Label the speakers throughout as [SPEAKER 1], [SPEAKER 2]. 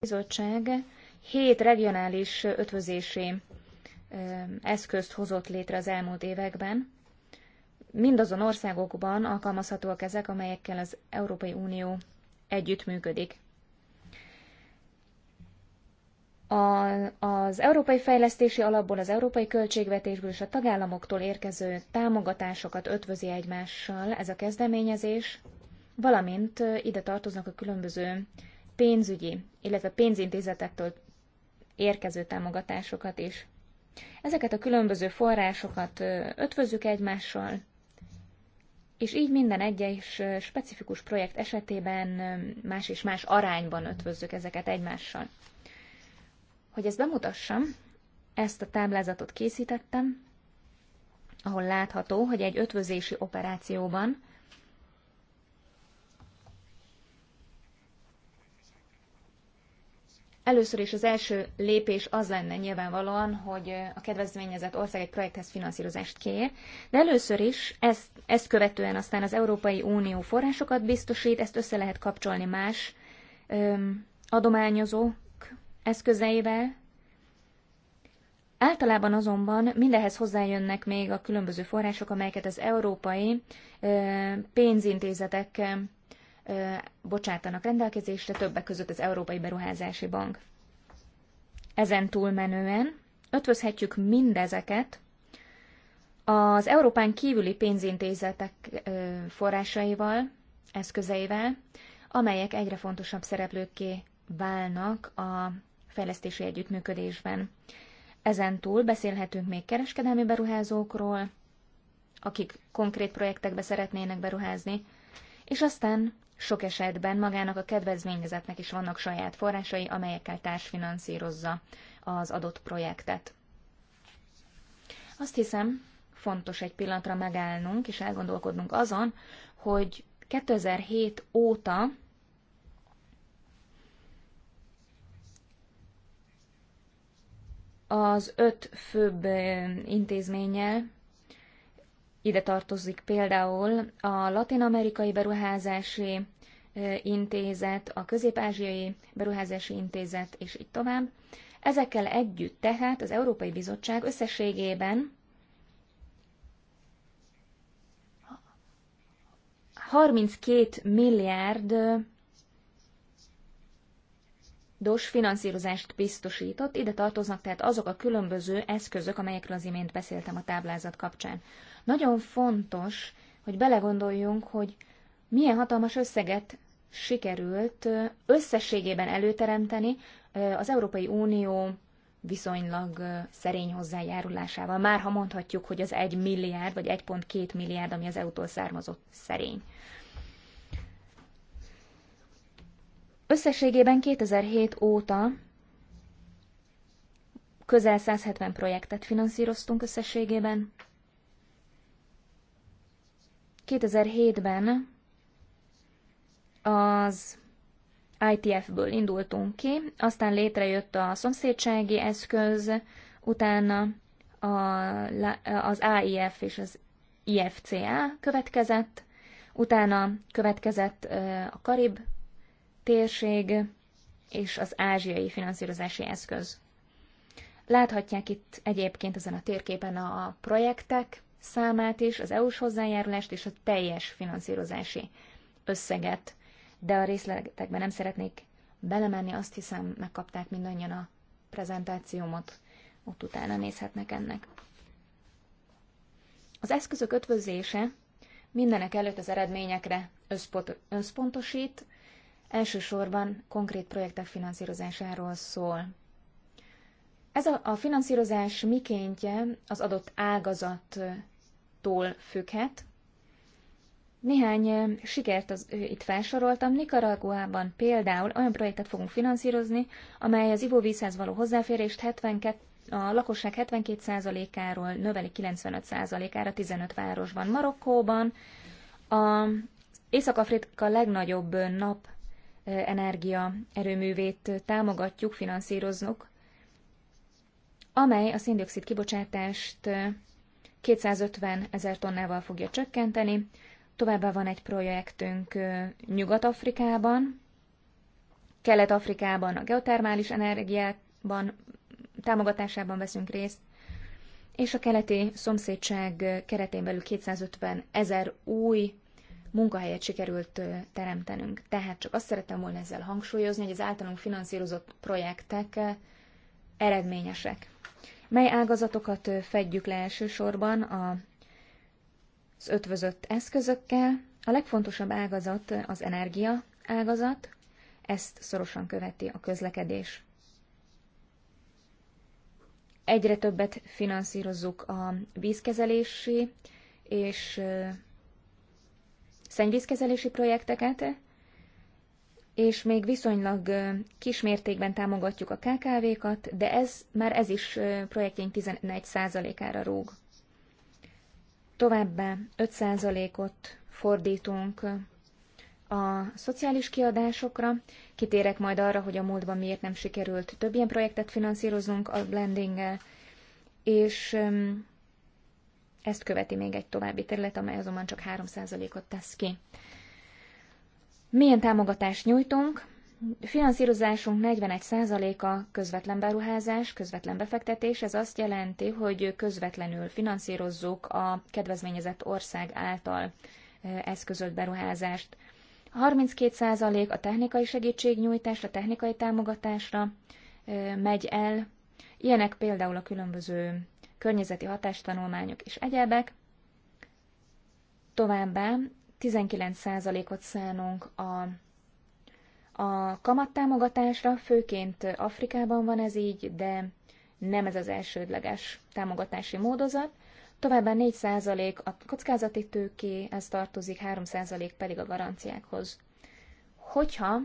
[SPEAKER 1] Bizottság hét regionális ötvözési eszközt hozott létre az elmúlt években. Mindazon országokban alkalmazhatóak ezek, amelyekkel az Európai Unió együttműködik. A, az Európai Fejlesztési Alapból, az Európai Költségvetésből és a tagállamoktól érkező támogatásokat ötvözi egymással ez a kezdeményezés, valamint ide tartoznak a különböző pénzügyi, illetve pénzintézetektől érkező támogatásokat is. Ezeket a különböző forrásokat ötvözzük egymással, és így minden egyes specifikus projekt esetében más és más arányban ötvözzük ezeket egymással. Hogy ezt bemutassam, ezt a táblázatot készítettem, ahol látható, hogy egy ötvözési operációban Először is az első lépés az lenne nyilvánvalóan, hogy a kedvezményezett ország egy projekthez finanszírozást kér, de először is ezt, ezt követően aztán az Európai Unió forrásokat biztosít, ezt össze lehet kapcsolni más öm, adományozók eszközeivel. Általában azonban mindehhez hozzájönnek még a különböző források, amelyeket az európai ö, pénzintézetek bocsátanak rendelkezésre, többek között az Európai Beruházási Bank. Ezen túlmenően ötvözhetjük mindezeket az Európán kívüli pénzintézetek forrásaival, eszközeivel, amelyek egyre fontosabb szereplőkké válnak a fejlesztési együttműködésben. Ezen túl beszélhetünk még kereskedelmi beruházókról, akik konkrét projektekbe szeretnének beruházni, és aztán sok esetben magának a kedvezményezetnek is vannak saját forrásai, amelyekkel társfinanszírozza az adott projektet. Azt hiszem, fontos egy pillanatra megállnunk és elgondolkodnunk azon, hogy 2007 óta az öt főbb intézménnyel ide tartozik például a latin-amerikai beruházási intézet, a közép-ázsiai beruházási intézet, és így tovább. Ezekkel együtt tehát az Európai Bizottság összességében 32 milliárd dos finanszírozást biztosított, ide tartoznak tehát azok a különböző eszközök, amelyekről az imént beszéltem a táblázat kapcsán. Nagyon fontos, hogy belegondoljunk, hogy milyen hatalmas összeget sikerült összességében előteremteni az Európai Unió viszonylag szerény hozzájárulásával. Már ha mondhatjuk, hogy az 1 milliárd vagy 1.2 milliárd, ami az EU-tól származott szerény. Összességében 2007 óta közel 170 projektet finanszíroztunk összességében, 2007-ben az ITF-ből indultunk ki, aztán létrejött a szomszédsági eszköz, utána a, az AIF és az IFCA következett, utána következett a Karib térség és az ázsiai finanszírozási eszköz. Láthatják itt egyébként ezen a térképen a projektek, számát is, az EU-s hozzájárulást és a teljes finanszírozási összeget. De a részletekben nem szeretnék belemenni, azt hiszem megkapták mindannyian a prezentációmat, ott utána nézhetnek ennek. Az eszközök ötvözése mindenek előtt az eredményekre összpontosít, elsősorban konkrét projektek finanszírozásáról szól. Ez a, a finanszírozás mikéntje az adott ágazattól függhet. Néhány sikert az, itt felsoroltam. Nikaraguában például olyan projektet fogunk finanszírozni, amely az ivóvízhez való hozzáférést 72, a lakosság 72%-áról növeli 95%-ára 15 városban. Marokkóban a Észak-Afrika legnagyobb nap energia erőművét támogatjuk, finanszíroznunk amely a széndiokszid kibocsátást 250 ezer tonnával fogja csökkenteni. Továbbá van egy projektünk Nyugat-Afrikában, Kelet-Afrikában a geotermális energiában támogatásában veszünk részt, és a keleti szomszédság keretén belül 250 ezer új munkahelyet sikerült teremtenünk. Tehát csak azt szerettem volna ezzel hangsúlyozni, hogy az általunk finanszírozott projektek eredményesek. Mely ágazatokat fedjük le elsősorban a, az ötvözött eszközökkel? A legfontosabb ágazat az energia ágazat, ezt szorosan követi a közlekedés. Egyre többet finanszírozzuk a vízkezelési és szennyvízkezelési projekteket, és még viszonylag kismértékben támogatjuk a KKV-kat, de ez már ez is projektjén 11%-ára rúg. Továbbá 5%-ot fordítunk a szociális kiadásokra. Kitérek majd arra, hogy a múltban miért nem sikerült több ilyen projektet finanszíroznunk a blendinggel, és ezt követi még egy további terület, amely azonban csak 3%-ot tesz ki. Milyen támogatást nyújtunk? Finanszírozásunk 41%-a közvetlen beruházás, közvetlen befektetés. Ez azt jelenti, hogy közvetlenül finanszírozzuk a kedvezményezett ország által eszközölt beruházást. 32% a technikai a technikai támogatásra megy el. Ilyenek például a különböző környezeti hatástanulmányok és egyebek. Továbbá 19%-ot szánunk a, a kamattámogatásra, főként Afrikában van ez így, de nem ez az elsődleges támogatási módozat. Továbbá 4% a kockázati ez tartozik, 3% pedig a garanciákhoz. Hogyha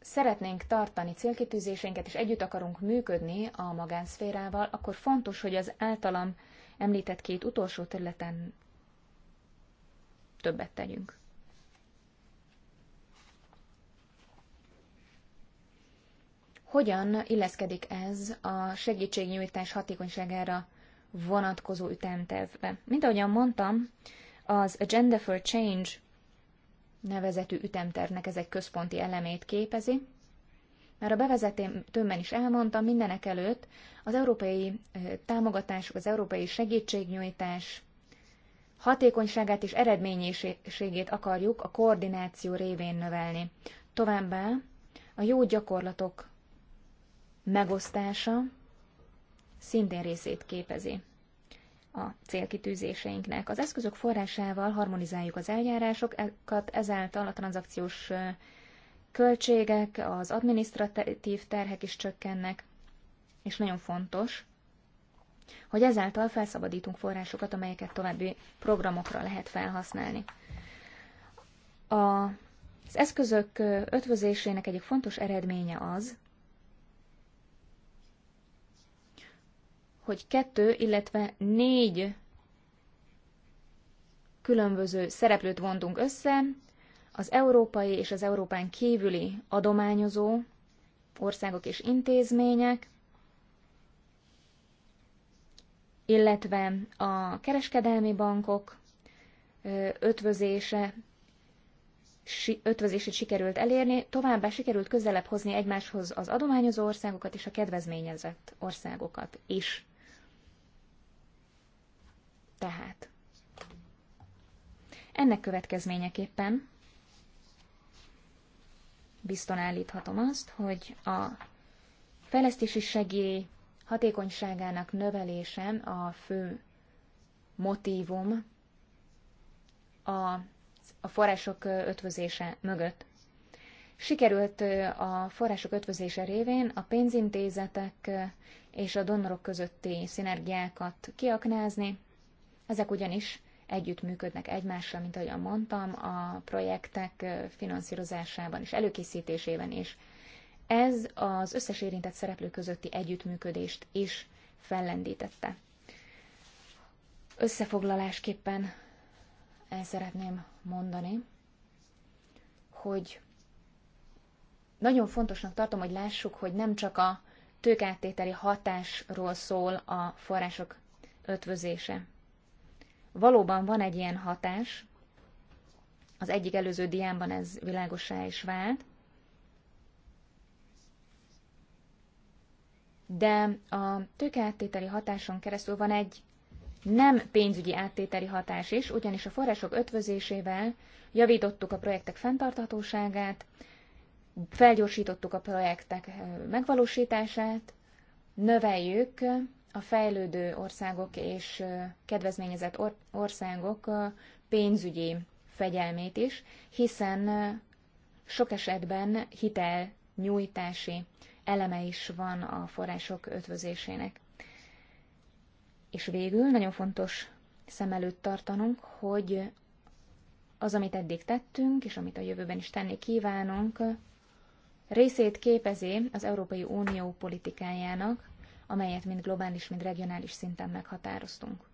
[SPEAKER 1] szeretnénk tartani célkitűzéseinket, és együtt akarunk működni a magánszférával, akkor fontos, hogy az általam említett két utolsó területen többet tegyünk. Hogyan illeszkedik ez a segítségnyújtás hatékonyságára vonatkozó ütemtervbe? Mint ahogyan mondtam, az Agenda for Change nevezetű ütemtervnek ez egy központi elemét képezi, már a bevezetőmben is elmondtam, mindenek előtt az európai támogatások, az európai segítségnyújtás hatékonyságát és eredményességét akarjuk a koordináció révén növelni. Továbbá a jó gyakorlatok megosztása szintén részét képezi a célkitűzéseinknek. Az eszközök forrásával harmonizáljuk az eljárásokat, ezáltal a tranzakciós költségek, az administratív terhek is csökkennek, és nagyon fontos, hogy ezáltal felszabadítunk forrásokat, amelyeket további programokra lehet felhasználni. A, az eszközök ötvözésének egyik fontos eredménye az, hogy kettő, illetve négy különböző szereplőt vontunk össze, az európai és az Európán kívüli adományozó országok és intézmények, illetve a kereskedelmi bankok ötvözése, ötvözését sikerült elérni, továbbá sikerült közelebb hozni egymáshoz az adományozó országokat és a kedvezményezett országokat is. Tehát ennek következményeképpen bizton állíthatom azt, hogy a fejlesztési segély hatékonyságának növelése a fő motívum a, a források ötvözése mögött. Sikerült a források ötvözése révén a pénzintézetek és a donorok közötti szinergiákat kiaknázni, ezek ugyanis együttműködnek egymással, mint ahogy mondtam, a projektek finanszírozásában és előkészítésében is. Ez az összes érintett szereplő közötti együttműködést is fellendítette. Összefoglalásképpen el szeretném mondani, hogy nagyon fontosnak tartom, hogy lássuk, hogy nem csak a tőkáttételi hatásról szól a források ötvözése valóban van egy ilyen hatás, az egyik előző diámban ez világosá is vált, de a áttételi hatáson keresztül van egy nem pénzügyi áttételi hatás is, ugyanis a források ötvözésével javítottuk a projektek fenntarthatóságát, felgyorsítottuk a projektek eh, megvalósítását, növeljük a fejlődő országok és kedvezményezett országok pénzügyi fegyelmét is, hiszen sok esetben hitel nyújtási eleme is van a források ötvözésének. És végül nagyon fontos szem előtt tartanunk, hogy az, amit eddig tettünk, és amit a jövőben is tenni kívánunk, részét képezi az Európai Unió politikájának, amelyet mind globális, mind regionális szinten meghatároztunk.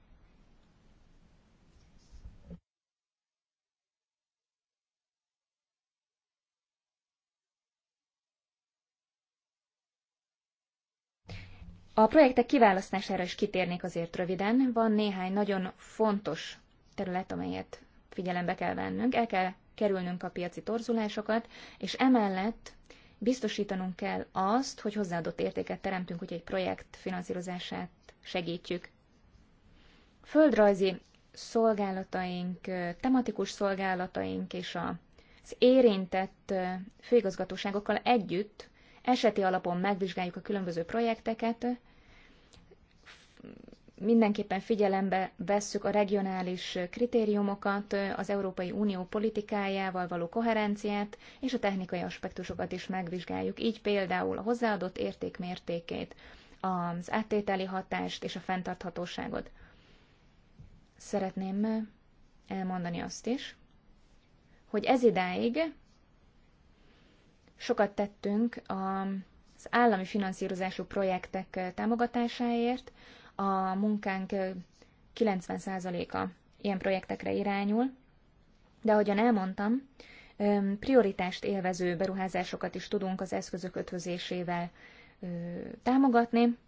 [SPEAKER 1] A projektek kiválasztására is kitérnék azért röviden. Van néhány nagyon fontos terület, amelyet figyelembe kell vennünk. El kell kerülnünk a piaci torzulásokat, és emellett biztosítanunk kell azt, hogy hozzáadott értéket teremtünk, hogy egy projekt finanszírozását segítjük. Földrajzi szolgálataink, tematikus szolgálataink és az érintett főigazgatóságokkal együtt eseti alapon megvizsgáljuk a különböző projekteket, mindenképpen figyelembe vesszük a regionális kritériumokat, az Európai Unió politikájával való koherenciát, és a technikai aspektusokat is megvizsgáljuk, így például a hozzáadott érték mértékét, az áttételi hatást és a fenntarthatóságot. Szeretném elmondani azt is, hogy ez idáig sokat tettünk az állami finanszírozású projektek támogatásáért, a munkánk 90%-a ilyen projektekre irányul, de ahogyan elmondtam, prioritást élvező beruházásokat is tudunk az eszközök ötvözésével támogatni.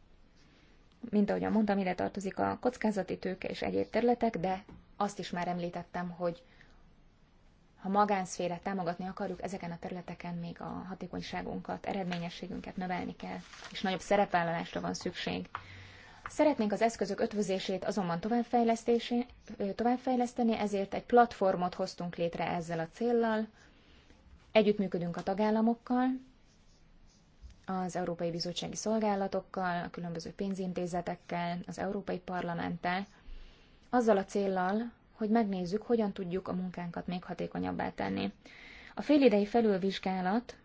[SPEAKER 1] Mint ahogyan mondtam, ide tartozik a kockázati tőke és egyéb területek, de azt is már említettem, hogy ha magánszférát támogatni akarjuk, ezeken a területeken még a hatékonyságunkat, eredményességünket növelni kell, és nagyobb szerepvállalásra van szükség. Szeretnénk az eszközök ötvözését azonban továbbfejleszteni, ezért egy platformot hoztunk létre ezzel a céllal. Együttműködünk a tagállamokkal, az Európai Bizottsági Szolgálatokkal, a különböző pénzintézetekkel, az Európai Parlamenttel, azzal a céllal, hogy megnézzük, hogyan tudjuk a munkánkat még hatékonyabbá tenni. A félidei felülvizsgálat,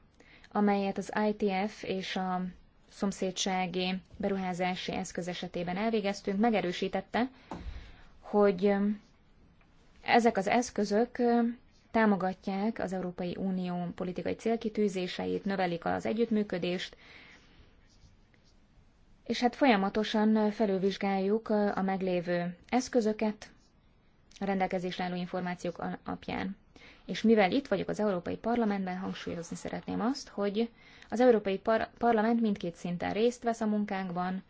[SPEAKER 1] amelyet az ITF és a szomszédsági beruházási eszköz esetében elvégeztünk, megerősítette, hogy um, ezek az eszközök um, támogatják az Európai Unió politikai célkitűzéseit, növelik az együttműködést, és hát folyamatosan felülvizsgáljuk uh, a meglévő eszközöket a rendelkezésre álló információk alapján. És mivel itt vagyok az Európai Parlamentben, hangsúlyozni szeretném azt, hogy az Európai Par- Parlament mindkét szinten részt vesz a munkánkban,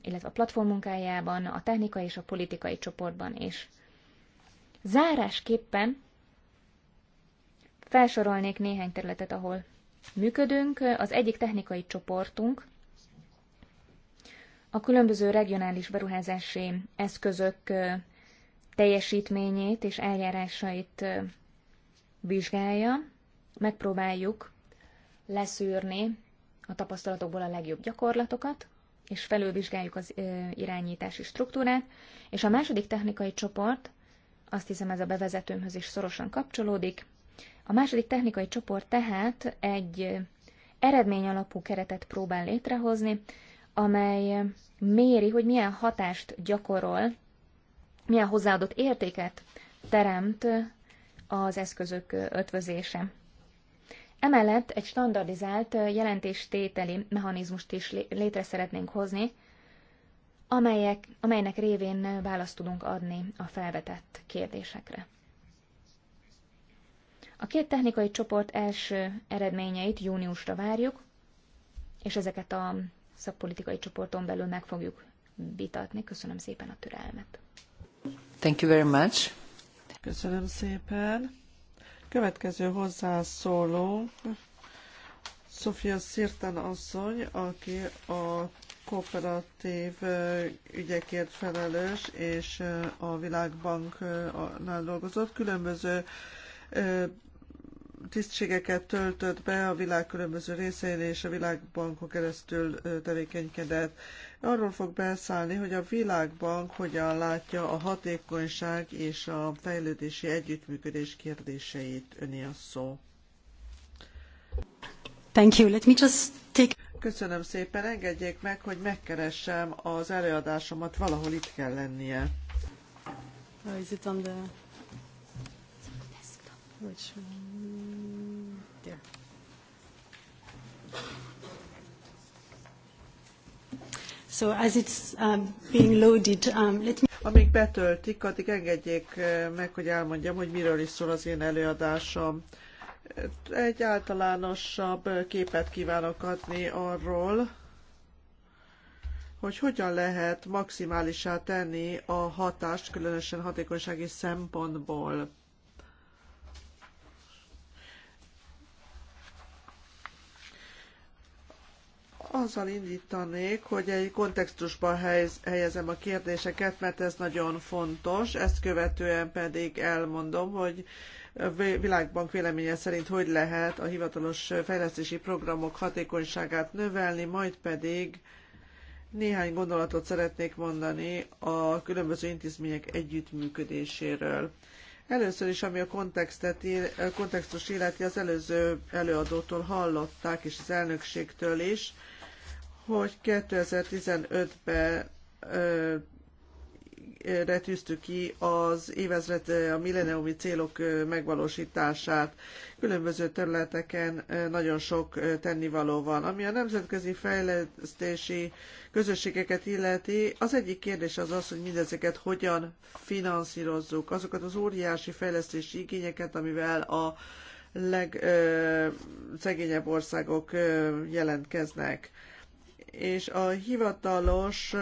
[SPEAKER 1] illetve a platform munkájában, a technikai és a politikai csoportban is. Zárásképpen felsorolnék néhány területet, ahol működünk. Az egyik technikai csoportunk a különböző regionális beruházási eszközök teljesítményét és eljárásait vizsgálja. Megpróbáljuk leszűrni a tapasztalatokból a legjobb gyakorlatokat, és felülvizsgáljuk az irányítási struktúrát, és a második technikai csoport, azt hiszem ez a bevezetőmhöz is szorosan kapcsolódik, a második technikai csoport tehát egy eredmény alapú keretet próbál létrehozni, amely méri, hogy milyen hatást gyakorol, milyen hozzáadott értéket teremt az eszközök ötvözése. Emellett egy standardizált jelentéstételi mechanizmust is létre szeretnénk hozni, amelyek, amelynek révén választ tudunk adni a felvetett kérdésekre. A két technikai csoport első eredményeit júniusra várjuk, és ezeket a szakpolitikai csoporton belül meg fogjuk vitatni. Köszönöm szépen a türelmet.
[SPEAKER 2] Thank you very much. Köszönöm
[SPEAKER 1] szépen. Következő
[SPEAKER 2] hozzászóló Sofia Szirtán asszony, aki a kooperatív ügyekért felelős, és a Világbanknál dolgozott. Különböző tisztségeket töltött be a világ különböző részein, és a világbankon keresztül tevékenykedett. Arról fog beszállni, hogy a világbank hogyan látja a hatékonyság és a fejlődési együttműködés kérdéseit. öni a szó.
[SPEAKER 3] Thank you. Let me just take...
[SPEAKER 2] Köszönöm szépen. Engedjék meg, hogy megkeressem az előadásomat. Valahol itt kell lennie. Oh, is it on the which there. So as it's um, being loaded, um, let me... Amíg betöltik, addig engedjék eh, meg, hogy elmondjam, hogy miről is szól az én előadásom. Egy általánosabb képet kívánok adni arról, hogy hogyan lehet maximálisá tenni a hatást, különösen hatékonysági szempontból. azzal indítanék, hogy egy kontextusban helyezem a kérdéseket, mert ez nagyon fontos. Ezt követően pedig elmondom, hogy a Világbank véleménye szerint hogy lehet a hivatalos fejlesztési programok hatékonyságát növelni, majd pedig néhány gondolatot szeretnék mondani a különböző intézmények együttműködéséről. Először is, ami a kontextust illeti, az előző előadótól hallották, és az elnökségtől is, hogy 2015-ben retűztük ki az évezred a milleniumi célok megvalósítását. Különböző területeken nagyon sok tennivaló van. Ami a nemzetközi fejlesztési közösségeket illeti, az egyik kérdés az az, hogy mindezeket hogyan finanszírozzuk. Azokat az óriási fejlesztési igényeket, amivel a legszegényebb országok jelentkeznek és a hivatalos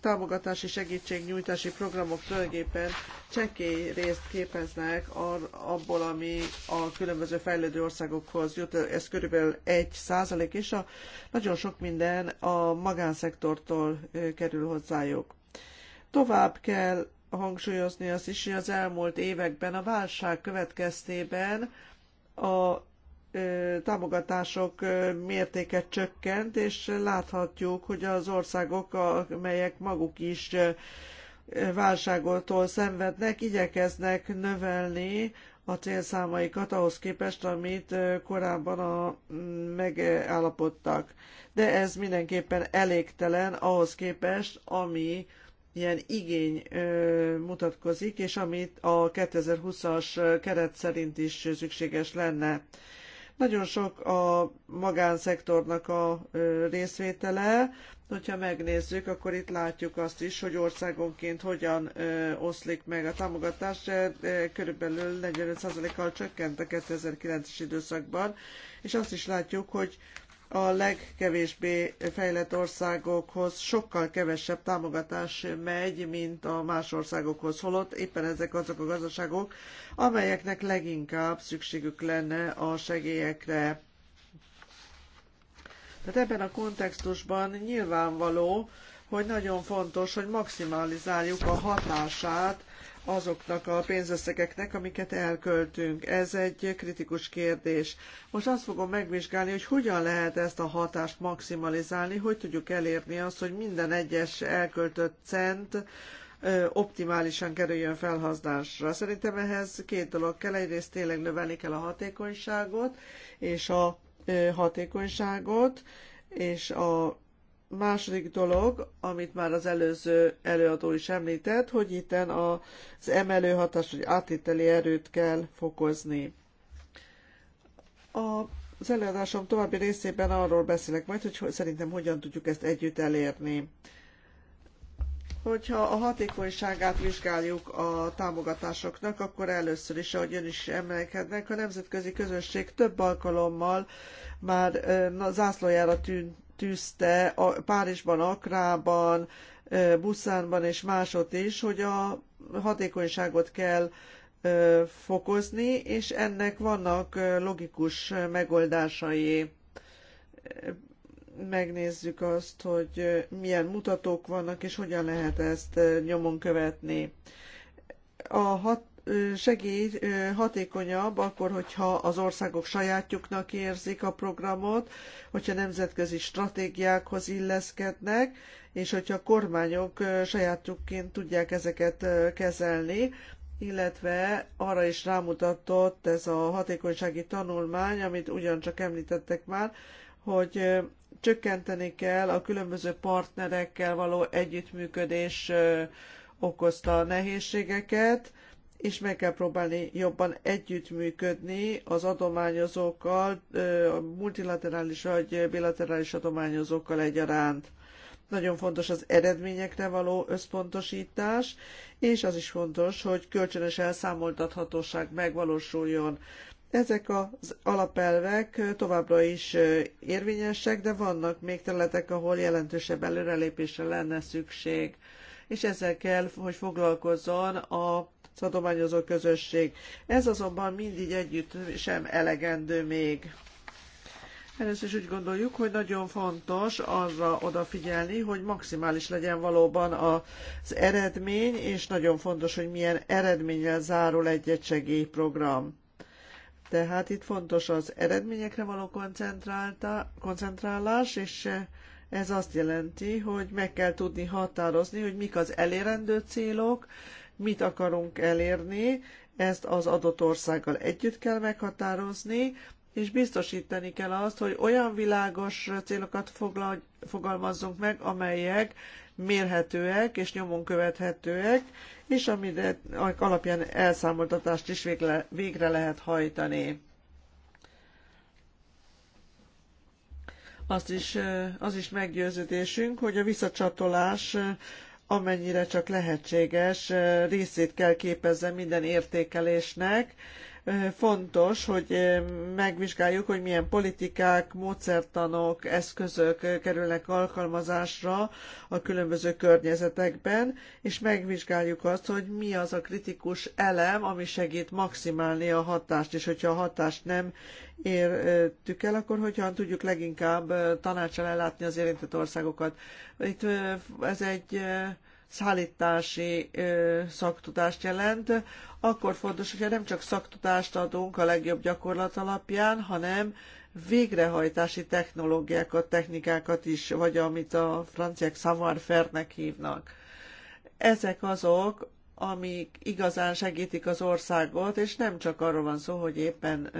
[SPEAKER 2] támogatási segítségnyújtási programok tulajdonképpen csekély részt képeznek abból, ami a különböző fejlődő országokhoz jut. Ez körülbelül egy százalék, és a, nagyon sok minden a magánszektortól kerül hozzájuk. Tovább kell hangsúlyozni azt is, hogy az elmúlt években a válság következtében a támogatások mértéke csökkent, és láthatjuk, hogy az országok, amelyek maguk is válságotól szenvednek, igyekeznek növelni a célszámaikat ahhoz képest, amit korábban a, megállapodtak. De ez mindenképpen elégtelen ahhoz képest, ami ilyen igény mutatkozik, és amit a 2020-as keret szerint is szükséges lenne. Nagyon sok a magánszektornak a részvétele, hogyha megnézzük, akkor itt látjuk azt is, hogy országonként hogyan oszlik meg a támogatás. Körülbelül 45%-kal csökkent a 2009-es időszakban, és azt is látjuk, hogy a legkevésbé fejlett országokhoz sokkal kevesebb támogatás megy, mint a más országokhoz, holott éppen ezek azok a gazdaságok, amelyeknek leginkább szükségük lenne a segélyekre. Tehát ebben a kontextusban nyilvánvaló, hogy nagyon fontos, hogy maximalizáljuk a hatását azoknak a pénzösszegeknek, amiket elköltünk. Ez egy kritikus kérdés. Most azt fogom megvizsgálni, hogy hogyan lehet ezt a hatást maximalizálni, hogy tudjuk elérni azt, hogy minden egyes elköltött cent optimálisan kerüljön felhasználásra. Szerintem ehhez két dolog kell. Egyrészt tényleg növelni kell a hatékonyságot és a hatékonyságot, és a második dolog, amit már az előző előadó is említett, hogy itt az emelő hatás, vagy átételi erőt kell fokozni. Az előadásom további részében arról beszélek majd, hogy szerintem hogyan tudjuk ezt együtt elérni. Hogyha a hatékonyságát vizsgáljuk a támogatásoknak, akkor először is, ahogy ön is emelkednek, a nemzetközi közösség több alkalommal már zászlójára tűnt tűzte a Párizsban, Akrában, Buszánban és másot is, hogy a hatékonyságot kell fokozni, és ennek vannak logikus megoldásai. Megnézzük azt, hogy milyen mutatók vannak, és hogyan lehet ezt nyomon követni. A hat segély hatékonyabb akkor, hogyha az országok sajátjuknak érzik a programot, hogyha nemzetközi stratégiákhoz illeszkednek, és hogyha a kormányok sajátjukként tudják ezeket kezelni, illetve arra is rámutatott ez a hatékonysági tanulmány, amit ugyancsak említettek már, hogy csökkenteni kell a különböző partnerekkel való együttműködés okozta nehézségeket, és meg kell próbálni jobban együttműködni az adományozókkal, a multilaterális vagy bilaterális adományozókkal egyaránt. Nagyon fontos az eredményekre való összpontosítás, és az is fontos, hogy kölcsönös elszámoltathatóság megvalósuljon. Ezek az alapelvek továbbra is érvényesek, de vannak még területek, ahol jelentősebb előrelépésre lenne szükség, és ezzel kell, hogy foglalkozzon a adományozó közösség. Ez azonban mindig együtt sem elegendő még. Először is úgy gondoljuk, hogy nagyon fontos arra odafigyelni, hogy maximális legyen valóban az eredmény, és nagyon fontos, hogy milyen eredménnyel zárul egy-egy segélyprogram. Tehát itt fontos az eredményekre való koncentrálás, és ez azt jelenti, hogy meg kell tudni határozni, hogy mik az elérendő célok, mit akarunk elérni, ezt az adott országgal együtt kell meghatározni, és biztosítani kell azt, hogy olyan világos célokat foglal, fogalmazzunk meg, amelyek mérhetőek és nyomon követhetőek, és amire alapján elszámoltatást is végre, végre lehet hajtani. Azt is, az is meggyőződésünk, hogy a visszacsatolás amennyire csak lehetséges eh, részét kell képezze minden értékelésnek, fontos, hogy megvizsgáljuk, hogy milyen politikák, módszertanok, eszközök kerülnek alkalmazásra a különböző környezetekben, és megvizsgáljuk azt, hogy mi az a kritikus elem, ami segít maximálni a hatást, és hogyha a hatást nem értük el, akkor hogyan tudjuk leginkább tanácsal ellátni az érintett országokat. Itt ez egy szállítási ö, szaktudást jelent, akkor fontos, hogyha nem csak szaktudást adunk a legjobb gyakorlat alapján, hanem végrehajtási technológiákat, technikákat is, vagy amit a franciák savoir-faire-nek hívnak. Ezek azok, amik igazán segítik az országot, és nem csak arról van szó, hogy éppen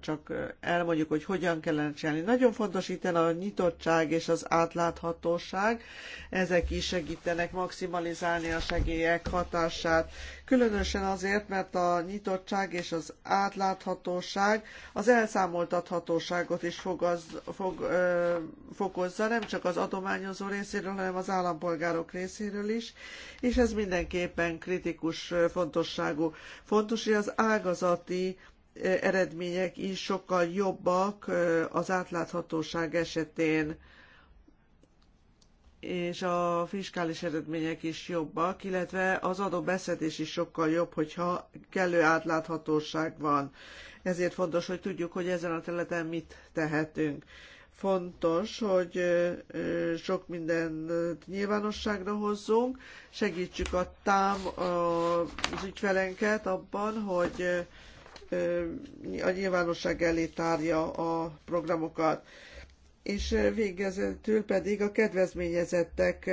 [SPEAKER 2] csak elmondjuk, hogy hogyan kellene csinálni. Nagyon fontos itt a nyitottság és az átláthatóság, ezek is segítenek maximalizálni a segélyek hatását, különösen azért, mert a nyitottság és az átláthatóság az elszámoltathatóságot is fogaz, fog, ö, fokozza, nem csak az adományozó részéről, hanem az állampolgárok részéről is, és ez mindenképpen kritikus fontosságú. Fontos, hogy az ágazati eredmények is sokkal jobbak az átláthatóság esetén és a fiskális eredmények is jobbak, illetve az adóbeszedés is sokkal jobb, hogyha kellő átláthatóság van. Ezért fontos, hogy tudjuk, hogy ezen a területen mit tehetünk. Fontos, hogy sok mindent nyilvánosságra hozzunk, segítsük a tám az ügyfelenket abban, hogy a nyilvánosság elé tárja a programokat és végezetül pedig a kedvezményezettek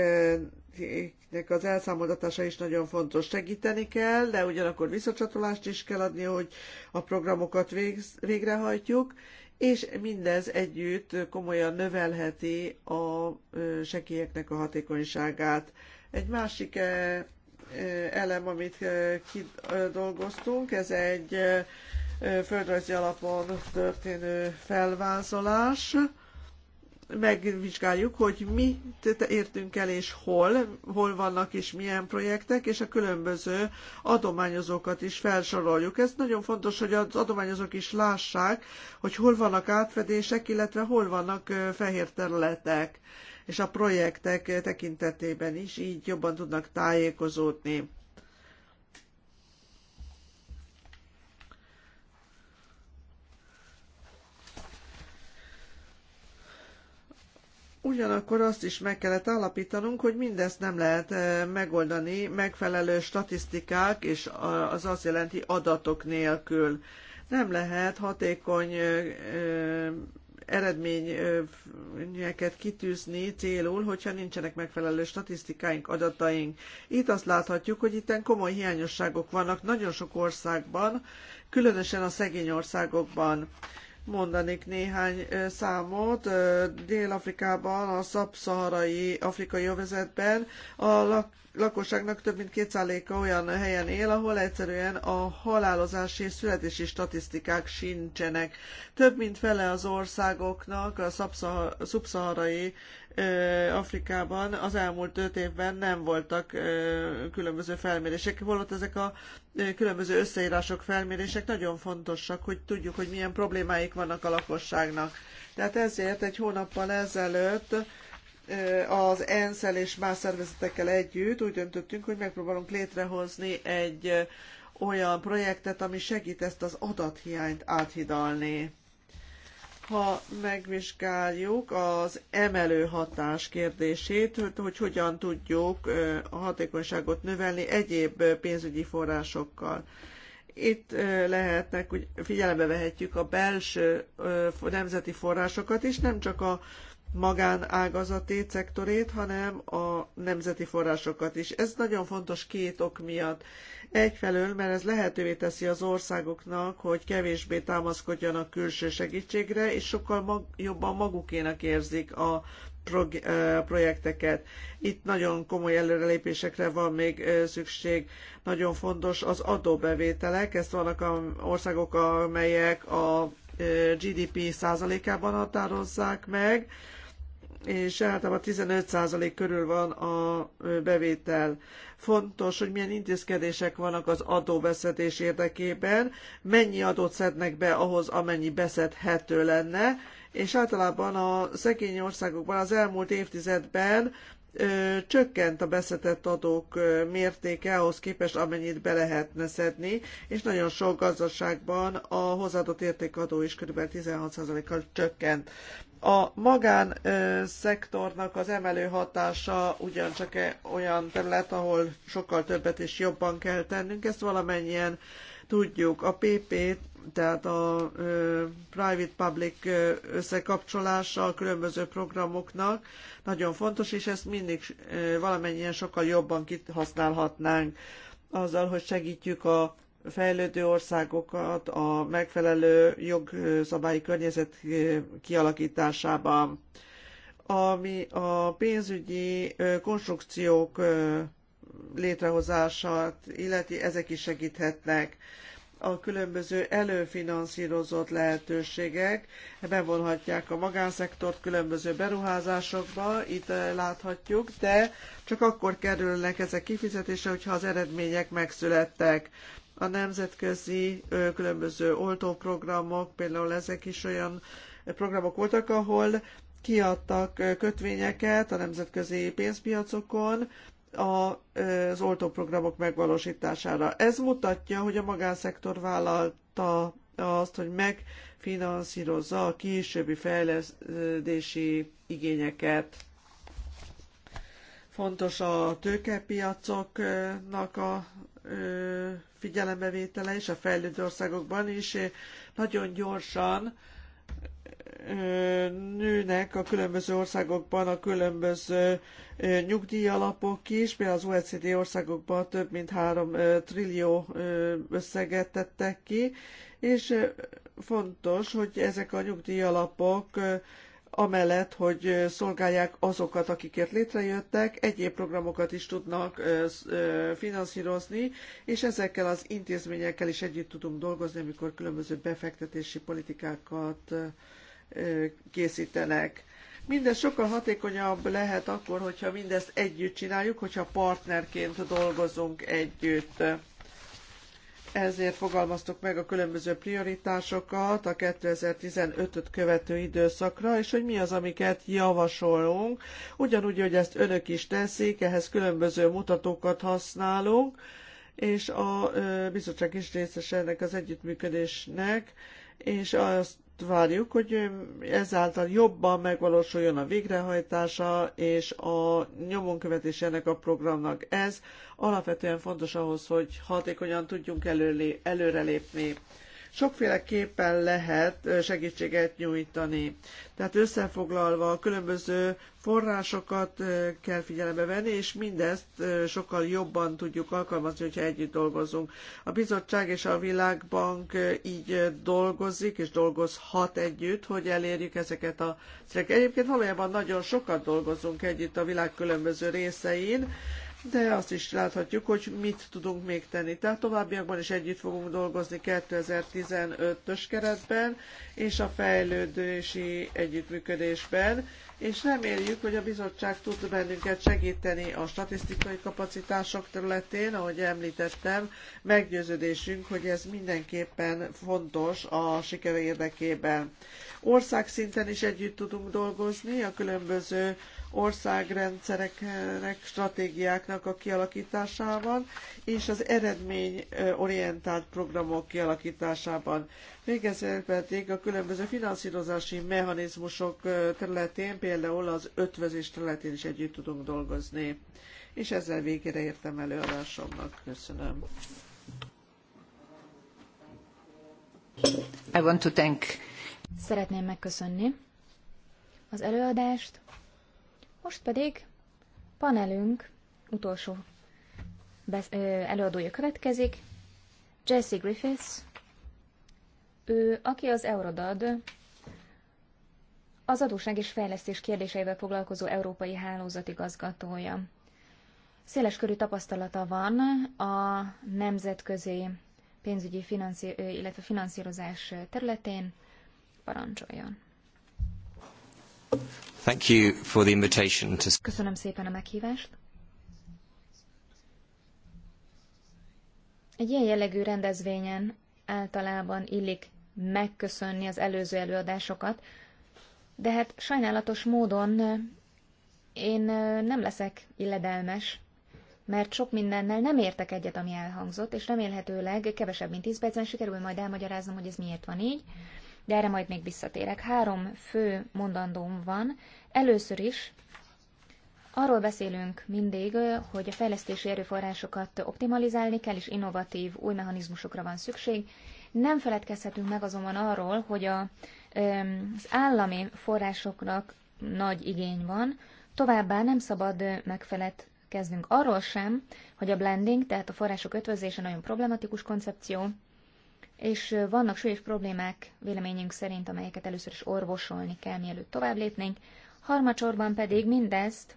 [SPEAKER 2] az elszámoltatása is nagyon fontos. Segíteni kell, de ugyanakkor visszacsatolást is kell adni, hogy a programokat végz, végrehajtjuk, és mindez együtt komolyan növelheti a segélyeknek a hatékonyságát. Egy másik elem, amit kidolgoztunk, ez egy földrajzi alapon történő felvázolás megvizsgáljuk, hogy mi értünk el és hol, hol vannak és milyen projektek, és a különböző adományozókat is felsoroljuk. Ez nagyon fontos, hogy az adományozók is lássák, hogy hol vannak átfedések, illetve hol vannak fehér területek, és a projektek tekintetében is így jobban tudnak tájékozódni. Ugyanakkor azt is meg kellett állapítanunk, hogy mindezt nem lehet megoldani megfelelő statisztikák, és az azt jelenti adatok nélkül. Nem lehet hatékony eredményeket kitűzni célul, hogyha nincsenek megfelelő statisztikáink, adataink. Itt azt láthatjuk, hogy itten komoly hiányosságok vannak nagyon sok országban, különösen a szegény országokban mondanék néhány számot. Dél-Afrikában, a szabszaharai afrikai övezetben a lak lakosságnak több mint 2%-a olyan helyen él, ahol egyszerűen a halálozási és születési statisztikák sincsenek. Több mint fele az országoknak a szubszaharai Afrikában az elmúlt öt évben nem voltak különböző felmérések, holott ezek a különböző összeírások, felmérések nagyon fontosak, hogy tudjuk, hogy milyen problémáik vannak a lakosságnak. Tehát ezért egy hónappal ezelőtt az ensz és más szervezetekkel együtt úgy döntöttünk, hogy megpróbálunk létrehozni egy olyan projektet, ami segít ezt az adathiányt áthidalni ha megvizsgáljuk az emelő hatás kérdését, hogy hogyan tudjuk a hatékonyságot növelni egyéb pénzügyi forrásokkal. Itt lehetnek, hogy figyelembe vehetjük a belső nemzeti forrásokat is, nem csak a magánágazati szektorét, hanem a nemzeti forrásokat is. Ez nagyon fontos két ok miatt. Egyfelől, mert ez lehetővé teszi az országoknak, hogy kevésbé támaszkodjanak külső segítségre, és sokkal mag- jobban magukénak érzik a projekteket. Itt nagyon komoly előrelépésekre van még szükség. Nagyon fontos az adóbevételek, ezt vannak a országok, amelyek a GDP százalékában határozzák meg, és általában 15% körül van a bevétel. Fontos, hogy milyen intézkedések vannak az adóbeszedés érdekében, mennyi adót szednek be ahhoz, amennyi beszedhető lenne, és általában a szegény országokban az elmúlt évtizedben ö, csökkent a beszedett adók ö, mértéke ahhoz képest, amennyit be lehetne szedni, és nagyon sok gazdaságban a hozzáadott értékadó is kb. 16%-kal csökkent. A magánszektornak az emelő hatása ugyancsak e olyan terület, ahol sokkal többet és jobban kell tennünk, ezt valamennyien tudjuk. A PP, tehát a private-public összekapcsolása a különböző programoknak nagyon fontos, és ezt mindig valamennyien sokkal jobban kihasználhatnánk azzal, hogy segítjük a fejlődő országokat a megfelelő jogszabályi környezet kialakításában. Ami a pénzügyi konstrukciók létrehozását illeti, ezek is segíthetnek a különböző előfinanszírozott lehetőségek bevonhatják a magánszektort különböző beruházásokba, itt láthatjuk, de csak akkor kerülnek ezek kifizetésre, hogyha az eredmények megszülettek a nemzetközi különböző oltóprogramok, például ezek is olyan programok voltak, ahol kiadtak kötvényeket a nemzetközi pénzpiacokon, az oltóprogramok megvalósítására. Ez mutatja, hogy a magánszektor vállalta azt, hogy megfinanszírozza a későbbi fejlesztési igényeket. Fontos a tőkepiacoknak a figyelembevétele és a fejlődő országokban is nagyon gyorsan nőnek a különböző országokban a különböző nyugdíjalapok is, például az OECD országokban több mint 3 trillió összeget tettek ki, és fontos, hogy ezek a nyugdíjalapok amellett, hogy szolgálják azokat, akikért létrejöttek, egyéb programokat is tudnak finanszírozni, és ezekkel az intézményekkel is együtt tudunk dolgozni, amikor különböző befektetési politikákat készítenek. Mindez sokkal hatékonyabb lehet akkor, hogyha mindezt együtt csináljuk, hogyha partnerként dolgozunk együtt ezért fogalmaztuk meg a különböző prioritásokat a 2015-öt követő időszakra, és hogy mi az, amiket javasolunk. Ugyanúgy, hogy ezt önök is teszik, ehhez különböző mutatókat használunk, és a bizottság is részes ennek az együttműködésnek, és azt várjuk, hogy ezáltal jobban megvalósuljon a végrehajtása és a követés ennek a programnak. Ez alapvetően fontos ahhoz, hogy hatékonyan tudjunk előlé, előrelépni sokféleképpen lehet segítséget nyújtani. Tehát összefoglalva a különböző forrásokat kell figyelembe venni, és mindezt sokkal jobban tudjuk alkalmazni, hogyha együtt dolgozunk. A bizottság és a világbank így dolgozik, és dolgozhat együtt, hogy elérjük ezeket a célokat. Egyébként valójában nagyon sokat dolgozunk együtt a világ különböző részein, de azt is láthatjuk, hogy mit tudunk még tenni. Tehát továbbiakban is együtt fogunk dolgozni 2015-ös keretben és a fejlődési együttműködésben, és reméljük, hogy a bizottság tud bennünket segíteni a statisztikai kapacitások területén, ahogy említettem, meggyőződésünk, hogy ez mindenképpen fontos a sikere érdekében. Országszinten is együtt tudunk dolgozni a különböző országrendszereknek, stratégiáknak a kialakításában és az eredményorientált programok kialakításában. Végezetül pedig a különböző finanszírozási mechanizmusok területén, például az ötvözés területén is együtt tudunk dolgozni. És ezzel végére értem előadásomnak.
[SPEAKER 1] Köszönöm. I want to thank Szeretném megköszönni az előadást. Most pedig panelünk utolsó előadója következik, Jesse Griffiths, ő, aki az Eurodad, az adóság és fejlesztés kérdéseivel foglalkozó európai hálózat igazgatója. Széles körű tapasztalata van a nemzetközi pénzügyi finanszí- illetve finanszírozás területén, parancsoljon.
[SPEAKER 3] Thank you for the invitation
[SPEAKER 1] to... Köszönöm szépen a meghívást. Egy ilyen jellegű rendezvényen általában illik megköszönni az előző előadásokat, de hát sajnálatos módon én nem leszek illedelmes, mert sok mindennel nem értek egyet, ami elhangzott, és remélhetőleg kevesebb, mint 10 percen sikerül majd elmagyaráznom, hogy ez miért van így de erre majd még visszatérek. Három fő mondandóm van. Először is arról beszélünk mindig, hogy a fejlesztési erőforrásokat optimalizálni kell, és innovatív új mechanizmusokra van szükség. Nem feledkezhetünk meg azonban arról, hogy a, az állami forrásoknak nagy igény van, továbbá nem szabad megfelelt kezdünk arról sem, hogy a blending, tehát a források ötvözése nagyon problematikus koncepció, és vannak súlyos problémák, véleményünk szerint, amelyeket először is orvosolni kell, mielőtt tovább lépnénk. Harmacsorban pedig mindezt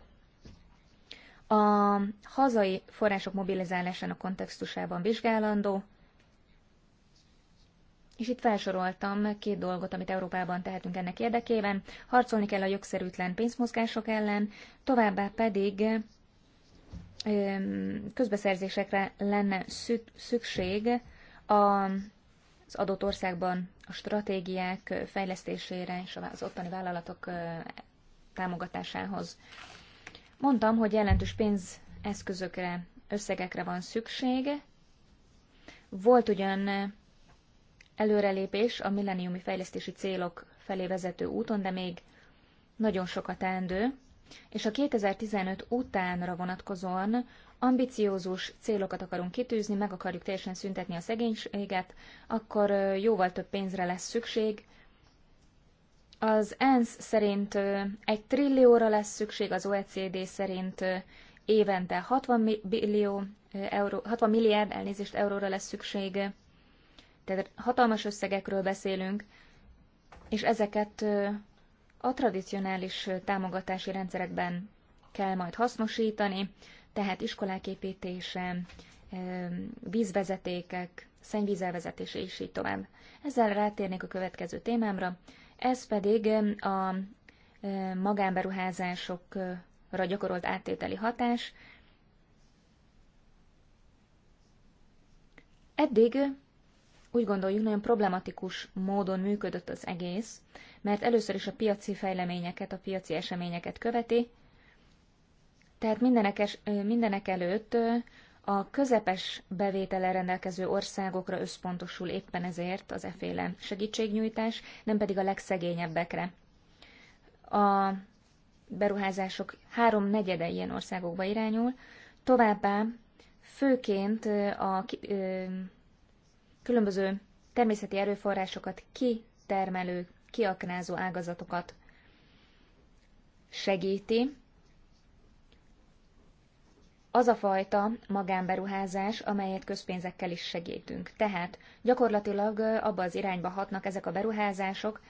[SPEAKER 1] a hazai források mobilizálásának kontextusában vizsgálandó, és itt felsoroltam két dolgot, amit Európában tehetünk ennek érdekében. Harcolni kell a jogszerűtlen pénzmozgások ellen, továbbá pedig közbeszerzésekre lenne szükség a az adott országban a stratégiák fejlesztésére és az ottani vállalatok támogatásához. Mondtam, hogy jelentős pénzeszközökre, összegekre van szükség. Volt ugyan előrelépés a milleniumi fejlesztési célok felé vezető úton, de még nagyon sokat teendő, és a 2015 utánra vonatkozóan ambiciózus célokat akarunk kitűzni, meg akarjuk teljesen szüntetni a szegénységet, akkor jóval több pénzre lesz szükség. Az ENSZ szerint egy trillióra lesz szükség, az OECD szerint évente 60 millió euró, 60 milliárd elnézést euróra lesz szükség. Tehát hatalmas összegekről beszélünk, és ezeket a tradicionális támogatási rendszerekben kell majd hasznosítani tehát iskolák építése, vízvezetékek, szennyvízelvezetése és így tovább. Ezzel rátérnék a következő témámra, ez pedig a magánberuházásokra gyakorolt áttételi hatás. Eddig úgy gondoljuk, nagyon problematikus módon működött az egész, mert először is a piaci fejleményeket, a piaci eseményeket követi, tehát mindenekes, mindenek előtt a közepes bevétele rendelkező országokra összpontosul éppen ezért az eféle segítségnyújtás, nem pedig a legszegényebbekre. A beruházások három negyede ilyen országokba irányul, továbbá főként a különböző természeti erőforrásokat kitermelő, kiaknázó ágazatokat segíti, az a fajta magánberuházás, amelyet közpénzekkel is segítünk. Tehát gyakorlatilag abba az irányba hatnak ezek a beruházások,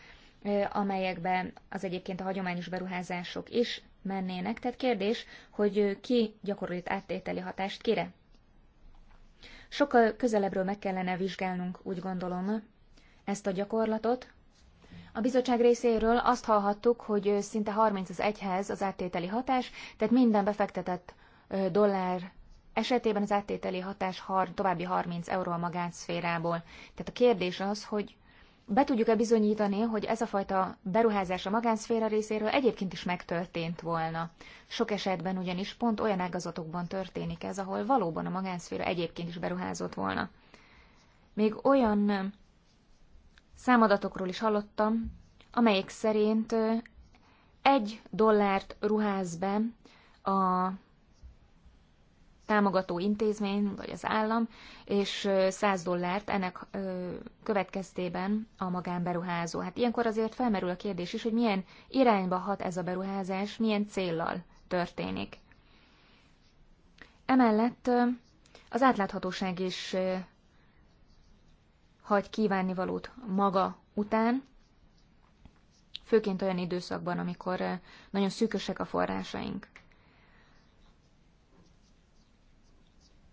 [SPEAKER 1] amelyekben az egyébként a hagyományos beruházások is mennének. Tehát kérdés, hogy ki gyakorolít áttételi hatást kire? Sokkal közelebbről meg kellene vizsgálnunk, úgy gondolom, ezt a gyakorlatot. A bizottság részéről azt hallhattuk, hogy szinte 30 az egyhez az áttételi hatás, tehát minden befektetett dollár esetében az áttételi hatás har, további 30 euró a magánszférából. Tehát a kérdés az, hogy be tudjuk-e bizonyítani, hogy ez a fajta beruházás a magánszféra részéről egyébként is megtörtént volna. Sok esetben ugyanis pont olyan ágazatokban történik ez, ahol valóban a magánszféra egyébként is beruházott volna. Még olyan számadatokról is hallottam, amelyek szerint egy dollárt ruház be a támogató intézmény, vagy az állam, és 100 dollárt ennek következtében a magánberuházó. Hát ilyenkor azért felmerül a kérdés is, hogy milyen irányba hat ez a beruházás, milyen céllal történik. Emellett az átláthatóság is hagy kívánnivalót maga után, főként olyan időszakban, amikor nagyon szűkösek a forrásaink.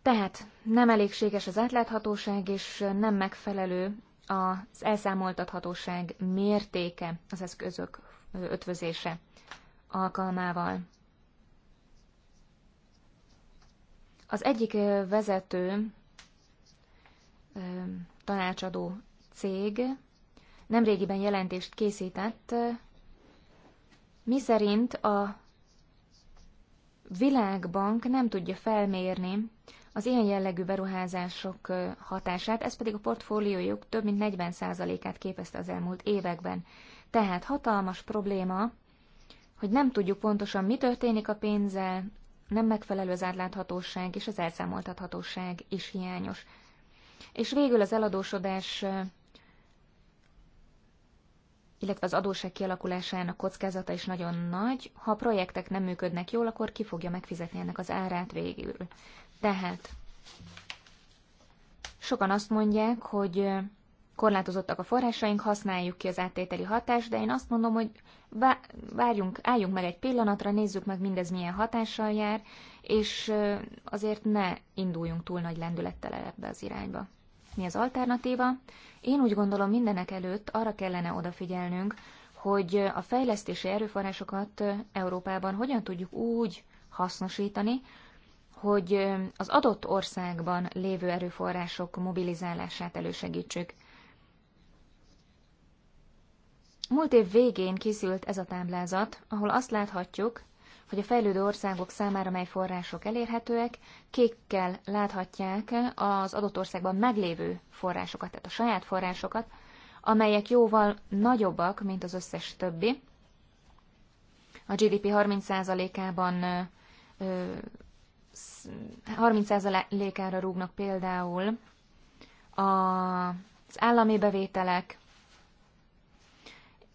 [SPEAKER 1] Tehát nem elégséges az átláthatóság, és nem megfelelő az elszámoltathatóság mértéke az eszközök ötvözése alkalmával. Az egyik vezető tanácsadó cég nemrégiben jelentést készített, miszerint a Világbank nem tudja felmérni az ilyen jellegű beruházások hatását, ez pedig a portfóliójuk több mint 40%-át képezte az elmúlt években. Tehát hatalmas probléma, hogy nem tudjuk pontosan, mi történik a pénzzel, nem megfelelő az átláthatóság, és az elszámoltathatóság is hiányos. És végül az eladósodás, illetve az adóság kialakulásának kockázata is nagyon nagy. Ha a projektek nem működnek jól, akkor ki fogja megfizetni ennek az árát végül. Tehát sokan azt mondják, hogy korlátozottak a forrásaink, használjuk ki az áttételi hatást, de én azt mondom, hogy várjunk, álljunk meg egy pillanatra, nézzük meg mindez milyen hatással jár, és azért ne induljunk túl nagy lendülettel ebbe az irányba. Mi az alternatíva? Én úgy gondolom mindenek előtt arra kellene odafigyelnünk, hogy a fejlesztési erőforrásokat Európában hogyan tudjuk úgy hasznosítani, hogy az adott országban lévő erőforrások mobilizálását elősegítsük. Múlt év végén készült ez a táblázat, ahol azt láthatjuk, hogy a fejlődő országok számára mely források elérhetőek, kékkel láthatják az adott országban meglévő forrásokat, tehát a saját forrásokat, amelyek jóval nagyobbak, mint az összes többi. A GDP 30%-ában 30%-ára rúgnak például az állami bevételek,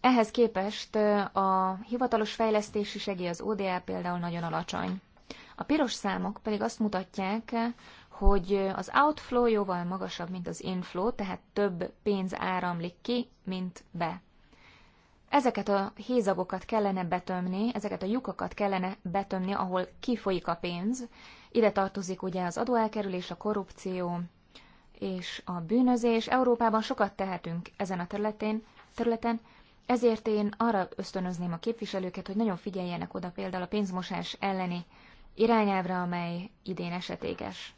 [SPEAKER 1] ehhez képest a hivatalos fejlesztési segély, az ODA például nagyon alacsony. A piros számok pedig azt mutatják, hogy az outflow jóval magasabb, mint az inflow, tehát több pénz áramlik ki, mint be. Ezeket a hézagokat kellene betömni, ezeket a lyukakat kellene betömni, ahol kifolyik a pénz. Ide tartozik ugye az adóelkerülés, a korrupció és a bűnözés. Európában sokat tehetünk ezen a területén, területen, ezért én arra ösztönözném a képviselőket, hogy nagyon figyeljenek oda például a pénzmosás elleni irányelvre, amely idén esetéges.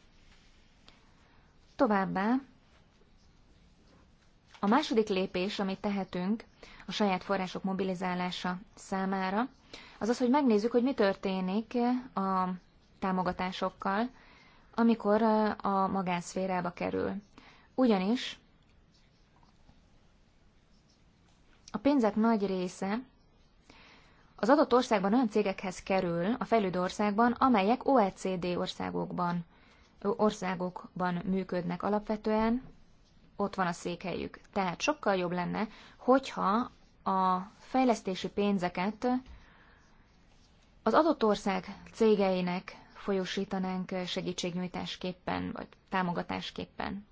[SPEAKER 1] Továbbá a második lépés, amit tehetünk, a saját források mobilizálása számára, az az, hogy megnézzük, hogy mi történik a támogatásokkal, amikor a magánszférába kerül. Ugyanis a pénzek nagy része az adott országban olyan cégekhez kerül, a fejlődő országban, amelyek OECD országokban, országokban működnek alapvetően, ott van a székhelyük. Tehát sokkal jobb lenne, hogyha a fejlesztési pénzeket az adott ország cégeinek folyósítanánk segítségnyújtásképpen, vagy támogatásképpen.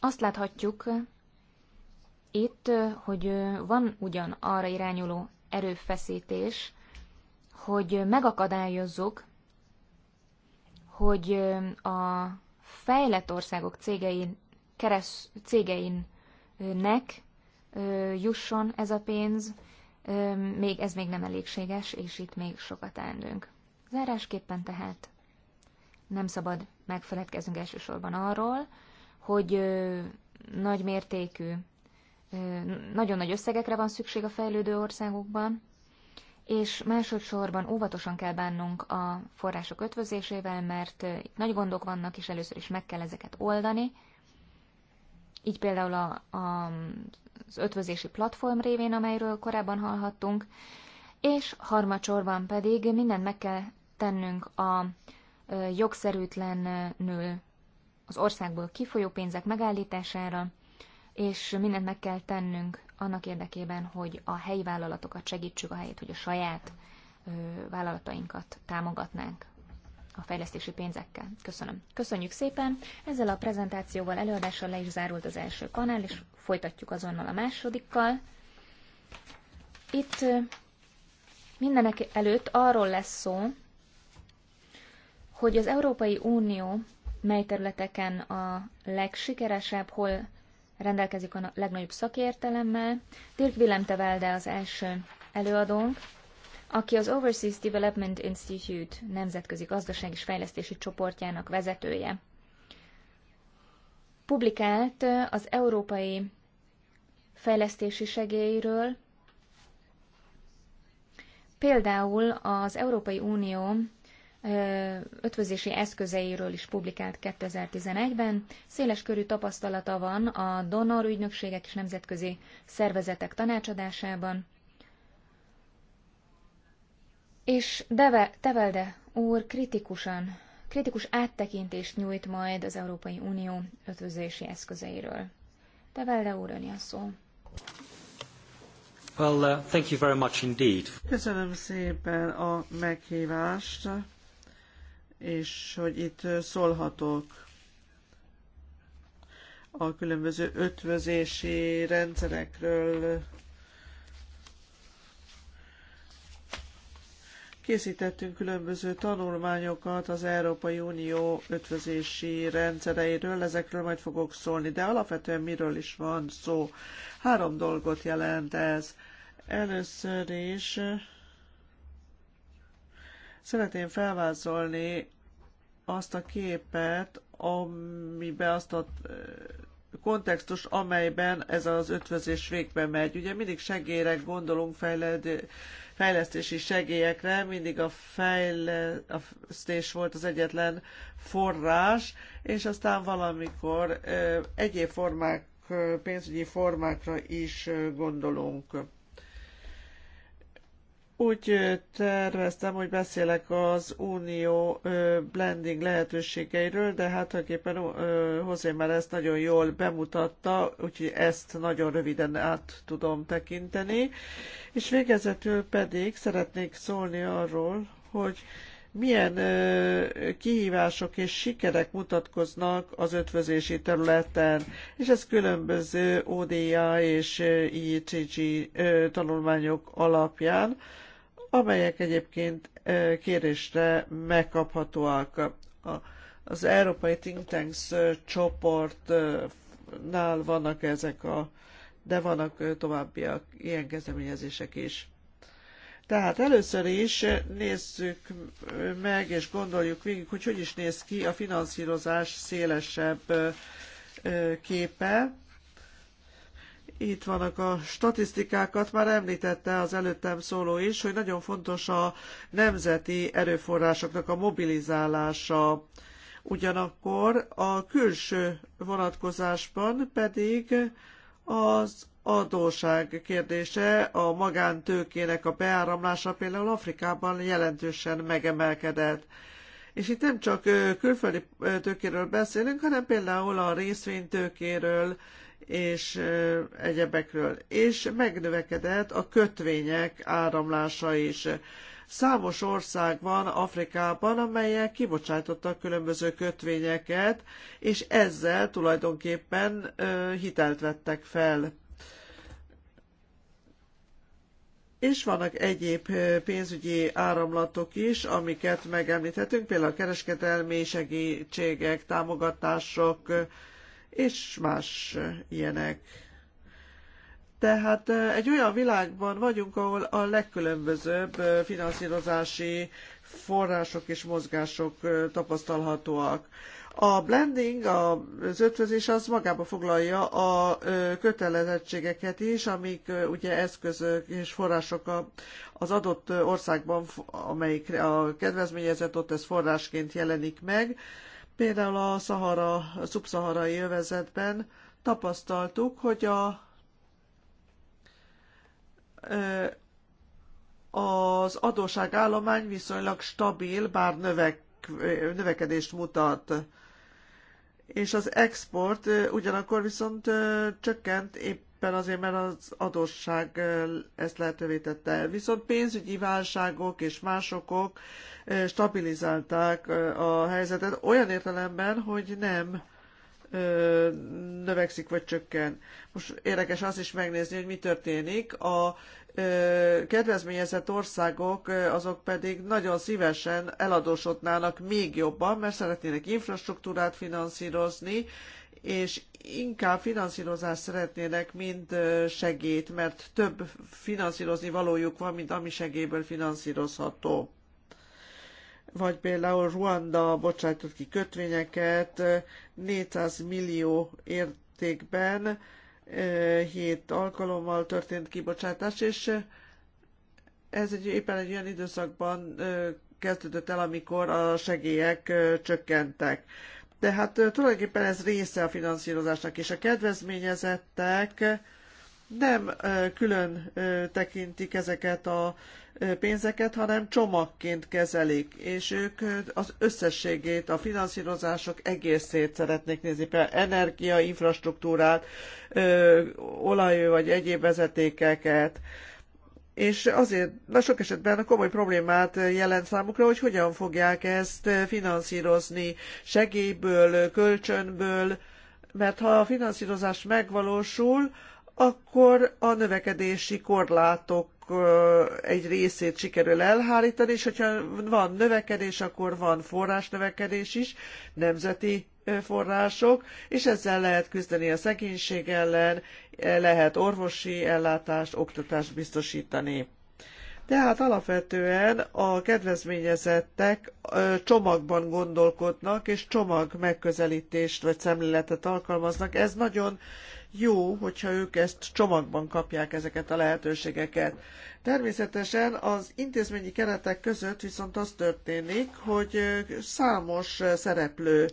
[SPEAKER 1] Azt láthatjuk itt, hogy van ugyan arra irányuló erőfeszítés, hogy megakadályozzuk, hogy a fejlett országok cégein, kereszt, cégein nek jusson ez a pénz, még ez még nem elégséges, és itt még sokat teendünk. Zárásképpen tehát nem szabad megfeledkeznünk elsősorban arról, hogy nagy mértékű, nagyon nagy összegekre van szükség a fejlődő országokban, és másodszorban óvatosan kell bánnunk a források ötvözésével, mert itt nagy gondok vannak, és először is meg kell ezeket oldani, így például a, a, az ötvözési platform révén, amelyről korábban hallhattunk, és harmadsorban pedig mindent meg kell tennünk a jogszerűtlenül az országból kifolyó pénzek megállítására, és mindent meg kell tennünk annak érdekében, hogy a helyi vállalatokat segítsük, helyét, hogy a saját vállalatainkat támogatnánk a fejlesztési pénzekkel. Köszönöm. Köszönjük szépen. Ezzel a prezentációval, előadással le is zárult az első panel, és folytatjuk azonnal a másodikkal. Itt mindenek előtt arról lesz szó, hogy az Európai Unió mely területeken a legsikeresebb, hol rendelkezik a legnagyobb szakértelemmel. Dirk Willem Tevelde az első előadónk, aki az Overseas Development Institute nemzetközi gazdaság és fejlesztési csoportjának vezetője. Publikált az európai fejlesztési segélyről, például az Európai Unió ötvözési eszközeiről is publikált 2011-ben. Széles körű tapasztalata van a donor ügynökségek és nemzetközi szervezetek tanácsadásában, és Deve, Tevelde úr kritikusan, kritikus áttekintést nyújt majd az Európai Unió ötvözési eszközeiről. Tevelde úr, ön a szó.
[SPEAKER 3] Well, uh, thank you very much indeed.
[SPEAKER 1] Köszönöm
[SPEAKER 2] szépen a meghívást, és hogy itt szólhatok a különböző ötvözési rendszerekről Készítettünk különböző tanulmányokat az Európai Unió ötvözési rendszereiről, ezekről majd fogok szólni, de alapvetően miről is van szó. Három dolgot jelent ez. Először is szeretném felvázolni azt a képet, amiben azt a eh, kontextus, amelyben ez az ötvözés végbe megy. Ugye mindig segélyre gondolunk, fejlődő, fejlesztési segélyekre mindig a fejlesztés volt az egyetlen forrás, és aztán valamikor egyéb formák, pénzügyi formákra is gondolunk. Úgy terveztem, hogy beszélek az unió blending lehetőségeiről, de hát tulajdonképpen Hozé már ezt nagyon jól bemutatta, úgyhogy ezt nagyon röviden át tudom tekinteni. És végezetül pedig szeretnék szólni arról, hogy milyen kihívások és sikerek mutatkoznak az ötvözési területen, és ez különböző ODA és IETG tanulmányok alapján, amelyek egyébként kérésre megkaphatóak. Az Európai Think Tanks csoportnál vannak ezek a, de vannak továbbiak, ilyen kezdeményezések is. Tehát először is nézzük meg és gondoljuk végig, hogy hogy is néz ki a finanszírozás szélesebb képe itt vannak a statisztikákat, már említette az előttem szóló is, hogy nagyon fontos a nemzeti erőforrásoknak a mobilizálása. Ugyanakkor a külső vonatkozásban pedig az adóság kérdése, a magántőkének a beáramlása például Afrikában jelentősen megemelkedett. És itt nem csak külföldi tőkéről beszélünk, hanem például a részvénytőkéről, és egyebekről. És megnövekedett a kötvények áramlása is. Számos ország van Afrikában, amelyek kibocsátottak különböző kötvényeket, és ezzel tulajdonképpen hitelt vettek fel. És vannak egyéb pénzügyi áramlatok is, amiket megemlíthetünk, például a kereskedelmi segítségek, támogatások, és más ilyenek. Tehát eh, egy olyan világban vagyunk, ahol a legkülönbözőbb eh, finanszírozási források és mozgások eh, tapasztalhatóak. A blending, az ötvözés az magába foglalja a kötelezettségeket is, amik ugye eszközök és források az adott országban, amelyik a kedvezményezett ott ez forrásként jelenik meg, Például a Szahara, a szubszaharai övezetben tapasztaltuk, hogy a az adóságállomány viszonylag stabil, bár növek, növekedést mutat. És az export ugyanakkor viszont csökkent épp részben azért, mert az adósság ezt lehetővé tette. Viszont pénzügyi válságok és másokok stabilizálták a helyzetet olyan értelemben, hogy nem növekszik vagy csökken. Most érdekes az is megnézni, hogy mi történik. A kedvezményezett országok azok pedig nagyon szívesen eladósodnának még jobban, mert szeretnének infrastruktúrát finanszírozni, és inkább finanszírozást szeretnének, mint segít, mert több finanszírozni valójuk van, mint ami segélyből finanszírozható. Vagy például Ruanda bocsájtott ki kötvényeket 400 millió értékben, 7 alkalommal történt kibocsátás, és ez egy, éppen egy olyan időszakban kezdődött el, amikor a segélyek csökkentek de hát tulajdonképpen ez része a finanszírozásnak, és a kedvezményezettek nem külön tekintik ezeket a pénzeket, hanem csomagként kezelik, és ők az összességét, a finanszírozások egészét szeretnék nézni, például energia, infrastruktúrát, olaj vagy egyéb vezetékeket, és azért, na sok esetben komoly problémát jelent számukra, hogy hogyan fogják ezt finanszírozni segélyből, kölcsönből, mert ha a finanszírozás megvalósul, akkor a növekedési korlátok egy részét sikerül elhárítani, és hogyha van növekedés, akkor van forrásnövekedés is, nemzeti források, és ezzel lehet küzdeni a szegénység ellen, lehet orvosi ellátást, oktatást biztosítani. Tehát alapvetően a kedvezményezettek csomagban gondolkodnak, és csomag megközelítést vagy szemléletet alkalmaznak. Ez nagyon jó, hogyha ők ezt csomagban kapják ezeket a lehetőségeket. Természetesen az intézményi keretek között viszont az történik, hogy számos szereplő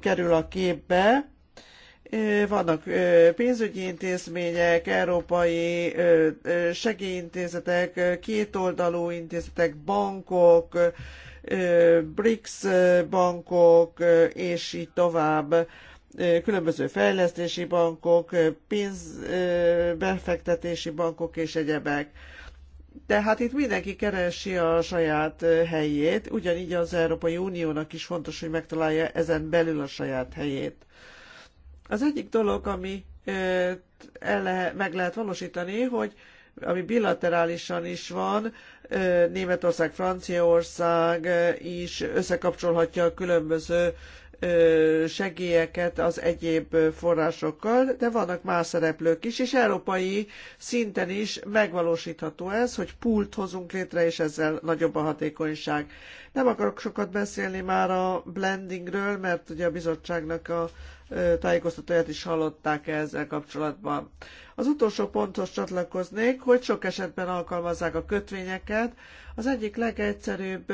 [SPEAKER 2] kerül a képbe, vannak pénzügyi intézmények, európai segélyintézetek, kétoldalú intézetek, bankok, BRICS bankok, és így tovább különböző fejlesztési bankok, pénzbefektetési bankok és egyebek. Tehát itt mindenki keresi a saját helyét, ugyanígy az Európai Uniónak is fontos, hogy megtalálja ezen belül a saját helyét. Az egyik dolog, ami el lehet, meg lehet valósítani, hogy ami bilaterálisan is van, Németország, Franciaország is összekapcsolhatja a különböző segélyeket az egyéb forrásokkal, de vannak más szereplők is, és európai szinten is megvalósítható ez, hogy pult hozunk létre, és ezzel nagyobb a hatékonyság. Nem akarok sokat beszélni már a blendingről, mert ugye a bizottságnak a tájékoztatóját is hallották ezzel kapcsolatban. Az utolsó ponthoz csatlakoznék, hogy sok esetben alkalmazzák a kötvényeket. Az egyik legegyszerűbb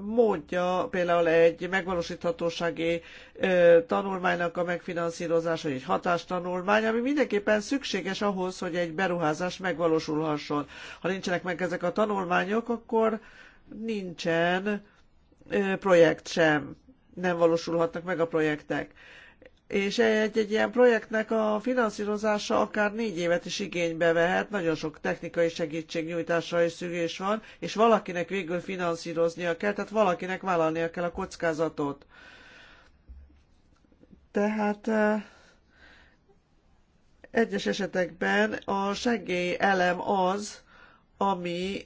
[SPEAKER 2] módja például egy megvalósíthatósági ö, tanulmánynak a megfinanszírozása, egy hatástanulmány, ami mindenképpen szükséges ahhoz, hogy egy beruházás megvalósulhasson. Ha nincsenek meg ezek a tanulmányok, akkor nincsen ö, projekt sem, nem valósulhatnak meg a projektek és egy, egy ilyen projektnek a finanszírozása akár négy évet is igénybe vehet, nagyon sok technikai segítségnyújtásra is szükség van, és valakinek végül finanszíroznia kell, tehát valakinek vállalnia kell a kockázatot. Tehát egyes esetekben a segély elem az, ami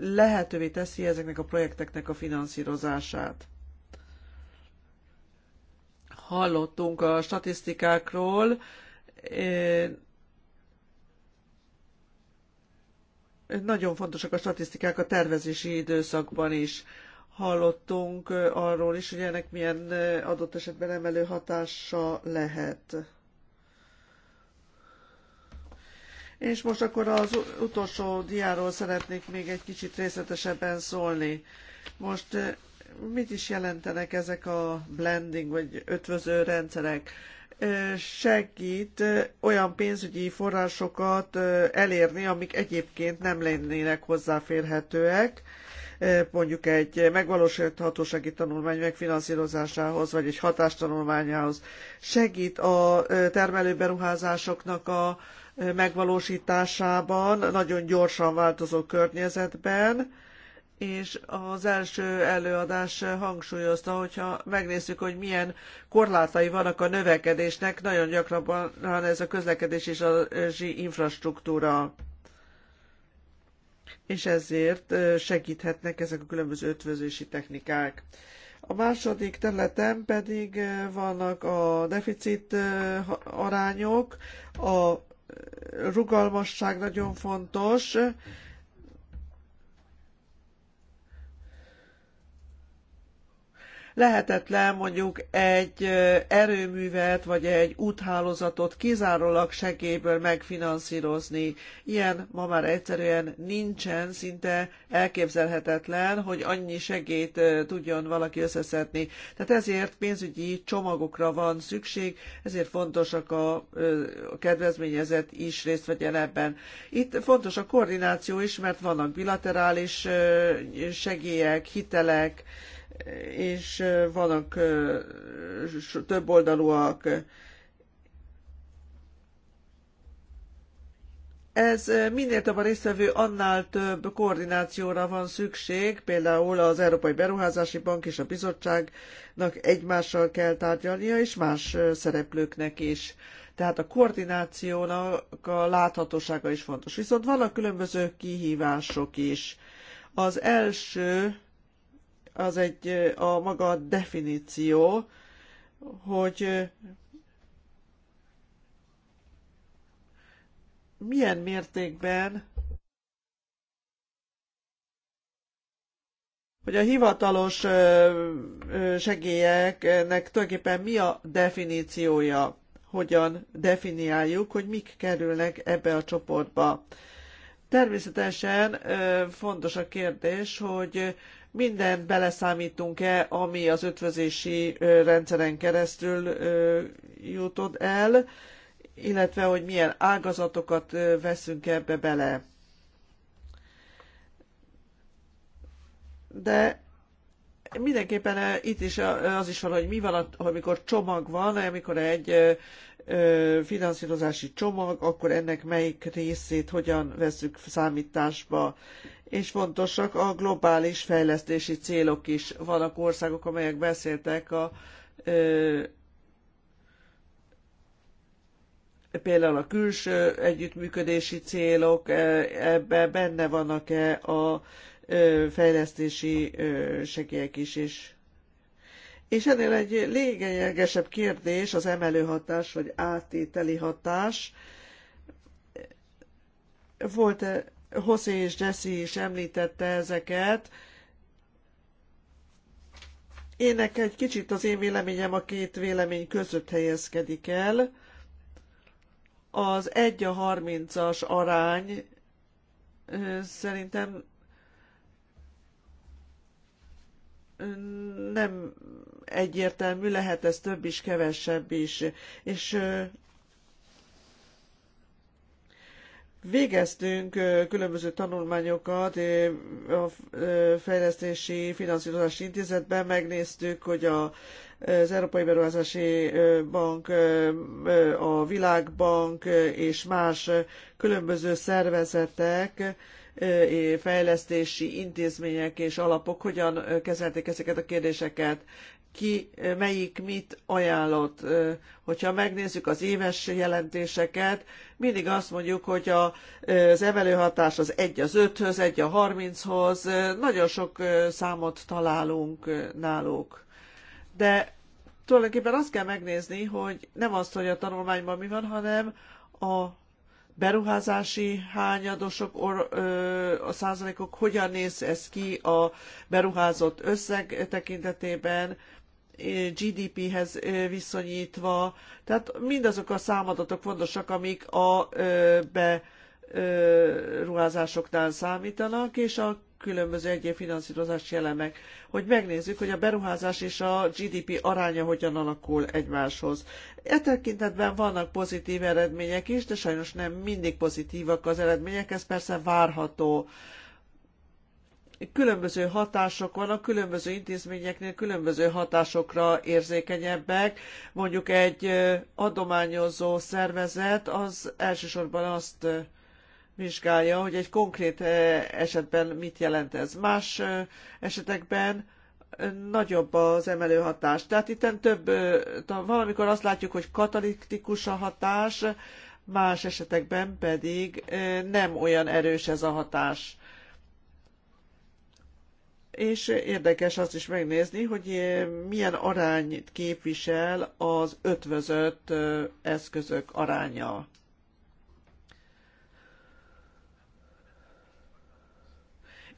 [SPEAKER 2] lehetővé teszi ezeknek a projekteknek a finanszírozását hallottunk a statisztikákról. Nagyon fontosak a statisztikák a tervezési időszakban is. Hallottunk arról is, hogy ennek milyen adott esetben emelő hatása lehet. És most akkor az utolsó diáról szeretnék még egy kicsit részletesebben szólni. Most mit is jelentenek ezek a blending vagy ötvöző rendszerek? segít olyan pénzügyi forrásokat elérni, amik egyébként nem lennének hozzáférhetőek, mondjuk egy megvalósíthatósági tanulmány megfinanszírozásához, vagy egy hatástanulmányához. Segít a termelőberuházásoknak a megvalósításában, nagyon gyorsan változó környezetben, és az első előadás hangsúlyozta, hogyha megnézzük, hogy milyen korlátai vannak a növekedésnek, nagyon gyakran ez a közlekedés és a infrastruktúra. És ezért segíthetnek ezek a különböző ötvözési technikák. A második területen pedig vannak a deficit arányok, a rugalmasság nagyon fontos, lehetetlen mondjuk egy erőművet vagy egy úthálózatot kizárólag segélyből megfinanszírozni. Ilyen ma már egyszerűen nincsen, szinte elképzelhetetlen, hogy annyi segélyt tudjon valaki összeszedni. Tehát ezért pénzügyi csomagokra van szükség, ezért fontosak a, a kedvezményezett is részt vegyen ebben. Itt fontos a koordináció is, mert vannak bilaterális segélyek, hitelek, és vannak több oldalúak. Ez minél több a résztvevő, annál több koordinációra van szükség, például az Európai Beruházási Bank és a bizottságnak egymással kell tárgyalnia, és más szereplőknek is. Tehát a koordinációnak a láthatósága is fontos. Viszont vannak különböző kihívások is. Az első az egy a maga definíció, hogy milyen mértékben hogy a hivatalos segélyeknek tulajdonképpen mi a definíciója, hogyan definiáljuk, hogy mik kerülnek ebbe a csoportba. Természetesen fontos a kérdés, hogy mindent beleszámítunk-e, ami az ötvözési rendszeren keresztül jutott el, illetve hogy milyen ágazatokat veszünk ebbe bele. De mindenképpen itt is az is van, hogy mi van, amikor csomag van, amikor egy finanszírozási csomag, akkor ennek melyik részét hogyan veszük számításba és fontosak a globális fejlesztési célok is. Vannak országok, amelyek beszéltek a ö, például a külső együttműködési célok, ebbe benne vannak-e a fejlesztési segélyek is, és és ennél egy lényegesebb kérdés az emelő hatás, vagy átételi hatás. Volt-e José és Jesse is említette ezeket. Ének egy kicsit az én véleményem a két vélemény között helyezkedik el. Az 1 a 30-as arány szerintem nem egyértelmű, lehet ez több is, kevesebb is. És Végeztünk különböző tanulmányokat a Fejlesztési Finanszírozási Intézetben, megnéztük, hogy a, az Európai Beruházási Bank, a Világbank és más különböző szervezetek, fejlesztési intézmények és alapok hogyan kezelték ezeket a kérdéseket ki melyik mit ajánlott. Hogyha megnézzük az éves jelentéseket, mindig azt mondjuk, hogy a, az emelőhatás az 1 az 5-höz, 1 a 30-hoz, nagyon sok számot találunk náluk. De tulajdonképpen azt kell megnézni, hogy nem azt, hogy a tanulmányban mi van, hanem a beruházási hányadosok, or, ö, a százalékok, hogyan néz ez ki a beruházott összeg tekintetében, GDP-hez viszonyítva. Tehát mindazok a számadatok fontosak, amik a beruházásoknál számítanak, és a különböző egyéb finanszírozási elemek, hogy megnézzük, hogy a beruházás és a GDP aránya hogyan alakul egymáshoz. E tekintetben vannak pozitív eredmények is, de sajnos nem mindig pozitívak az eredmények, ez persze várható különböző hatások vannak, különböző intézményeknél különböző hatásokra érzékenyebbek. Mondjuk egy adományozó szervezet az elsősorban azt vizsgálja, hogy egy konkrét esetben mit jelent ez. Más esetekben nagyobb az emelő hatás. Tehát itt több, valamikor azt látjuk, hogy katalitikus a hatás, más esetekben pedig nem olyan erős ez a hatás és érdekes azt is megnézni, hogy eh, milyen arányt képvisel az ötvözött eh, eszközök aránya.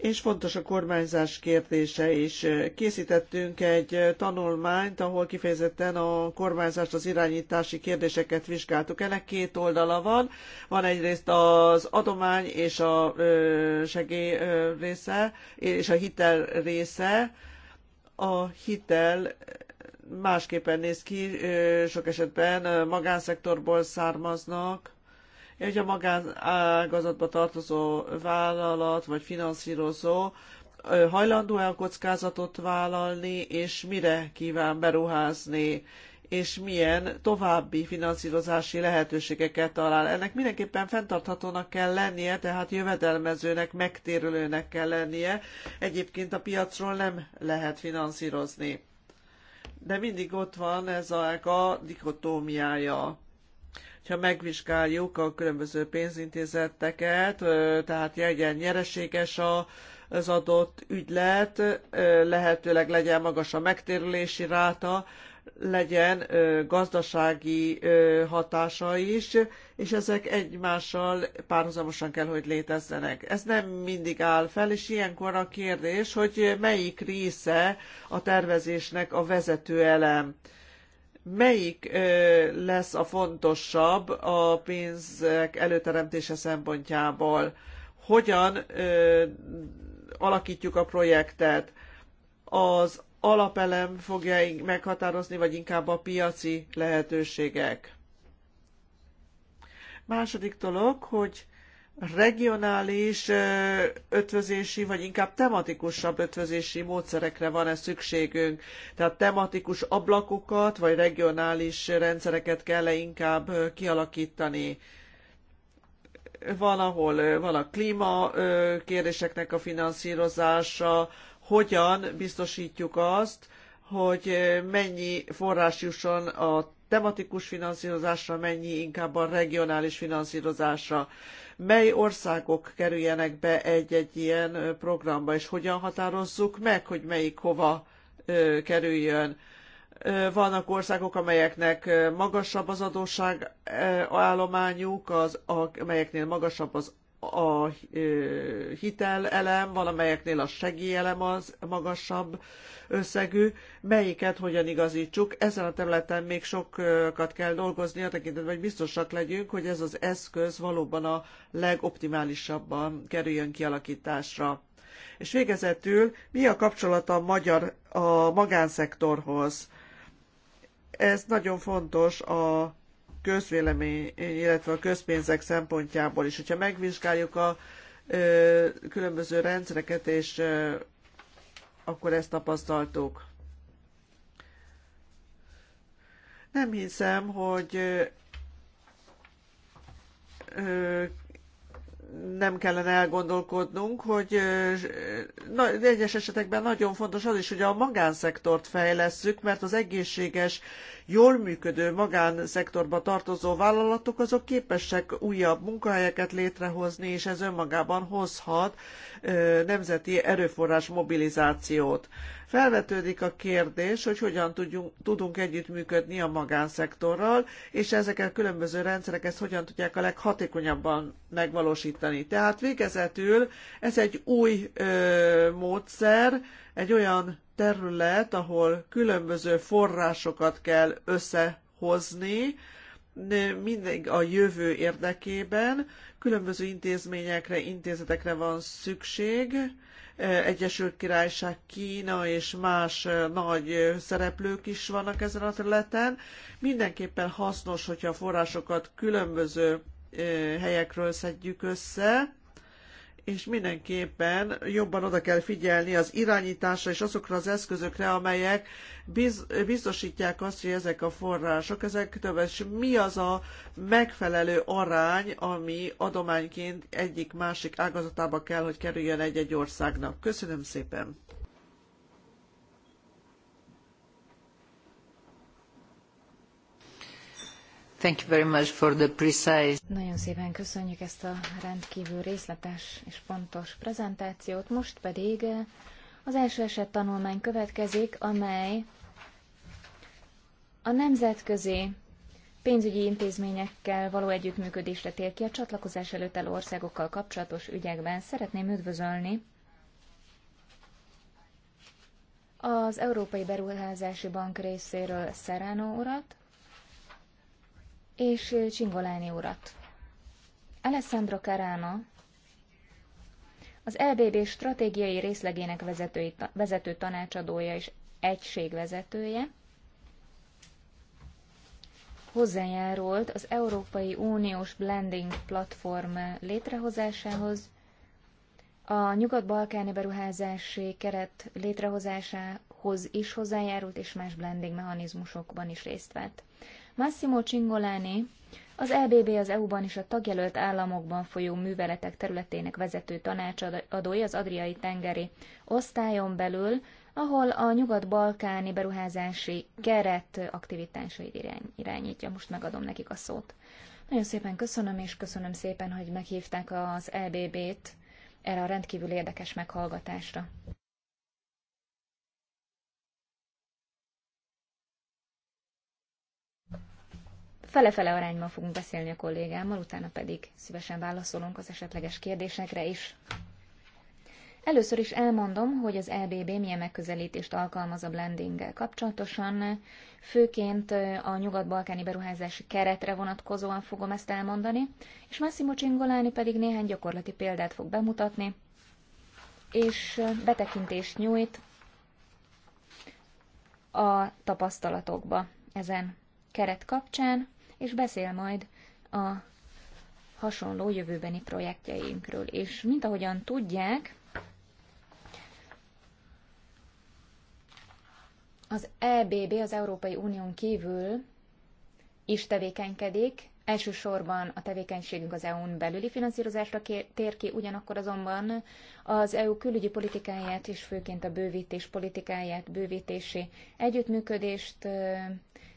[SPEAKER 2] és fontos a kormányzás kérdése is. Készítettünk egy tanulmányt, ahol kifejezetten a kormányzást, az irányítási kérdéseket vizsgáltuk. Ennek két oldala van. Van egyrészt az adomány és a segély része, és a hitel része. A hitel másképpen néz ki, sok esetben magánszektorból származnak, hogy a magánágazatba tartozó vállalat vagy finanszírozó hajlandó-e a kockázatot vállalni, és mire kíván beruházni, és milyen további finanszírozási lehetőségeket talál. Ennek mindenképpen fenntarthatónak kell lennie, tehát jövedelmezőnek, megtérülőnek kell lennie. Egyébként a piacról nem lehet finanszírozni. De mindig ott van ez a, a dikotómiája ha megvizsgáljuk a különböző pénzintézeteket, tehát legyen nyereséges a az adott ügylet, lehetőleg legyen magas a megtérülési ráta, legyen gazdasági hatása is, és ezek egymással párhuzamosan kell, hogy létezzenek. Ez nem mindig áll fel, és ilyenkor a kérdés, hogy melyik része a tervezésnek a vezető elem melyik lesz a fontosabb a pénzek előteremtése szempontjából? Hogyan alakítjuk a projektet? Az alapelem fogja meghatározni, vagy inkább a piaci lehetőségek? Második dolog, hogy regionális ötvözési, vagy inkább tematikusabb ötvözési módszerekre van-e szükségünk? Tehát tematikus ablakokat, vagy regionális rendszereket kell-e inkább kialakítani? Van, ahol van a klíma kérdéseknek a finanszírozása, hogyan biztosítjuk azt, hogy mennyi forrás jusson a tematikus finanszírozásra, mennyi inkább a regionális finanszírozásra mely országok kerüljenek be egy-egy ilyen programba, és hogyan határozzuk meg, hogy melyik hova kerüljön. Vannak országok, amelyeknek magasabb az adósság állományuk, az, amelyeknél magasabb az a hitelelem, valamelyeknél a segélyelem az magasabb összegű, melyiket hogyan igazítsuk. Ezen a területen még sokat kell dolgozni, a tekintetben, hogy biztosak legyünk, hogy ez az eszköz valóban a legoptimálisabban kerüljön kialakításra. És végezetül, mi a kapcsolata a magyar a magánszektorhoz? Ez nagyon fontos a közvélemény, illetve a közpénzek szempontjából is. Hogyha megvizsgáljuk a ö, különböző rendszereket, és ö, akkor ezt tapasztaltuk. Nem hiszem, hogy ö, nem kellene elgondolkodnunk, hogy na, egyes esetekben nagyon fontos az is, hogy a magánszektort fejlesszük, mert az egészséges, jól működő magánszektorba tartozó vállalatok azok képesek újabb munkahelyeket létrehozni, és ez önmagában hozhat nemzeti erőforrás mobilizációt. Felvetődik a kérdés, hogy hogyan tudjunk, tudunk együttműködni a magánszektorral, és ezeket a különböző rendszerek ezt hogyan tudják a leghatékonyabban megvalósítani. Tehát végezetül ez egy új ö, módszer, egy olyan terület, ahol különböző forrásokat kell összehozni, mindig a jövő érdekében, különböző intézményekre, intézetekre van szükség, Egyesült Királyság, Kína és más nagy szereplők is vannak ezen a területen. Mindenképpen hasznos, hogyha a forrásokat különböző helyekről szedjük össze, és mindenképpen jobban oda kell figyelni az irányításra és azokra az eszközökre, amelyek biz, biztosítják azt, hogy ezek a források, ezek többes, mi az a megfelelő arány, ami adományként egyik-másik ágazatába kell, hogy kerüljön egy-egy országnak. Köszönöm szépen!
[SPEAKER 3] Thank you very much for the precise...
[SPEAKER 1] Nagyon szépen köszönjük ezt a rendkívül részletes és pontos prezentációt. Most pedig eh, az első eset tanulmány következik, amely a nemzetközi pénzügyi intézményekkel való együttműködésre tér ki a csatlakozás előtt el országokkal kapcsolatos ügyekben. Szeretném üdvözölni az Európai Beruházási Bank részéről Szeránó urat, és Csingoláni urat. Alessandro Carano, az LBB e stratégiai részlegének vezetői, vezető tanácsadója és egységvezetője, hozzájárult az Európai Uniós Blending Platform létrehozásához, a nyugat-balkáni beruházási keret létrehozásához is hozzájárult, és más blending mechanizmusokban is részt vett. Massimo Cingolani, az EBB az EU-ban és a tagjelölt államokban folyó műveletek területének vezető tanácsadója az Adriai tengeri osztályon belül, ahol a nyugat-balkáni beruházási keret aktivitásait irányítja. Most megadom nekik a szót. Nagyon szépen köszönöm, és köszönöm szépen, hogy meghívták az EBB-t erre a rendkívül érdekes meghallgatásra. Fele-fele arányban fogunk beszélni a kollégámmal, utána pedig szívesen válaszolunk az esetleges kérdésekre is. Először is elmondom, hogy az EBB milyen megközelítést alkalmaz a blendinggel kapcsolatosan. Főként a nyugat-balkáni beruházási keretre vonatkozóan fogom ezt elmondani, és Massimo Csingoláni pedig néhány gyakorlati példát fog bemutatni, és betekintést nyújt a tapasztalatokba ezen keret kapcsán, és beszél majd a hasonló jövőbeni projektjeinkről. És mint ahogyan tudják, az EBB az Európai Unión kívül is tevékenykedik, Elsősorban a tevékenységünk az EU-n belüli finanszírozásra tér ki, ugyanakkor azonban az EU külügyi politikáját és főként a bővítés politikáját, bővítési együttműködést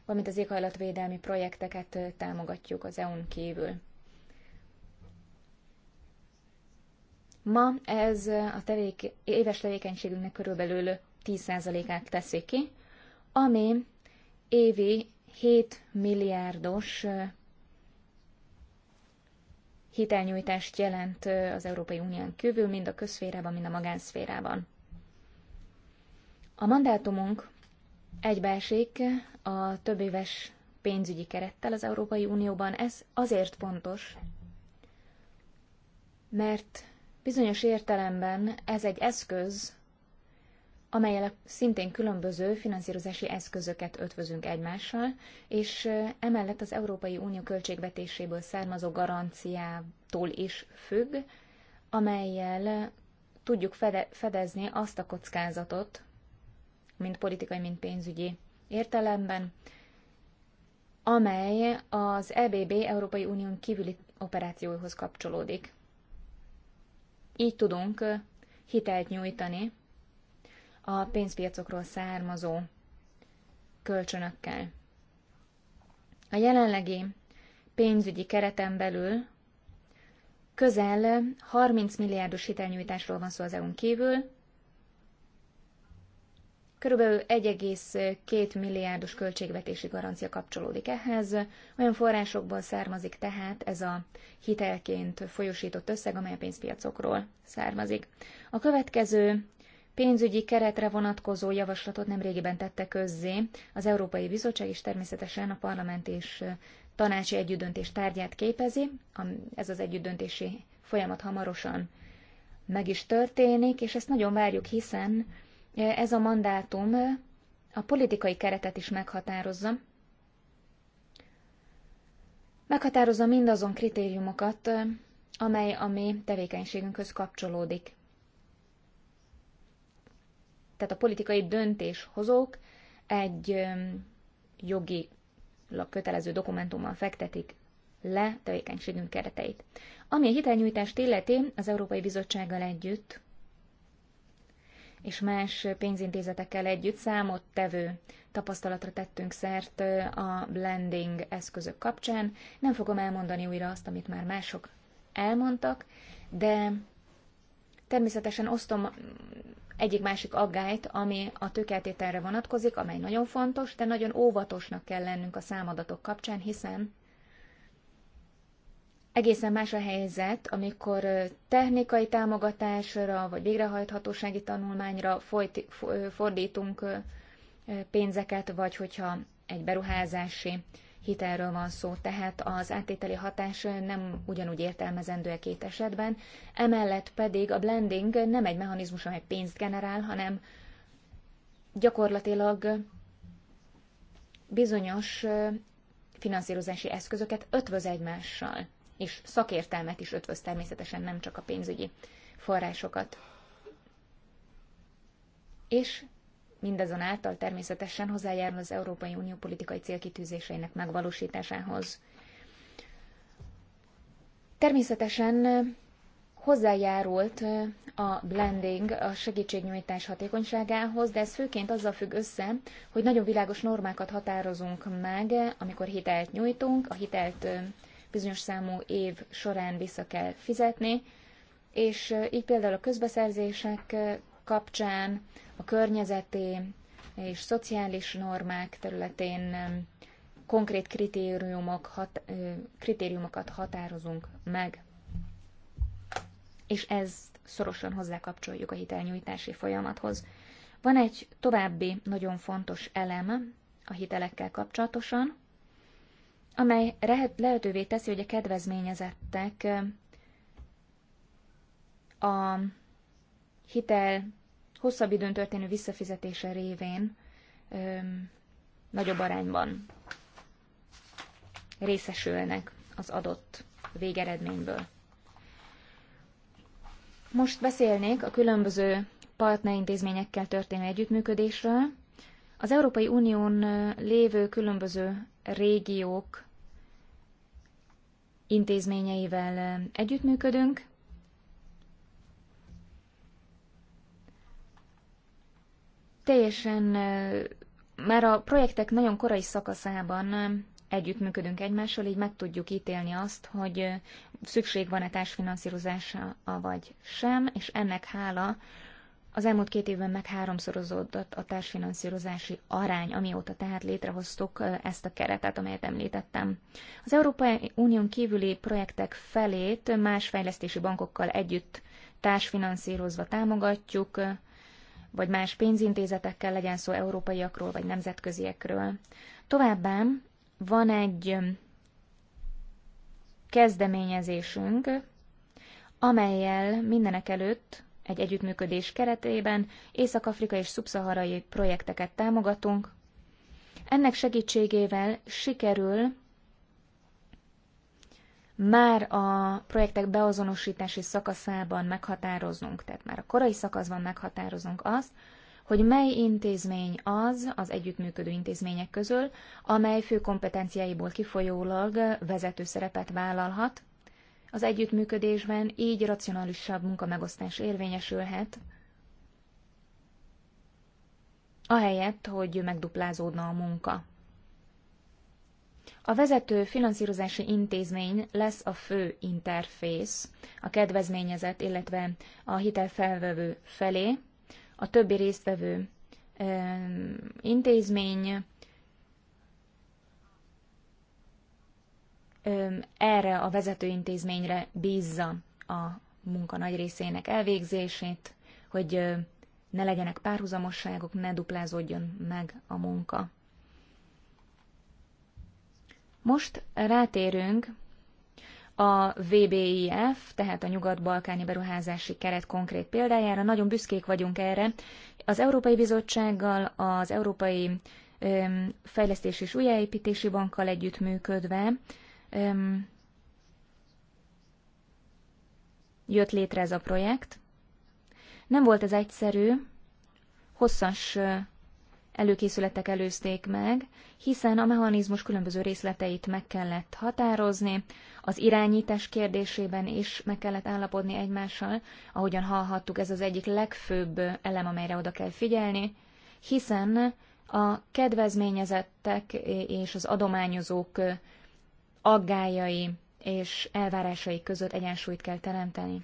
[SPEAKER 1] valamint az éghajlatvédelmi projekteket támogatjuk az EU-n kívül. Ma ez a tevék, éves tevékenységünknek körülbelül 10%-át teszi ki, ami évi 7 milliárdos hitelnyújtást jelent az Európai Unión kívül, mind a közszférában, mind a magánszférában. A mandátumunk egybeesik a éves pénzügyi kerettel az Európai Unióban. Ez azért fontos, mert bizonyos értelemben ez egy eszköz, amelyel szintén különböző finanszírozási eszközöket ötvözünk egymással, és emellett az Európai Unió költségvetéséből származó garanciától is függ, amelyel tudjuk fedezni azt a kockázatot, mint politikai, mint pénzügyi értelemben, amely az EBB Európai Unión kívüli operációhoz kapcsolódik. Így tudunk hitelt nyújtani a pénzpiacokról származó kölcsönökkel. A jelenlegi pénzügyi kereten belül közel 30 milliárdos hitelnyújtásról van szó az EU-n kívül, Körülbelül 1,2 milliárdos költségvetési garancia kapcsolódik ehhez. Olyan forrásokból származik tehát ez a hitelként folyosított összeg, amely a pénzpiacokról származik. A következő pénzügyi keretre vonatkozó javaslatot nem régiben tette közzé az Európai Bizottság, és természetesen a parlament és tanácsi együttdöntés tárgyát képezi. Ez az együttdöntési folyamat hamarosan meg is történik, és ezt nagyon várjuk, hiszen ez a mandátum a politikai keretet is meghatározza. Meghatározza mindazon kritériumokat, amely a mi tevékenységünkhöz kapcsolódik. Tehát a politikai döntéshozók egy jogi kötelező dokumentummal fektetik le tevékenységünk kereteit. Ami a hitelnyújtást illeti, az Európai Bizottsággal együtt és más pénzintézetekkel együtt számot tevő tapasztalatra tettünk szert a blending eszközök kapcsán. Nem fogom elmondani újra azt, amit már mások elmondtak, de természetesen osztom egyik-másik aggályt, ami a tőkeltételre vonatkozik, amely nagyon fontos, de nagyon óvatosnak kell lennünk a számadatok kapcsán, hiszen Egészen más a helyzet, amikor technikai támogatásra vagy végrehajthatósági tanulmányra folyt, fordítunk pénzeket, vagy hogyha egy beruházási hitelről van szó, tehát az áttételi hatás nem ugyanúgy értelmezendő a e két esetben, emellett pedig a blending nem egy mechanizmus, amely pénzt generál, hanem gyakorlatilag bizonyos finanszírozási eszközöket ötvöz egymással és szakértelmet is ötvöz természetesen, nem csak a pénzügyi forrásokat. És mindazonáltal természetesen hozzájárul az Európai Unió politikai célkitűzéseinek megvalósításához. Természetesen hozzájárult a blending a segítségnyújtás hatékonyságához, de ez főként azzal függ össze, hogy nagyon világos normákat határozunk meg, amikor hitelt nyújtunk, a hitelt bizonyos számú év során vissza kell fizetni, és így például a közbeszerzések kapcsán, a környezeti és szociális normák területén konkrét kritériumok, hat, kritériumokat határozunk meg. És ez szorosan hozzákapcsoljuk a hitelnyújtási folyamathoz. Van egy további nagyon fontos eleme a hitelekkel kapcsolatosan, amely lehetővé teszi, hogy a kedvezményezettek a hitel hosszabb időn történő visszafizetése révén nagyobb arányban részesülnek az adott végeredményből. Most beszélnék a különböző partnerintézményekkel történő együttműködésről, az Európai Unión lévő különböző régiók intézményeivel együttműködünk. Teljesen már a projektek nagyon korai szakaszában együttműködünk egymással, így meg tudjuk ítélni azt, hogy szükség van-e társfinanszírozása, vagy sem, és ennek hála az elmúlt két évben meg háromszorozódott a társfinanszírozási arány, amióta tehát létrehoztuk ezt a keretet, amelyet említettem. Az Európai Unión kívüli projektek felét más fejlesztési bankokkal együtt társfinanszírozva támogatjuk, vagy más pénzintézetekkel legyen szó európaiakról vagy nemzetköziekről. Továbbá van egy kezdeményezésünk, amelyel mindenek előtt egy együttműködés keretében észak-afrikai és szubszaharai projekteket támogatunk. Ennek segítségével sikerül már a projektek beazonosítási szakaszában meghatároznunk, tehát már a korai szakaszban meghatározunk azt, hogy mely intézmény az az együttműködő intézmények közül, amely fő kompetenciáiból kifolyólag vezető szerepet vállalhat, az együttműködésben így racionálisabb munkamegosztás érvényesülhet, ahelyett, hogy megduplázódna a munka. A vezető finanszírozási intézmény lesz a fő interfész a kedvezményezett, illetve a hitelfelvevő felé, a többi résztvevő intézmény erre a vezetőintézményre bízza a munka nagy részének elvégzését, hogy ne legyenek párhuzamosságok, ne duplázódjon meg a munka. Most rátérünk a VBIF, tehát a Nyugat-Balkáni Beruházási Keret konkrét példájára. Nagyon büszkék vagyunk erre. Az Európai Bizottsággal, az Európai Fejlesztés és Újjáépítési Bankkal együttműködve öm, jött létre ez a projekt. Nem volt ez egyszerű, hosszas előkészületek előzték meg, hiszen a mechanizmus különböző részleteit meg kellett határozni, az irányítás kérdésében is meg kellett állapodni egymással, ahogyan hallhattuk, ez az egyik legfőbb elem, amelyre oda kell figyelni, hiszen a kedvezményezettek és az adományozók aggájai és elvárásai között egyensúlyt kell teremteni.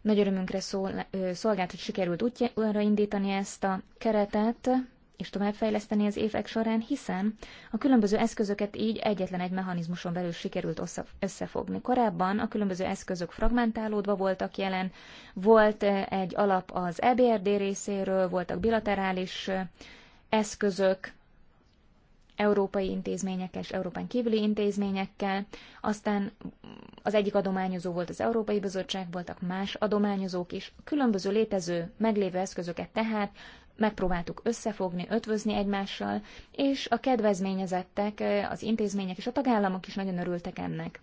[SPEAKER 1] Nagy örömünkre szól, szolgált, hogy sikerült útjára indítani ezt a keretet, és továbbfejleszteni az évek során, hiszen a különböző eszközöket így egyetlen egy mechanizmuson belül sikerült összefogni. Korábban a különböző eszközök fragmentálódva voltak jelen, volt egy alap az EBRD részéről, voltak bilaterális eszközök, európai intézményekkel és Európán kívüli intézményekkel, aztán az egyik adományozó volt az Európai Bizottság, voltak más adományozók is. Különböző létező, meglévő eszközöket tehát megpróbáltuk összefogni, ötvözni egymással, és a kedvezményezettek, az intézmények és a tagállamok is nagyon örültek ennek.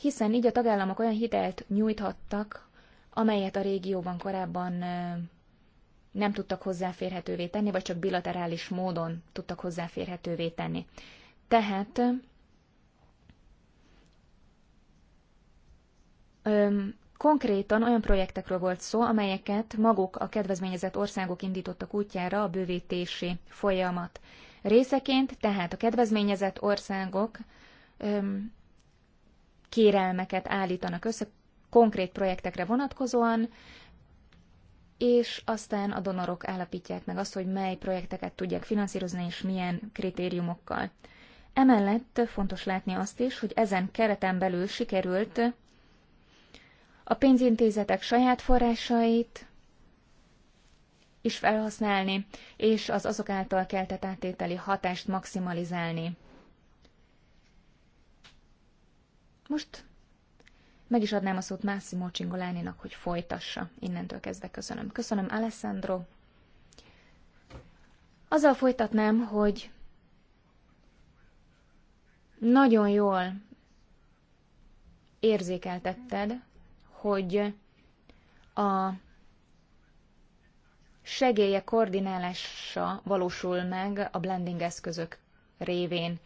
[SPEAKER 1] Hiszen így a tagállamok olyan hitelt nyújthattak, amelyet a régióban korábban nem tudtak hozzáférhetővé tenni, vagy csak bilaterális módon tudtak hozzáférhetővé tenni. Tehát öm, konkrétan olyan projektekről volt szó, amelyeket maguk a kedvezményezett országok indítottak útjára a bővítési folyamat részeként, tehát a kedvezményezett országok öm, kérelmeket állítanak össze konkrét projektekre vonatkozóan, és aztán a donorok állapítják meg azt, hogy mely projekteket tudják finanszírozni, és milyen kritériumokkal. Emellett fontos látni azt is, hogy ezen kereten belül sikerült a pénzintézetek saját forrásait is felhasználni, és az azok által keltett áttételi hatást maximalizálni. Most meg is adnám a szót Massimo Csingoláninak, hogy folytassa. Innentől kezdve köszönöm. Köszönöm, Alessandro. Azzal folytatnám, hogy nagyon jól érzékeltetted, hogy a segélye koordinálása valósul meg a blending eszközök révén.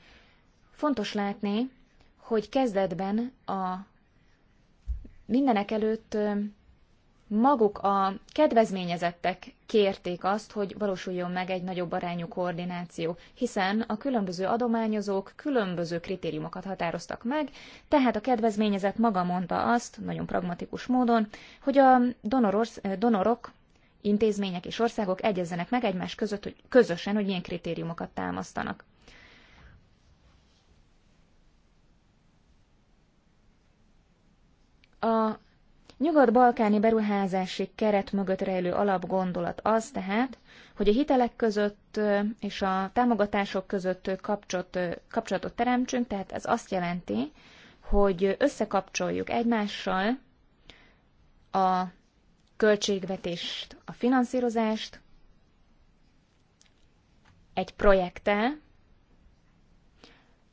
[SPEAKER 1] Fontos látni, hogy kezdetben a mindenek előtt maguk a kedvezményezettek kérték azt, hogy valósuljon meg egy nagyobb arányú koordináció, hiszen a különböző adományozók különböző kritériumokat határoztak meg, tehát a kedvezményezett maga mondta azt, nagyon pragmatikus módon, hogy a donororsz, donorok, intézmények és országok egyezzenek meg egymás között, hogy közösen, hogy milyen kritériumokat támasztanak. A nyugat-balkáni beruházási keret mögött rejlő alapgondolat az tehát, hogy a hitelek között és a támogatások között kapcsolat, kapcsolatot teremtsünk, tehát ez azt jelenti, hogy összekapcsoljuk egymással a költségvetést, a finanszírozást egy projekttel,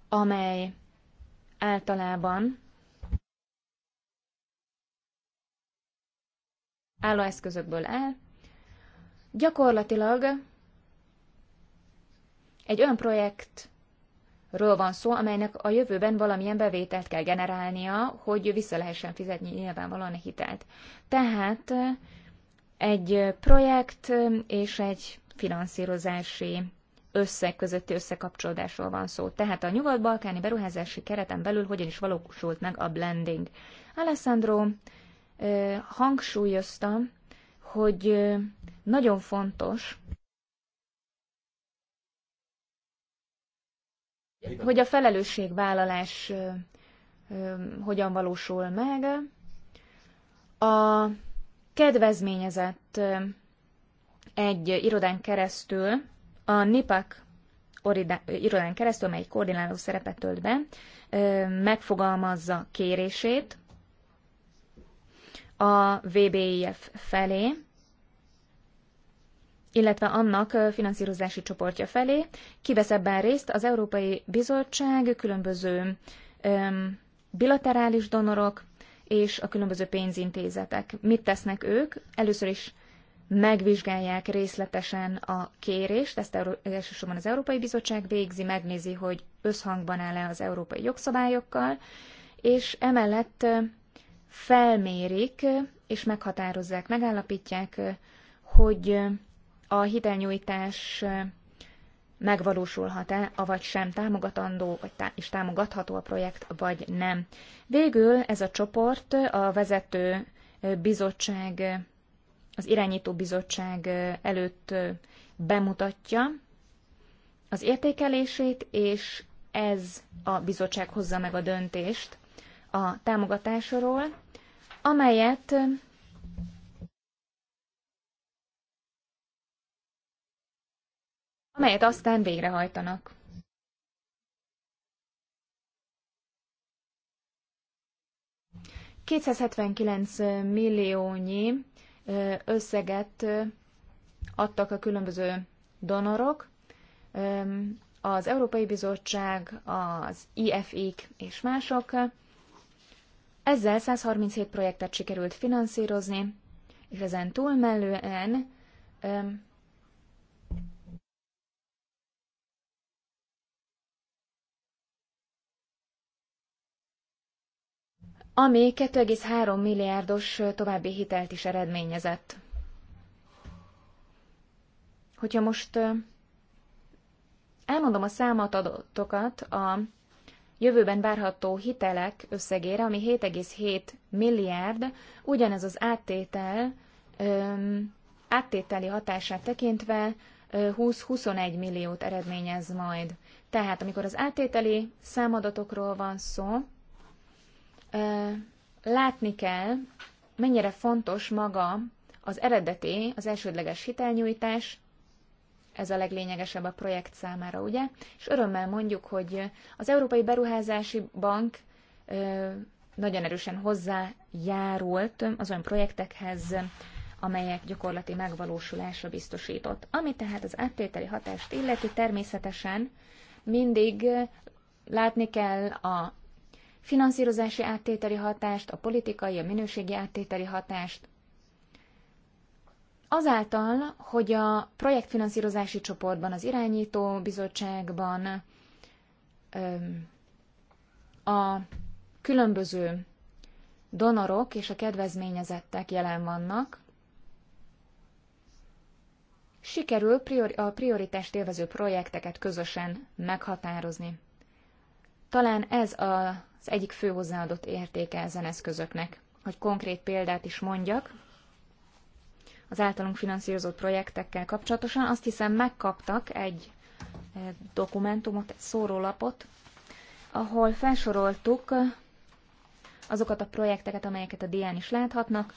[SPEAKER 1] amely általában álló eszközökből áll. Gyakorlatilag egy olyan projektről van szó, amelynek a jövőben valamilyen bevételt kell generálnia, hogy vissza lehessen fizetni nyilvánvalóan a hitelt. Tehát egy projekt és egy finanszírozási összeg közötti összekapcsolódásról van szó. Tehát a nyugat-balkáni beruházási kereten belül hogyan is valósult meg a blending. Alessandro hangsúlyoztam, hogy nagyon fontos, hogy a felelősségvállalás hogyan valósul meg. A kedvezményezett egy irodán keresztül, a NIPAK irodán keresztül, mely koordináló szerepet tölt be, megfogalmazza kérését, a VBIF felé, illetve annak finanszírozási csoportja felé. Kivesz ebben részt az Európai Bizottság, különböző öm, bilaterális donorok és a különböző pénzintézetek. Mit tesznek ők? Először is megvizsgálják részletesen a kérést, ezt elsősorban az Európai Bizottság végzi, megnézi, hogy összhangban áll-e az európai jogszabályokkal, és emellett felmérik és meghatározzák, megállapítják, hogy a hitelnyújtás megvalósulhat-e, avagy sem támogatandó, vagy tá- és támogatható a projekt, vagy nem. Végül ez a csoport a vezető bizottság, az irányító bizottság előtt bemutatja az értékelését, és ez a bizottság hozza meg a döntést a támogatásról, amelyet amelyet aztán végrehajtanak. ...279 milliónyi összeget adtak a különböző donorok, az Európai Bizottság, az IFI-k és mások, ezzel 137 projektet sikerült finanszírozni, és ezen túlmenően um, ami 2,3 milliárdos további hitelt is eredményezett. Hogyha most elmondom a számadatokat a jövőben várható hitelek összegére, ami 7,7 milliárd, ugyanez az áttétel, öm, áttételi hatását tekintve 20-21 milliót eredményez majd. Tehát amikor az áttételi számadatokról van szó, látni kell, mennyire fontos maga az eredeti, az elsődleges hitelnyújtás, ez a leglényegesebb a projekt számára, ugye? És örömmel mondjuk, hogy az Európai Beruházási Bank nagyon erősen hozzájárult az olyan projektekhez, amelyek gyakorlati megvalósulásra biztosított. Ami tehát az áttételi hatást illeti, természetesen mindig látni kell a finanszírozási áttételi hatást, a politikai, a minőségi áttételi hatást, Azáltal, hogy a projektfinanszírozási csoportban, az irányító bizottságban a különböző donorok és a kedvezményezettek jelen vannak, sikerül a prioritást élvező projekteket közösen meghatározni. Talán ez az egyik fő hozzáadott értéke ezen eszközöknek. Hogy konkrét példát is mondjak, az általunk finanszírozott projektekkel kapcsolatosan. Azt hiszem megkaptak egy eh, dokumentumot, egy szórólapot, ahol felsoroltuk eh, azokat a projekteket, amelyeket a dián is láthatnak.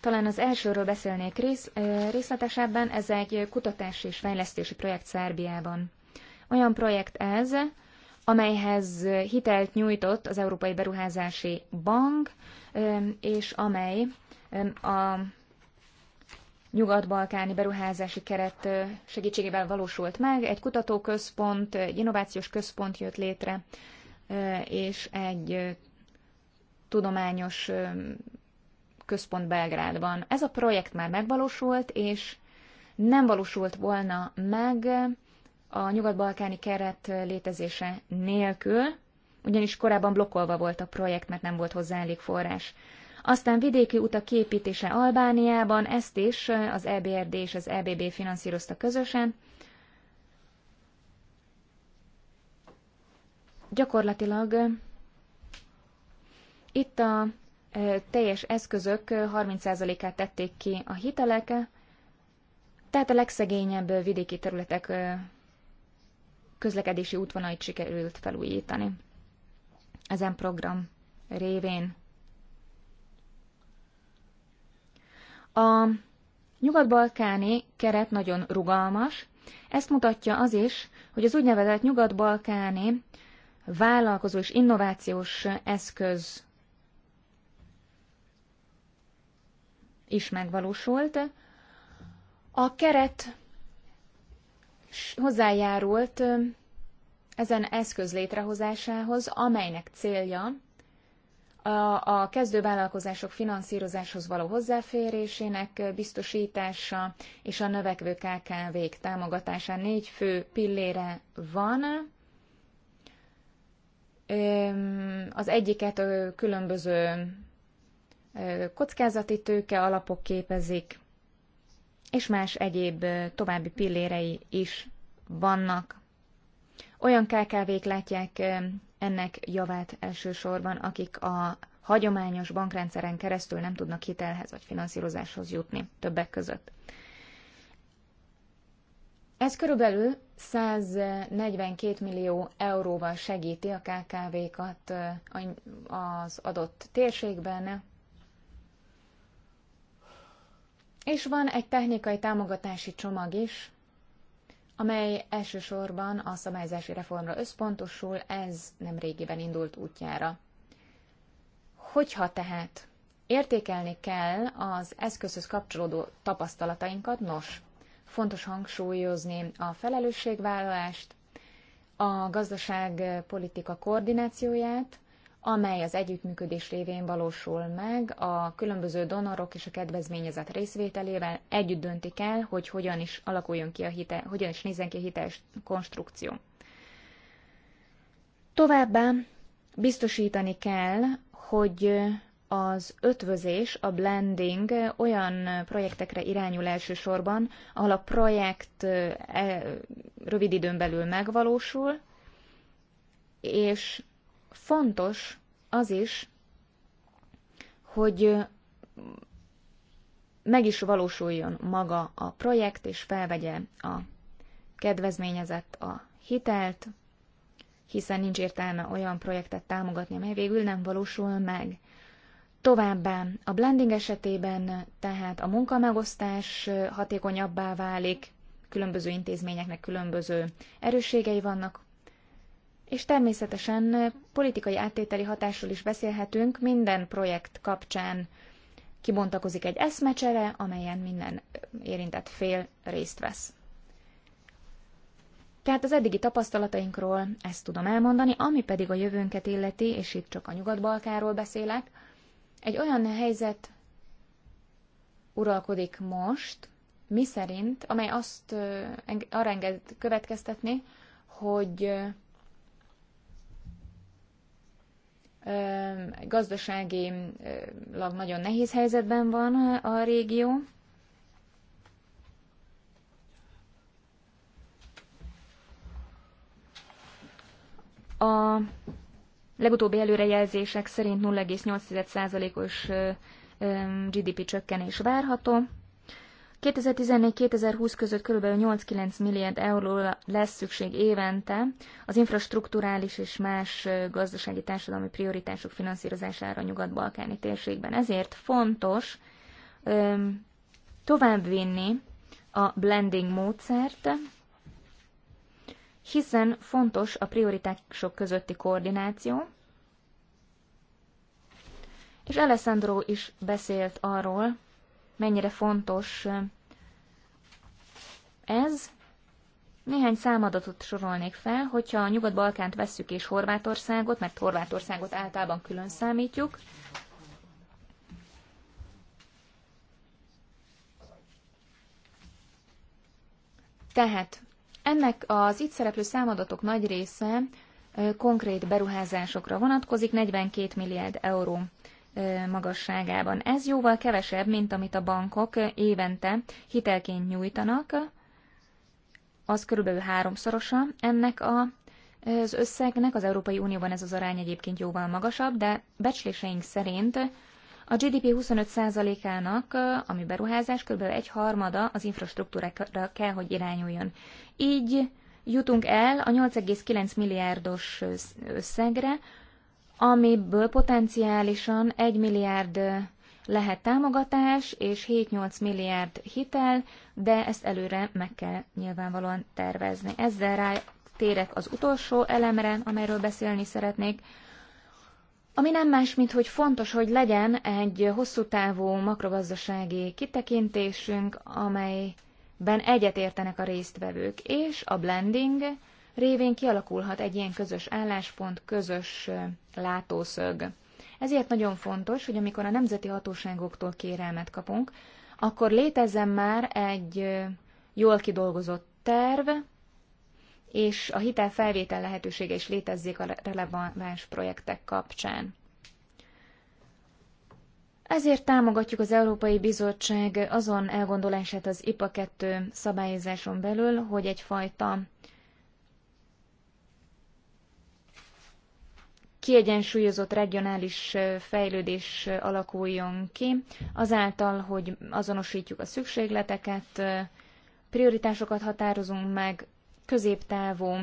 [SPEAKER 1] Talán az elsőről beszélnék rész, eh, részletesebben, ez egy kutatási és fejlesztési projekt Szerbiában. Olyan projekt ez, amelyhez hitelt nyújtott az Európai Beruházási Bank, és amely a nyugat-balkáni beruházási keret segítségével valósult meg. Egy kutatóközpont, egy innovációs központ jött létre, és egy tudományos központ Belgrádban. Ez a projekt már megvalósult, és nem valósult volna meg a nyugat-balkáni keret létezése nélkül, ugyanis korábban blokkolva volt a projekt, mert nem volt hozzá elég forrás. Aztán vidéki utak képítése Albániában, ezt is az EBRD és az EBB finanszírozta közösen. Gyakorlatilag itt a teljes eszközök 30%-át tették ki a hitelek, tehát a legszegényebb vidéki területek közlekedési útvonait sikerült felújítani ezen program révén. A nyugat-balkáni keret nagyon rugalmas, ezt mutatja az is, hogy az úgynevezett nyugat-balkáni vállalkozó és innovációs eszköz is megvalósult. A keret hozzájárult ezen eszköz létrehozásához, amelynek célja a, a kezdővállalkozások finanszírozáshoz való hozzáférésének biztosítása és a növekvő KKV-k támogatása négy fő pillére van. Az egyiket különböző kockázati tőke alapok képezik, és más egyéb további pillérei is vannak. Olyan KKV-k látják ennek javát elsősorban, akik a hagyományos bankrendszeren keresztül nem tudnak hitelhez vagy finanszírozáshoz jutni többek között. Ez körülbelül 142 millió euróval segíti a KKV-kat az adott térségben, és van egy technikai támogatási csomag is, amely elsősorban a szabályzási reformra összpontosul, ez nem régiben indult útjára. Hogyha tehát értékelni kell az eszközhöz kapcsolódó tapasztalatainkat, nos, fontos hangsúlyozni a felelősségvállalást, a gazdaságpolitika koordinációját, amely az együttműködés révén valósul meg, a különböző donorok és a kedvezményezett részvételével együtt döntik el, hogy hogyan is alakuljon ki a hite, hogyan is nézzen ki a hiteles konstrukció. Továbbá biztosítani kell, hogy az ötvözés, a blending olyan projektekre irányul elsősorban, ahol a projekt eh, rövid időn belül megvalósul, és Fontos az is, hogy meg is valósuljon maga a projekt, és felvegye a kedvezményezett a hitelt, hiszen nincs értelme olyan projektet támogatni, amely végül nem valósul meg. Továbbá a blending esetében tehát a munkamegosztás hatékonyabbá válik, különböző intézményeknek különböző erősségei vannak, és természetesen politikai áttételi hatásról is beszélhetünk, minden projekt kapcsán kibontakozik egy eszmecsere, amelyen minden érintett fél részt vesz. Tehát az eddigi tapasztalatainkról ezt tudom elmondani, ami pedig a jövőnket illeti, és itt csak a Nyugat-Balkáról beszélek, egy olyan helyzet uralkodik most, mi szerint, amely azt arra enged következtetni, hogy gazdaságilag nagyon nehéz helyzetben van a régió. A legutóbbi előrejelzések szerint 0,8%-os GDP csökkenés várható. 2014-2020 között kb. 8-9 milliárd euró lesz szükség évente az infrastruktúrális és más gazdasági társadalmi prioritások finanszírozására a nyugat-balkáni térségben. Ezért fontos öm, továbbvinni a blending módszert, hiszen fontos a prioritások közötti koordináció, és Alessandro is beszélt arról, mennyire fontos ez. Néhány számadatot sorolnék fel, hogyha a Nyugat-Balkánt vesszük és Horvátországot, mert Horvátországot általában külön számítjuk, Tehát ennek az itt szereplő számadatok nagy része konkrét beruházásokra vonatkozik, 42 milliárd euró magasságában. Ez jóval kevesebb, mint amit a bankok évente hitelként nyújtanak, az körülbelül háromszorosa ennek a az összegnek az Európai Unióban ez az arány egyébként jóval magasabb, de becsléseink szerint a GDP 25%-ának, ami beruházás, kb. egy harmada az infrastruktúrákra kell, hogy irányuljon. Így jutunk el a 8,9 milliárdos összegre, amiből potenciálisan 1 milliárd lehet támogatás és 7-8 milliárd hitel, de ezt előre meg kell nyilvánvalóan tervezni. Ezzel rá térek az utolsó elemre, amelyről beszélni szeretnék, ami nem más, mint hogy fontos, hogy legyen egy hosszú távú makrogazdasági kitekintésünk, amelyben egyetértenek a résztvevők, és a blending révén kialakulhat egy ilyen közös álláspont, közös látószög. Ezért nagyon fontos, hogy amikor a nemzeti hatóságoktól kérelmet kapunk, akkor létezzen már egy jól kidolgozott terv, és a hitelfelvétel lehetősége is létezzék a releváns projektek kapcsán. Ezért támogatjuk az Európai Bizottság azon elgondolását az IPA 2 szabályozáson belül, hogy egyfajta kiegyensúlyozott regionális fejlődés alakuljon ki, azáltal, hogy azonosítjuk a szükségleteket, prioritásokat határozunk meg, középtávú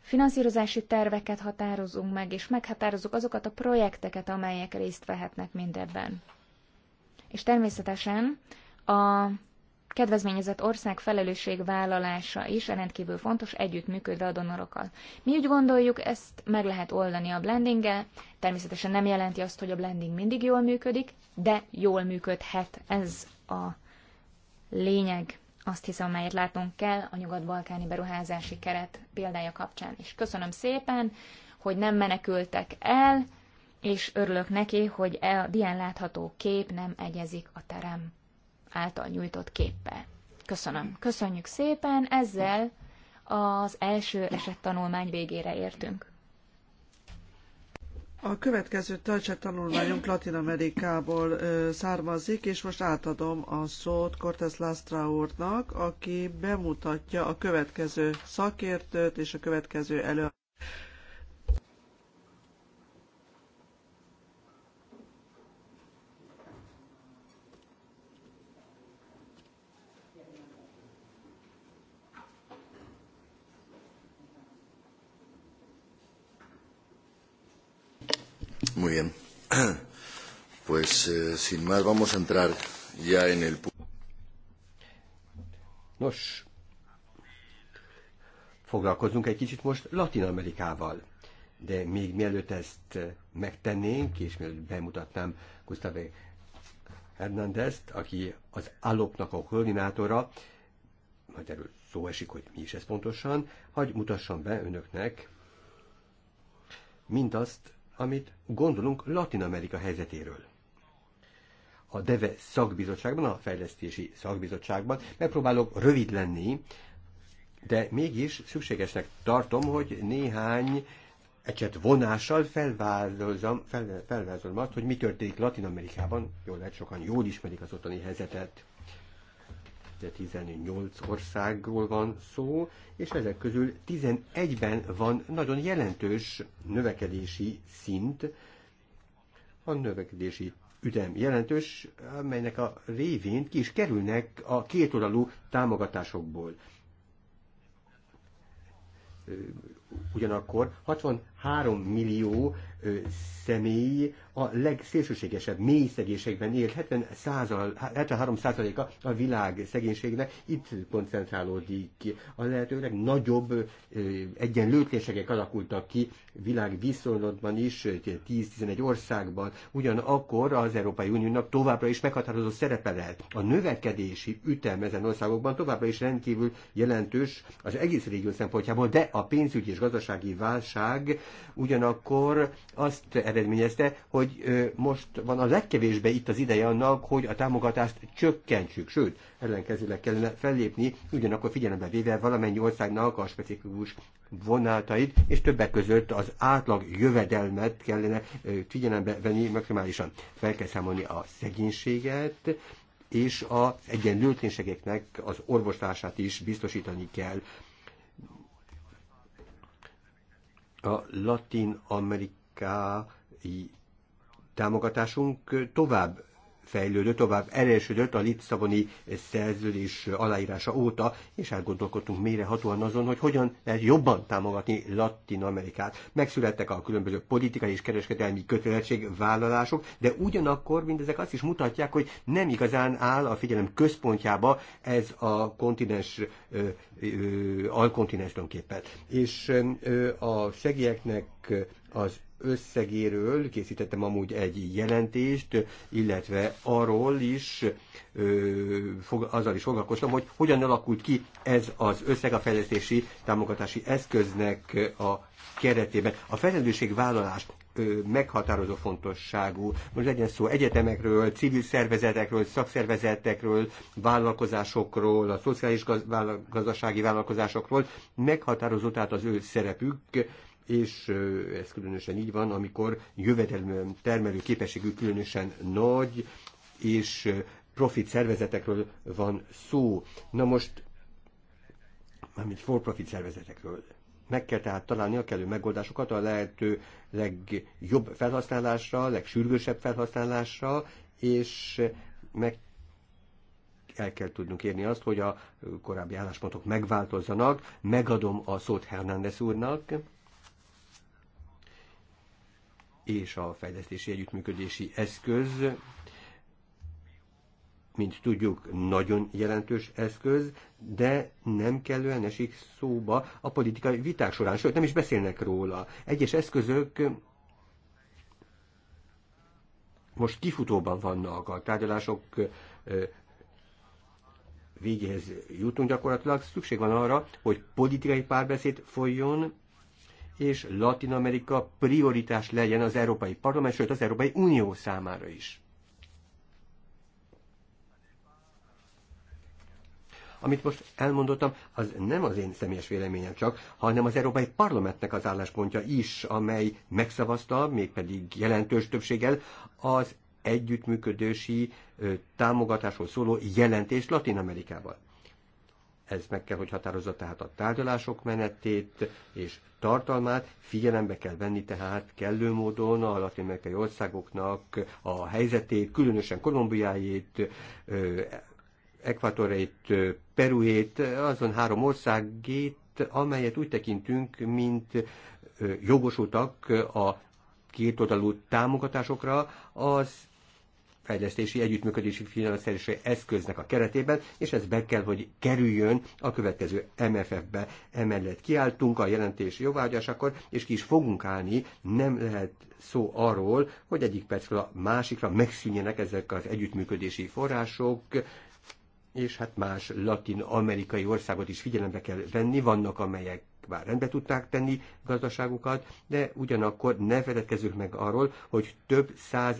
[SPEAKER 1] finanszírozási terveket határozunk meg, és meghatározzuk azokat a projekteket, amelyek részt vehetnek mindebben. És természetesen a kedvezményezett ország felelősségvállalása is rendkívül fontos együttműködve a donorokkal. Mi úgy gondoljuk, ezt meg lehet oldani a blendinggel, természetesen nem jelenti azt, hogy a blending mindig jól működik, de jól működhet ez a lényeg, azt hiszem, amelyet látnunk kell a nyugat-balkáni beruházási keret példája kapcsán is. Köszönöm szépen, hogy nem menekültek el, és örülök neki, hogy a e- dián látható kép nem egyezik a terem által nyújtott képpel. Köszönöm. Köszönjük szépen, ezzel az első esettanulmány végére értünk.
[SPEAKER 2] A következő Tölcse tanulmányunk Latin Amerikából származik, és most átadom a szót Cortez Lastra úrnak, aki bemutatja a következő szakértőt és a következő előadást. Muy bien.
[SPEAKER 3] Pues eh, sin más vamos a entrar ya en el Nos, foglalkozunk egy kicsit most Latin Amerikával. De még mielőtt ezt eh, megtennénk, és mielőtt bemutatnám Gustavo Hernándezt, aki az állopnak a koordinátora, majd erről szó esik, hogy mi is ez pontosan, hagy mutassam be önöknek mindazt, amit gondolunk Latin Amerika helyzetéről. A DEVE szakbizottságban, a fejlesztési szakbizottságban megpróbálok rövid lenni, de mégis szükségesnek tartom, hogy néhány ecset vonással felvázolom, fel, azt, hogy mi történik Latin Amerikában, jól lehet sokan jól ismerik az ottani helyzetet. 18 országról van szó, és ezek közül 11-ben van nagyon jelentős növekedési szint, a növekedési ütem jelentős, amelynek a révén ki is kerülnek a kétoldalú támogatásokból ugyanakkor 63 millió ö, személy a legszélsőségesebb mély szegénységben él, 70 százal, 73 százaléka a világ szegénységnek itt koncentrálódik. A lehetőleg nagyobb egyenlőtlenségek alakultak ki világ viszonylatban is, 10-11 országban, ugyanakkor az Európai Uniónak továbbra is meghatározó szerepe lehet. A növekedési ütem ezen országokban továbbra is rendkívül jelentős az egész régió szempontjából, de a pénzügyi és gazdasági válság ugyanakkor azt eredményezte, hogy most van a legkevésbé itt az ideje annak, hogy a támogatást csökkentsük, sőt, ellenkezőleg kellene fellépni, ugyanakkor figyelembe véve valamennyi országnak a specifikus vonátait, és többek között az átlag jövedelmet kellene figyelembe venni maximálisan. Fel kell számolni a szegénységet, és az egyenlőtlenségeknek az orvoslását is biztosítani kell. A Latin Amerikai támogatásunk tovább fejlődött, tovább erősödött a Litszaboni szerződés aláírása óta, és elgondolkodtunk hatóan azon, hogy hogyan lehet jobban támogatni Latin Amerikát. Megszülettek a különböző politikai és kereskedelmi kötelezettségvállalások, de ugyanakkor mindezek azt is mutatják, hogy nem igazán áll a figyelem központjába ez a kontinens, alkontinens tulajdonképpen. És ö, a segélyeknek az összegéről készítettem amúgy egy jelentést, illetve arról is, ö, fog, azzal is foglalkoztam, hogy hogyan alakult ki ez az összeg a fejlesztési támogatási eszköznek a keretében. A felelősségvállalás meghatározó fontosságú. Most legyen szó egyetemekről, civil szervezetekről, szakszervezetekről, vállalkozásokról, a szociális gazdasági vállalkozásokról. Meghatározó tehát az ő szerepük és ez különösen így van, amikor jövedelmi termelő képességük különösen nagy, és profit szervezetekről van szó. Na most, mármint for-profit szervezetekről. Meg kell tehát találni a kellő megoldásokat a lehető legjobb felhasználásra, legsürgősebb felhasználásra, és meg el kell tudnunk érni azt, hogy a korábbi álláspontok megváltozzanak. Megadom a szót Hernández úrnak és a fejlesztési együttműködési eszköz, mint tudjuk, nagyon jelentős eszköz, de nem kellően esik szóba a politikai viták során, sőt nem is beszélnek róla. Egyes eszközök most kifutóban vannak, a tárgyalások végéhez jutunk gyakorlatilag, szükség van arra, hogy politikai párbeszéd folyjon, és Latin Amerika prioritás legyen az Európai Parlament, sőt az Európai Unió számára is. Amit most elmondottam, az nem az én személyes véleményem csak, hanem az Európai Parlamentnek az álláspontja is, amely megszavazta, mégpedig jelentős többséggel az együttműködési támogatásról szóló jelentést Latin Amerikával ez meg kell, hogy határozza tehát a tárgyalások menetét és tartalmát, figyelembe kell venni tehát kellő módon a latin-amerikai országoknak a helyzetét, különösen Kolumbiájét, Ekvatorét, Peruét, azon három országét, amelyet úgy tekintünk, mint jogosultak a kétoldalú támogatásokra az fejlesztési együttműködési finanszírozási eszköznek a keretében, és ez be kell, hogy kerüljön a következő MFF-be. Emellett kiálltunk a jelentés jóvágyásakor, és ki is fogunk állni, nem lehet szó arról, hogy egyik percről a másikra megszűnjenek ezek az együttműködési források, és hát más latin-amerikai országot is figyelembe kell venni, vannak amelyek bár rendbe tudták tenni gazdaságukat, de ugyanakkor ne feledkezzük meg arról, hogy több száz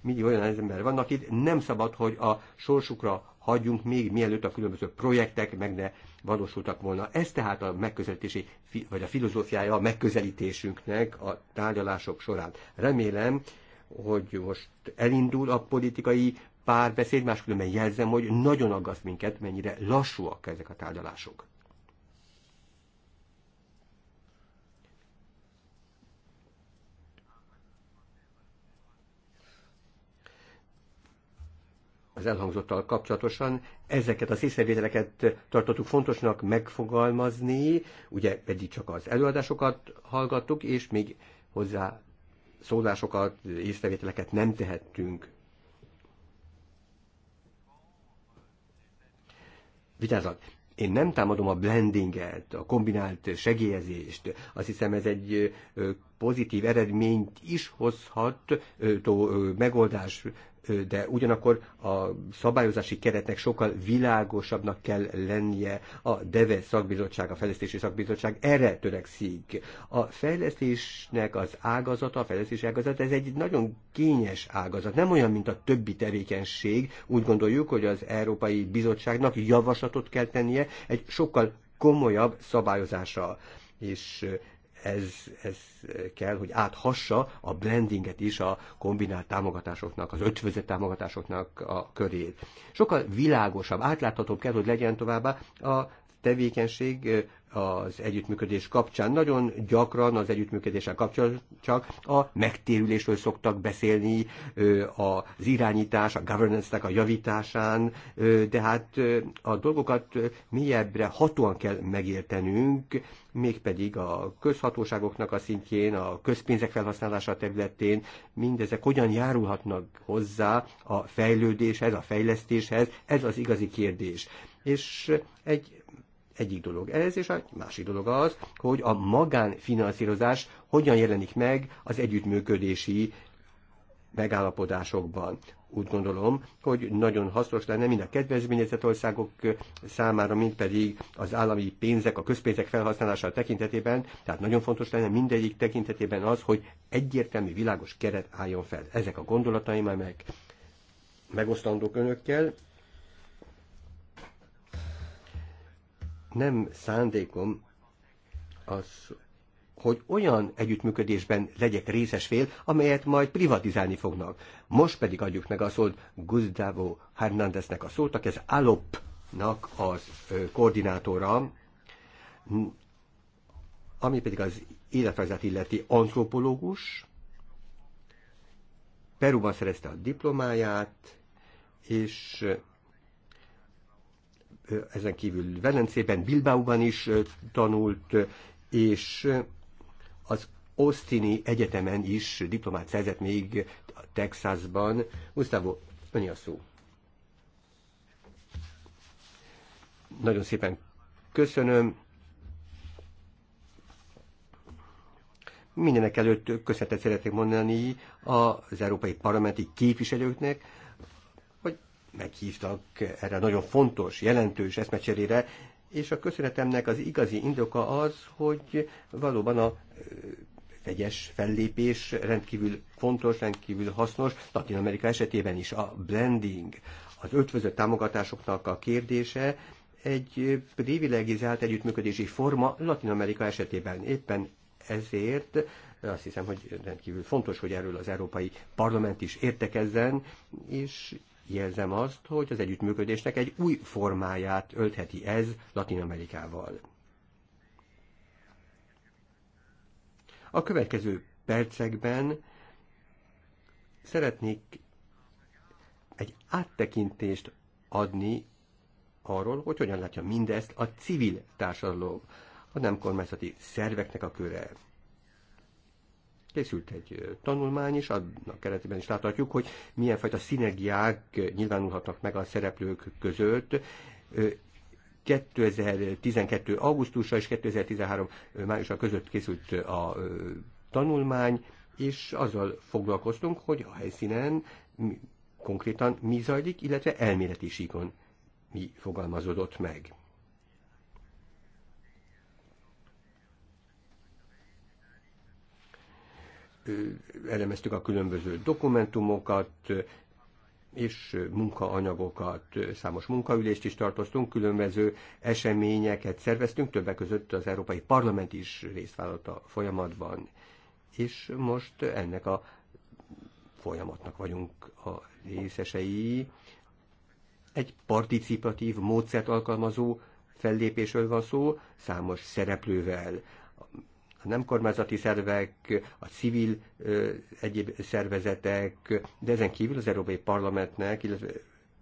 [SPEAKER 3] millió olyan ember van, akit nem szabad, hogy a sorsukra hagyjunk még mielőtt a különböző projektek meg ne valósultak volna. Ez tehát a megközelítési, vagy a filozófiája a megközelítésünknek a tárgyalások során. Remélem, hogy most elindul a politikai párbeszéd, máskülönben jelzem, hogy nagyon aggaszt minket, mennyire lassúak ezek a tárgyalások. az elhangzottal kapcsolatosan. Ezeket az észrevételeket tartottuk fontosnak megfogalmazni, ugye pedig csak az előadásokat hallgattuk, és még hozzá szólásokat, észrevételeket nem tehettünk. Vigyázzat! Én nem támadom a blendinget, a kombinált segélyezést. Azt hiszem ez egy pozitív eredményt is hozhat, megoldás de ugyanakkor a szabályozási keretnek sokkal világosabbnak kell lennie. A DEVE szakbizottság, a fejlesztési szakbizottság erre törekszik. A fejlesztésnek az ágazata, a fejlesztési ágazat, ez egy nagyon kényes ágazat, nem olyan, mint a többi tevékenység. Úgy gondoljuk, hogy az Európai Bizottságnak javaslatot kell tennie egy sokkal komolyabb szabályozásra és ez, ez kell, hogy áthassa a blendinget is a kombinált támogatásoknak, az ötvözet támogatásoknak a körét. Sokkal világosabb, átláthatóbb kell, hogy legyen továbbá a tevékenység az együttműködés kapcsán. Nagyon gyakran az együttműködéssel kapcsolatban csak a megtérülésről szoktak beszélni, az irányítás, a governance-nek a javításán, de hát a dolgokat mélyebbre hatóan kell megértenünk, mégpedig a közhatóságoknak a szintjén, a közpénzek felhasználása területén, mindezek hogyan járulhatnak hozzá a fejlődéshez, a fejlesztéshez, ez az igazi kérdés. És egy egyik dolog ez, és a másik dolog az, hogy a magánfinanszírozás hogyan jelenik meg az együttműködési megállapodásokban. Úgy gondolom, hogy nagyon hasznos lenne mind a kedvezményezett országok számára, mind pedig az állami pénzek, a közpénzek felhasználása tekintetében. Tehát nagyon fontos lenne mindegyik tekintetében az, hogy egyértelmű, világos keret álljon fel. Ezek a gondolataim, amelyek megosztandók önökkel, nem szándékom az, hogy olyan együttműködésben legyek részes fél, amelyet majd privatizálni fognak. Most pedig adjuk meg a szót Gustavo Hernándeznek a szót, aki az ALOP-nak az koordinátora, ami pedig az életrajzát illeti antropológus, Perúban szerezte a diplomáját, és ezen kívül Velencében, Bilbaóban is tanult, és az Austini Egyetemen is diplomát szerzett még Texasban. Gustavo, önnyi a szó. Nagyon szépen köszönöm. Mindenek előtt köszönetet szeretnék mondani az európai parlamenti képviselőknek, meghívtak erre nagyon fontos, jelentős eszmecserére, és a köszönetemnek az igazi indoka az, hogy valóban a vegyes fellépés rendkívül fontos, rendkívül hasznos, Latin Amerika esetében is a blending, az ötvözött támogatásoknak a kérdése egy privilegizált együttműködési forma Latin Amerika esetében. Éppen ezért azt hiszem, hogy rendkívül fontos, hogy erről az Európai Parlament is értekezzen, és jelzem azt, hogy az együttműködésnek egy új formáját öltheti ez Latin Amerikával. A következő percekben szeretnék egy áttekintést adni arról, hogy hogyan látja mindezt a civil társadalom, a nem kormányzati szerveknek a köre, Készült egy tanulmány, és annak keretében is láthatjuk, hogy milyen fajta szinergiák nyilvánulhatnak meg a szereplők között. 2012. augusztusa és 2013. májusa között készült a tanulmány, és azzal foglalkoztunk, hogy a helyszínen konkrétan mi zajlik, illetve elméleti síkon mi fogalmazódott meg. elemeztük a különböző dokumentumokat, és munkaanyagokat, számos munkaülést is tartoztunk, különböző eseményeket szerveztünk, többek között az Európai Parlament is részt vállalt a folyamatban. És most ennek a folyamatnak vagyunk a részesei. Egy participatív módszert alkalmazó fellépésről van szó, számos szereplővel a nem kormányzati szervek, a civil ö, egyéb szervezetek, de ezen kívül az Európai Parlamentnek, illetve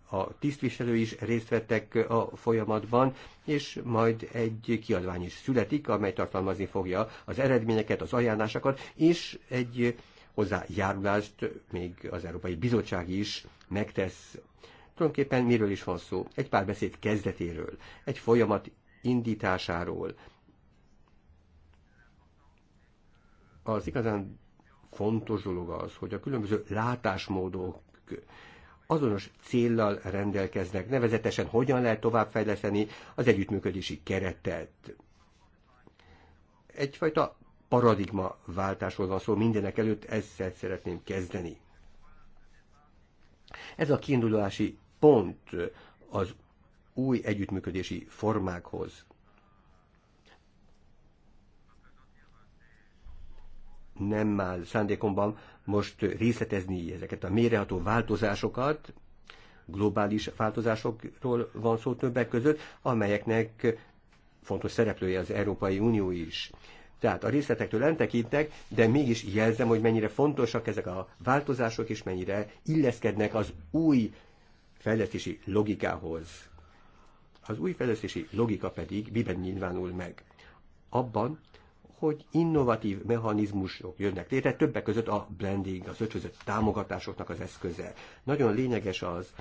[SPEAKER 3] a tisztviselő is részt vettek a folyamatban, és majd egy kiadvány is születik, amely tartalmazni fogja az eredményeket, az ajánlásokat, és egy hozzájárulást még az Európai Bizottság is megtesz. Tulajdonképpen miről is van szó? Egy pár beszéd kezdetéről, egy folyamat indításáról, Az igazán fontos dolog az, hogy a különböző látásmódok azonos céllal rendelkeznek, nevezetesen hogyan lehet továbbfejleszteni az együttműködési keretet. Egyfajta paradigma váltásról van szó, mindenek előtt ezzel szeretném kezdeni. Ez a kiindulási pont az új együttműködési formákhoz nem áll szándékomban most részletezni ezeket a méreható változásokat, globális változásokról van szó többek között, amelyeknek fontos szereplője az Európai Unió is. Tehát a részletektől entekintek, de mégis jelzem, hogy mennyire fontosak ezek a változások, és mennyire illeszkednek az új fejlesztési logikához. Az új fejlesztési logika pedig miben nyilvánul meg? Abban, hogy innovatív mechanizmusok jönnek létre, többek között a blending, az ötvözött támogatásoknak az eszköze. Nagyon lényeges az,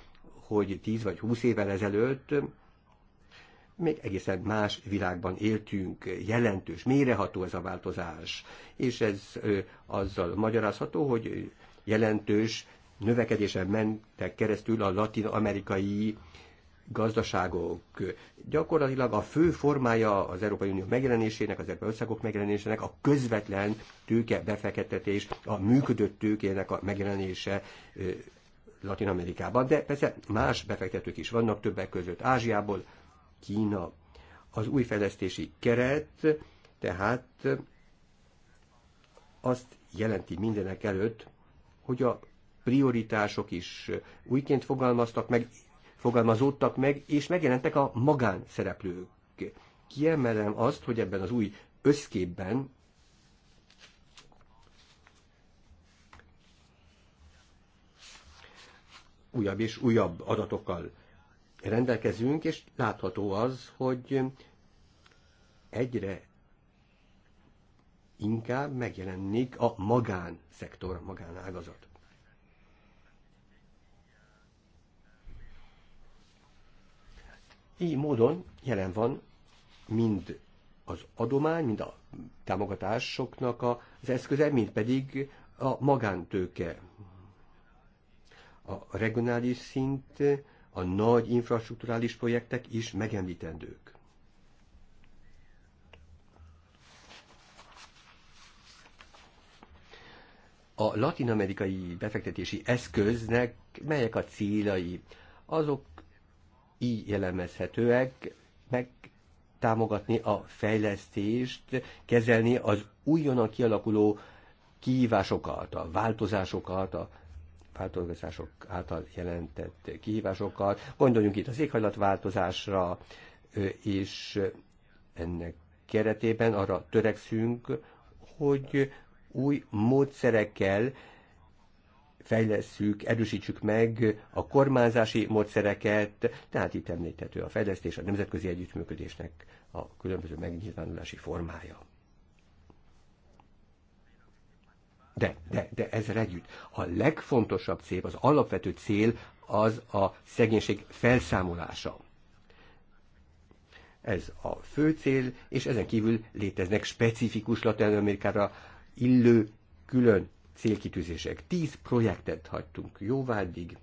[SPEAKER 3] hogy 10 vagy 20 évvel ezelőtt még egészen más világban éltünk, jelentős, méreható ez a változás, és ez azzal magyarázható, hogy jelentős növekedésen mentek keresztül a latin-amerikai gazdaságok. Gyakorlatilag a fő formája az Európai Unió megjelenésének, az Európai Országok megjelenésének a közvetlen tőke befektetés, a működő tőkének a megjelenése Latin Amerikában, de persze más befektetők is vannak, többek között Ázsiából, Kína. Az új fejlesztési keret tehát azt jelenti mindenek előtt, hogy a prioritások is újként fogalmaztak meg, fogalmazódtak meg, és megjelentek a magánszereplők. Kiemelem azt, hogy ebben az új összképben újabb és újabb adatokkal rendelkezünk, és látható az, hogy egyre inkább megjelenik a magánszektor, magánágazat. Így módon jelen van mind az adomány, mind a támogatásoknak az eszköze, mind pedig a magántőke. A regionális szint, a nagy infrastruktúrális projektek is megemlítendők. a latinamerikai befektetési eszköznek melyek a célai? Azok így jellemezhetőek, meg támogatni a fejlesztést, kezelni az újonnan kialakuló kihívásokat, a változásokat, a változások által jelentett kihívásokat. Gondoljunk itt az éghajlatváltozásra, és ennek keretében arra törekszünk, hogy új módszerekkel fejlesszük, erősítsük meg a kormányzási módszereket, tehát itt említhető a fejlesztés, a nemzetközi együttműködésnek a különböző megnyilvánulási formája. De, de, de ezzel együtt a legfontosabb cél, az alapvető cél az a szegénység felszámolása. Ez a fő cél, és ezen kívül léteznek specifikus Latin-Amerikára illő külön célkitűzések. Tíz projektet hagytunk jóvágyig,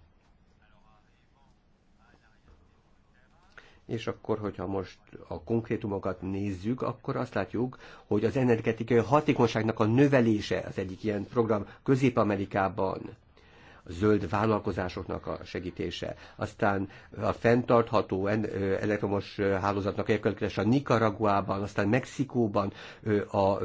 [SPEAKER 3] és akkor, hogyha most a konkrétumokat nézzük, akkor azt látjuk, hogy az energetikai hatékonyságnak a növelése az egyik ilyen program Közép-Amerikában, a zöld vállalkozásoknak a segítése, aztán a fenntartható elektromos hálózatnak elkövetkezés a Nicaraguában, aztán Mexikóban a,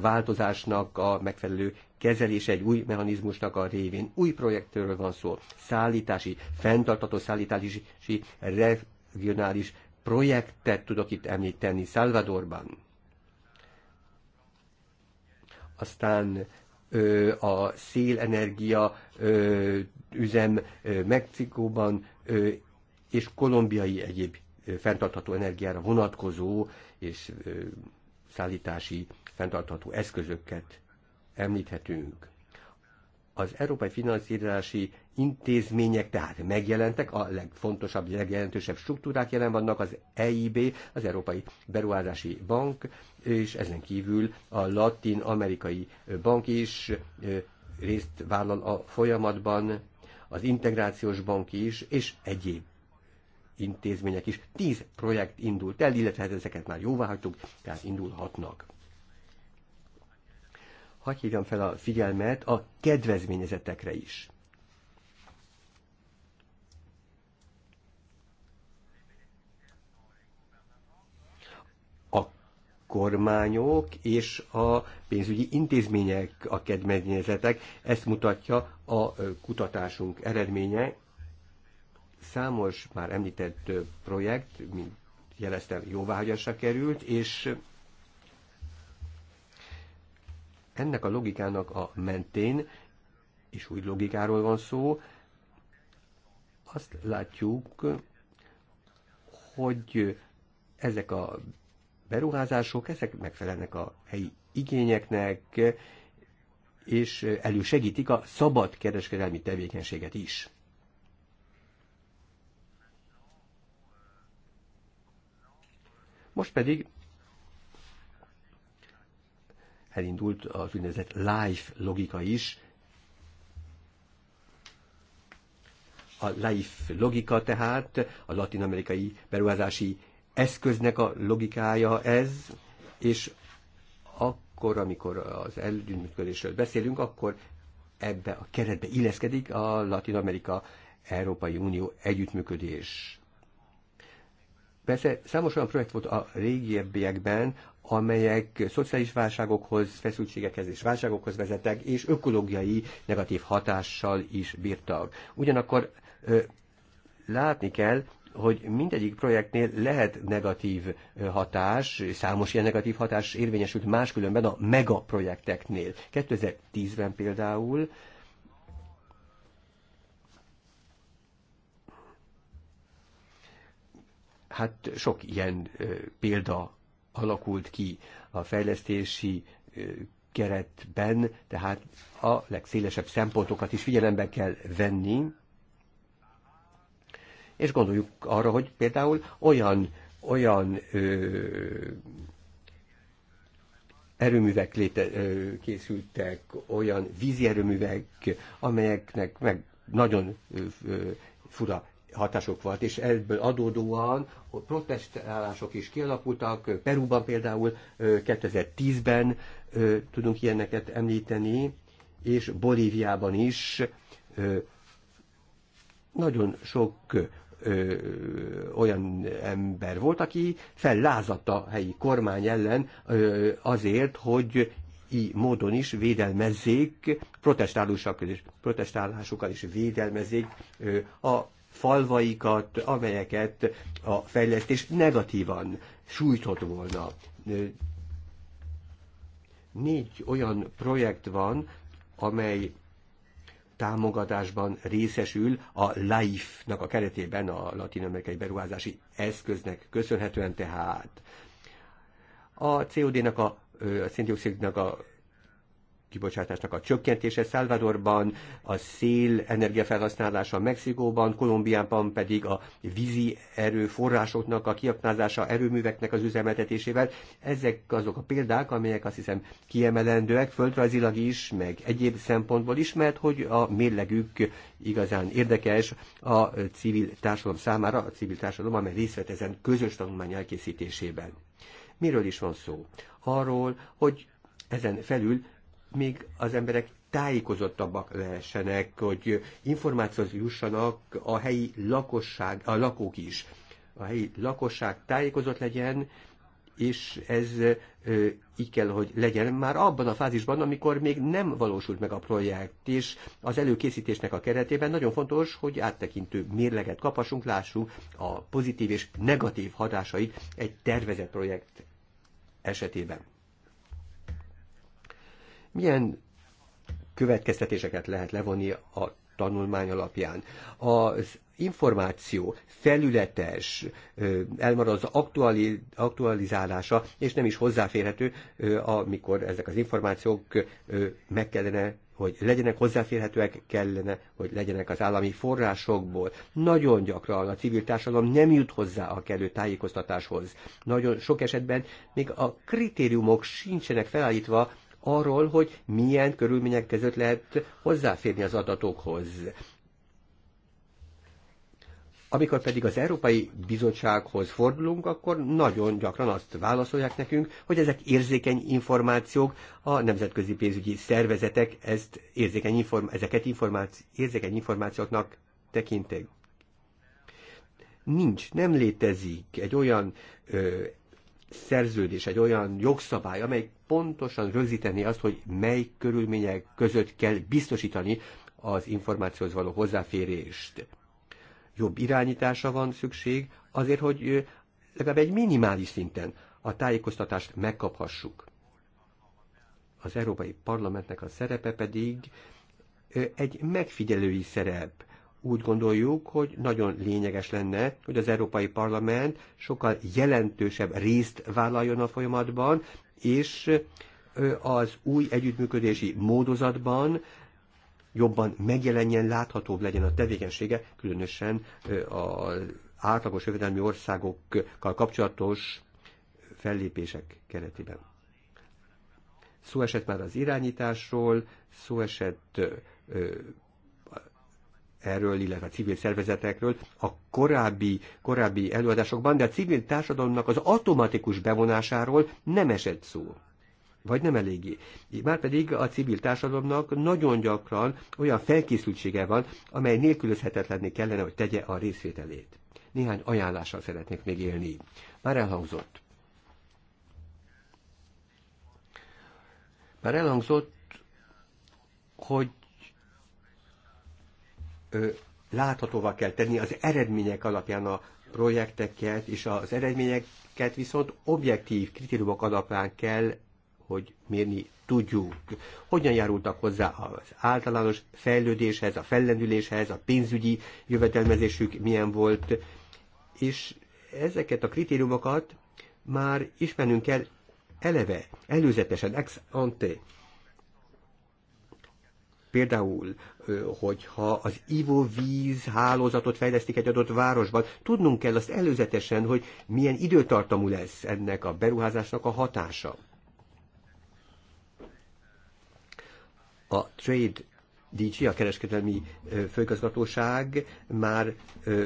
[SPEAKER 3] változásnak a megfelelő kezelése egy új mechanizmusnak a révén. Új projektről van szó, szállítási, fenntartató szállítási regionális projektet tudok itt említeni Salvadorban. Aztán ö, a szélenergia ö, üzem ö, Mexikóban ö, és kolumbiai egyéb fenntartható energiára vonatkozó és szállítási fenntartható eszközöket említhetünk. Az európai finanszírozási intézmények tehát megjelentek, a legfontosabb, legjelentősebb struktúrák jelen vannak, az EIB, az Európai Beruházási Bank, és ezen kívül a latin-amerikai bank is részt vállal a folyamatban, az integrációs bank is, és egyéb intézmények is. Tíz projekt indult el, illetve hát ezeket már jóvá hagytuk, tehát indulhatnak. Hagy hívjam fel a figyelmet a kedvezményezetekre is. kormányok és a pénzügyi intézmények a kedvezményezetek. Ezt mutatja a kutatásunk eredménye. Számos már említett projekt, mint jeleztem, jóváhagyásra került, és ennek a logikának a mentén, és úgy logikáról van szó, azt látjuk, hogy ezek a beruházások, ezek megfelelnek a helyi igényeknek, és elősegítik a szabad kereskedelmi tevékenységet is. Most pedig elindult az úgynevezett life logika is. A life logika tehát a latin-amerikai beruházási eszköznek a logikája ez, és akkor, amikor az együttműködésről beszélünk, akkor ebbe a keretbe illeszkedik a Latin-Amerika Európai Unió együttműködés. Persze számos olyan projekt volt a régiebbiekben, amelyek szociális válságokhoz, feszültségekhez és válságokhoz vezetek, és ökológiai negatív hatással is bírtak. Ugyanakkor ö, látni kell, hogy mindegyik projektnél lehet negatív hatás, számos ilyen negatív hatás érvényesült máskülönben a megaprojekteknél. 2010-ben például Hát sok ilyen példa alakult ki a fejlesztési keretben, tehát a legszélesebb szempontokat is figyelembe kell venni, és gondoljuk arra, hogy például olyan, olyan ö, erőművek léte, ö, készültek, olyan vízi erőművek, amelyeknek meg nagyon ö, ö, fura hatások volt, és ebből adódóan protestálások is kialakultak, Perúban például 2010-ben tudunk ilyeneket említeni, és Bolíviában is nagyon sok olyan ember volt, aki fellázadt a helyi kormány ellen azért, hogy így módon is védelmezzék, protestálásokkal is, protestálásokkal is védelmezzék a falvaikat, amelyeket a fejlesztés negatívan sújtott volna. Négy olyan projekt van, amely támogatásban részesül a LIFE-nak a keretében a latin-amerikai beruházási eszköznek köszönhetően tehát. A COD-nak a, a széndiokszidnak a kibocsátásnak a csökkentése Salvadorban, a szél energiafelhasználása Mexikóban, Kolumbiában pedig a vízi erőforrásoknak a kiaknázása erőműveknek az üzemeltetésével. Ezek azok a példák, amelyek azt hiszem kiemelendőek földrajzilag is, meg egyéb szempontból is, mert hogy a mérlegük igazán érdekes a civil társadalom számára, a civil társadalom, amely részt vett ezen közös tanulmány elkészítésében. Miről is van szó? Arról, hogy ezen felül még az emberek tájékozottabbak lehessenek, hogy információhoz jussanak a helyi lakosság, a lakók is. A helyi lakosság tájékozott legyen, és ez ö, így kell, hogy legyen már abban a fázisban, amikor még nem valósult meg a projekt, és az előkészítésnek a keretében nagyon fontos, hogy áttekintő mérleget kapassunk, lássuk a pozitív és negatív hatásait egy tervezett projekt esetében. Milyen következtetéseket lehet levonni a tanulmány alapján? Az információ felületes, elmarad az aktuali, aktualizálása, és nem is hozzáférhető, amikor ezek az információk meg kellene hogy legyenek hozzáférhetőek, kellene, hogy legyenek az állami forrásokból. Nagyon gyakran a civil társadalom nem jut hozzá a kellő tájékoztatáshoz. Nagyon sok esetben még a kritériumok sincsenek felállítva arról, hogy milyen körülmények között lehet hozzáférni az adatokhoz. Amikor pedig az Európai Bizottsághoz fordulunk, akkor nagyon gyakran azt válaszolják nekünk, hogy ezek érzékeny információk, a nemzetközi pénzügyi szervezetek ezt érzékeny inform- ezeket informáci- érzékeny információknak tekintik. Nincs, nem létezik egy olyan ö, szerződés, egy olyan jogszabály, amely pontosan rögzíteni azt, hogy mely körülmények között kell biztosítani az információhoz való hozzáférést. Jobb irányítása van szükség azért, hogy legalább egy minimális szinten a tájékoztatást megkaphassuk. Az Európai Parlamentnek a szerepe pedig egy megfigyelői szerep, úgy gondoljuk, hogy nagyon lényeges lenne, hogy az Európai Parlament sokkal jelentősebb részt vállaljon a folyamatban, és az új együttműködési módozatban jobban megjelenjen, láthatóbb legyen a tevékenysége, különösen az átlagos jövedelmi országokkal kapcsolatos fellépések keretében. Szó esett már az irányításról, szó esett erről, illetve a civil szervezetekről a korábbi, korábbi előadásokban, de a civil társadalomnak az automatikus bevonásáról nem esett szó vagy nem eléggé. Márpedig a civil társadalomnak nagyon gyakran olyan felkészültsége van, amely nélkülözhetetlenné kellene, hogy tegye a részvételét. Néhány ajánlással szeretnék még élni. Már elhangzott. Már elhangzott, hogy láthatóvá kell tenni az eredmények alapján a projekteket, és az eredményeket viszont objektív kritériumok alapján kell, hogy mérni tudjuk. Hogyan járultak hozzá az általános fejlődéshez, a fellendüléshez, a pénzügyi jövetelmezésük milyen volt, és ezeket a kritériumokat már ismernünk kell eleve, előzetesen, ex ante. Például hogyha az ivóvíz hálózatot fejlesztik egy adott városban, tudnunk kell azt előzetesen, hogy milyen időtartamú lesz ennek a beruházásnak a hatása. A Trade DG, a kereskedelmi főigazgatóság már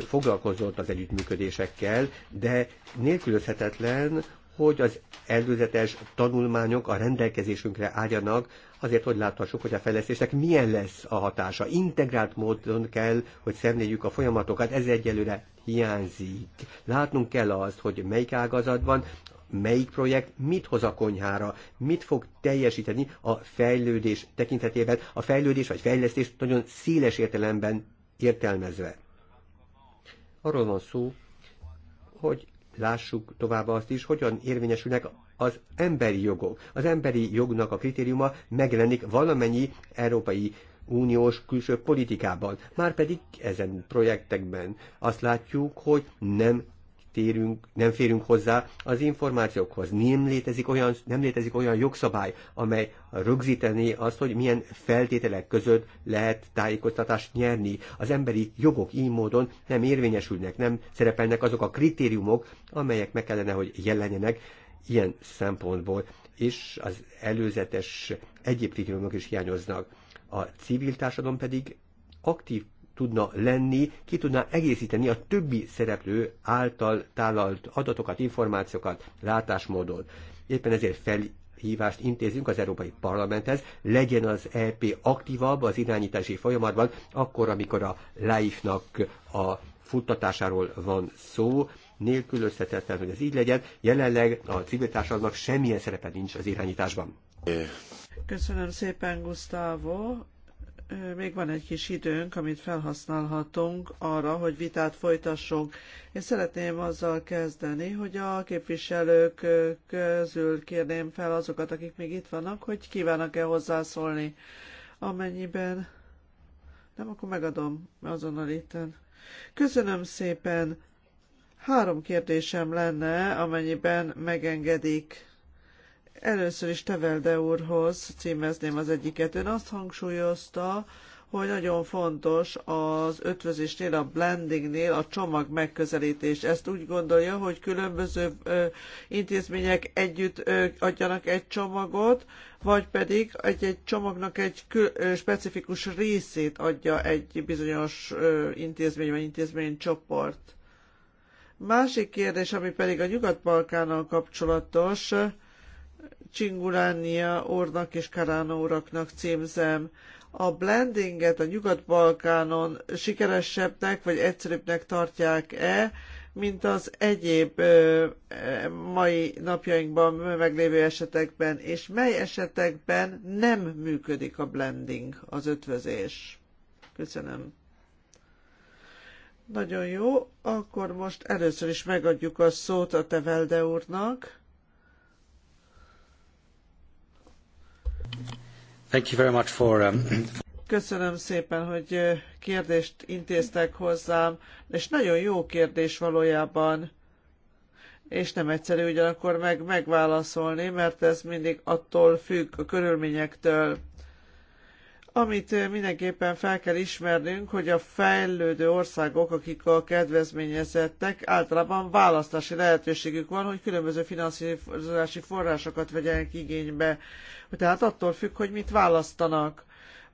[SPEAKER 3] foglalkozott az együttműködésekkel, de nélkülözhetetlen, hogy az előzetes tanulmányok a rendelkezésünkre álljanak azért, hogy láthassuk, hogy a fejlesztésnek milyen lesz a hatása. Integrált módon kell, hogy szemléljük a folyamatokat, ez egyelőre hiányzik. Látnunk kell azt, hogy melyik ágazatban melyik projekt mit hoz a konyhára, mit fog teljesíteni a fejlődés tekintetében, a fejlődés vagy fejlesztés nagyon széles értelemben értelmezve. Arról van szó, hogy lássuk tovább azt is, hogyan érvényesülnek az emberi jogok. Az emberi jognak a kritériuma megjelenik valamennyi európai uniós külső politikában. Márpedig ezen projektekben azt látjuk, hogy nem térünk, nem férünk hozzá az információkhoz. Nem létezik olyan, nem létezik olyan jogszabály, amely rögzíteni azt, hogy milyen feltételek között lehet tájékoztatást nyerni. Az emberi jogok így módon nem érvényesülnek, nem szerepelnek azok a kritériumok, amelyek meg kellene, hogy jelenjenek ilyen szempontból, és az előzetes egyéb kritériumok is hiányoznak. A civil társadalom pedig aktív tudna lenni, ki tudná egészíteni a többi szereplő által tálalt adatokat, információkat, látásmódot. Éppen ezért felhívást intézünk az Európai Parlamenthez, legyen az EP aktívabb az irányítási folyamatban, akkor, amikor a LIFE-nak a futtatásáról van szó, nélkülözhetetlen, hogy ez így legyen. Jelenleg a civil társadalomnak semmilyen szerepe nincs az irányításban.
[SPEAKER 2] Köszönöm szépen, Gustavo. Még van egy kis időnk, amit felhasználhatunk arra, hogy vitát folytassunk. Én szeretném azzal kezdeni, hogy a képviselők közül kérném fel azokat, akik még itt vannak, hogy kívánnak-e hozzászólni. Amennyiben nem, akkor megadom azonnal itten. Köszönöm szépen! Három kérdésem lenne, amennyiben megengedik. Először is Tevelde úrhoz címezném az egyiket. Ön azt hangsúlyozta, hogy nagyon fontos az ötvözésnél, a blendingnél a csomag megközelítés. Ezt úgy gondolja, hogy különböző ö, intézmények együtt ö, adjanak egy csomagot, vagy pedig egy-egy csomagnak egy kül, ö, specifikus részét adja egy bizonyos ö, intézmény vagy intézménycsoport. Másik kérdés, ami pedig a Nyugat-Balkánnal kapcsolatos, Csingulánia úrnak és Karánó úraknak címzem. A blendinget a Nyugat-Balkánon sikeresebbnek vagy egyszerűbbnek tartják-e, mint az egyéb ö, mai napjainkban meglévő esetekben, és mely esetekben nem működik a blending, az ötvözés? Köszönöm. Nagyon jó, akkor most először is megadjuk a szót a Tevelde úrnak.
[SPEAKER 3] Thank you very much for, um...
[SPEAKER 2] Köszönöm szépen, hogy kérdést intéztek hozzám, és nagyon jó kérdés valójában és nem egyszerű ugyanakkor meg megválaszolni, mert ez mindig attól függ a körülményektől. Amit mindenképpen fel kell ismernünk, hogy a fejlődő országok, akik a kedvezményezettek, általában választási lehetőségük van, hogy különböző finanszírozási forrásokat vegyenek igénybe. Tehát attól függ, hogy mit választanak.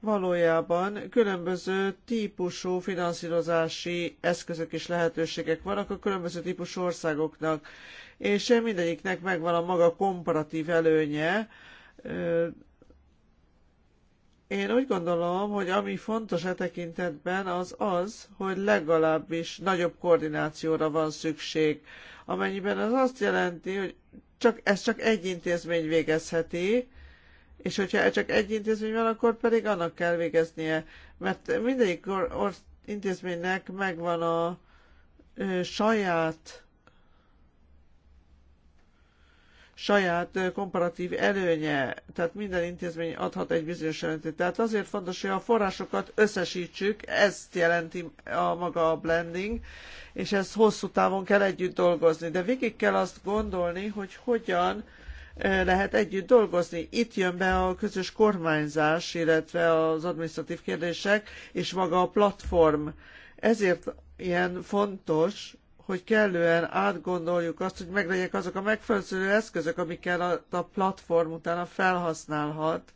[SPEAKER 2] Valójában különböző típusú finanszírozási eszközök és lehetőségek vannak a különböző típusú országoknak, és mindegyiknek megvan a maga komparatív előnye, én úgy gondolom, hogy ami fontos e tekintetben az az, hogy legalábbis nagyobb koordinációra van szükség, amennyiben az azt jelenti, hogy csak, ez csak egy intézmény végezheti, és hogyha csak egy intézmény van, akkor pedig annak kell végeznie, mert mindegyik intézménynek megvan a ö, saját saját komparatív előnye, tehát minden intézmény adhat egy bizonyos jelentét. Tehát azért fontos, hogy a forrásokat összesítsük, ezt jelenti a maga a blending, és ez hosszú távon kell együtt dolgozni. De végig kell azt gondolni, hogy hogyan lehet együtt dolgozni. Itt jön be a közös kormányzás, illetve az administratív kérdések, és maga a platform. Ezért ilyen fontos, hogy kellően átgondoljuk azt, hogy meglegyek azok a megfelelő eszközök, amikkel a, platform utána felhasználhat,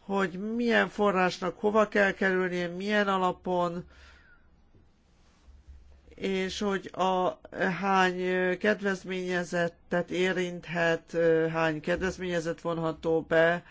[SPEAKER 2] hogy milyen forrásnak hova kell kerülnie, milyen alapon, és hogy a hány kedvezményezettet érinthet, hány kedvezményezett vonható be,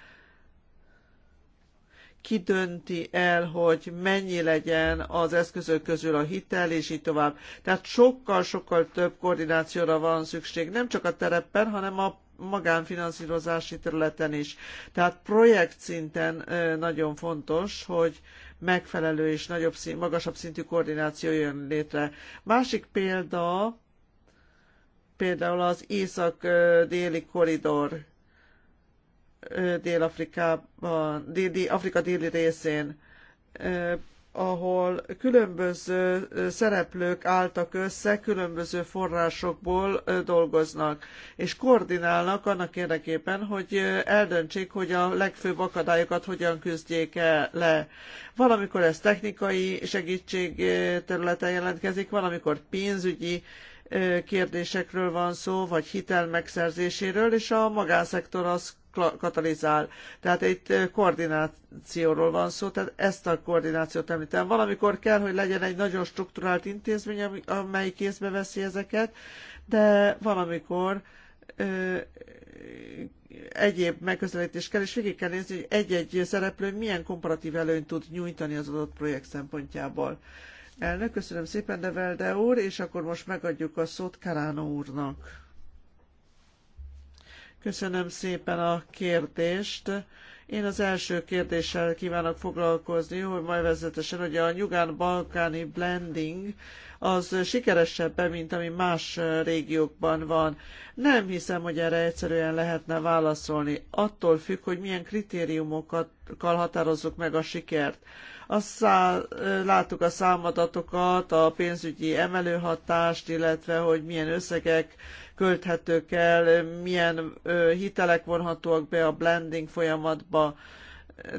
[SPEAKER 2] ki dönti el, hogy mennyi legyen az eszközök közül a hitel, és így tovább. Tehát sokkal-sokkal több koordinációra van szükség, nem csak a terepen, hanem a magánfinanszírozási területen is. Tehát projekt szinten nagyon fontos, hogy megfelelő és nagyobb szint, magasabb szintű koordináció jön létre. Másik példa, például az észak-déli koridor Dél-Afrikában, Afrika déli részén, ahol különböző szereplők álltak össze, különböző forrásokból dolgoznak, és koordinálnak annak érdekében, hogy eldöntsék, hogy a legfőbb akadályokat hogyan küzdjék -e le. Valamikor ez technikai segítség területen jelentkezik, valamikor pénzügyi kérdésekről van szó, vagy hitel megszerzéséről, és a magánszektor az katalizál. Tehát itt koordinációról van szó, tehát ezt a koordinációt említem. Valamikor kell, hogy legyen egy nagyon strukturált intézmény, amely kézbe veszi ezeket, de valamikor ö, egyéb megközelítés kell, és végig kell nézni, hogy egy-egy szereplő milyen komparatív előnyt tud nyújtani az adott projekt szempontjából. Elnök, köszönöm szépen, Nevelde úr, és akkor most megadjuk a szót Karánó úrnak. Köszönöm szépen a kérdést. Én az első kérdéssel kívánok foglalkozni, hogy majd vezetesen, hogy a nyugán-balkáni blending az sikeresebb, mint ami más régiókban van. Nem hiszem, hogy erre egyszerűen lehetne válaszolni. Attól függ, hogy milyen kritériumokat határozzuk meg a sikert. Azt láttuk a számadatokat, a pénzügyi emelőhatást, illetve hogy milyen összegek költhetők el, milyen hitelek vonhatóak be a blending folyamatba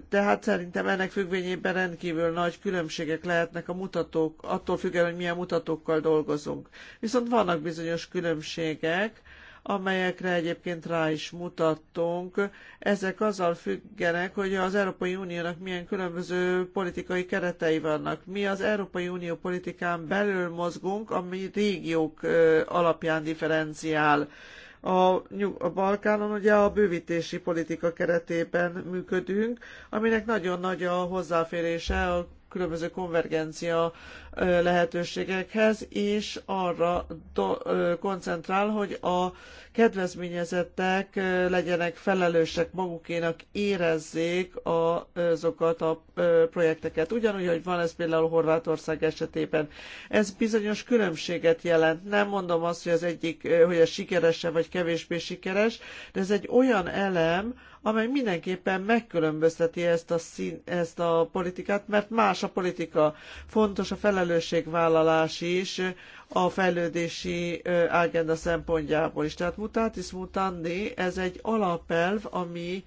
[SPEAKER 2] tehát szerintem ennek függvényében rendkívül nagy különbségek lehetnek a mutatók, attól függően, hogy milyen mutatókkal dolgozunk. Viszont vannak bizonyos különbségek, amelyekre egyébként rá is mutattunk. Ezek azzal függenek, hogy az Európai Uniónak milyen különböző politikai keretei vannak. Mi az Európai Unió politikán belül mozgunk, ami régiók alapján differenciál a, a Balkánon ugye a bővítési politika keretében működünk, aminek nagyon nagy a hozzáférése a különböző konvergencia lehetőségekhez, és arra koncentrál, hogy a kedvezményezettek legyenek felelősek magukénak, érezzék a azokat a projekteket. Ugyanúgy, hogy van ez például Horvátország esetében. Ez bizonyos különbséget jelent. Nem mondom azt, hogy az egyik, hogy a sikeres vagy kevésbé sikeres, de ez egy olyan elem, amely mindenképpen megkülönbözteti ezt a, szín, ezt a politikát, mert más a politika. Fontos a felelősség felelősségvállalás is a fejlődési ágenda szempontjából is. Tehát mutatis mutandi, ez egy alapelv, ami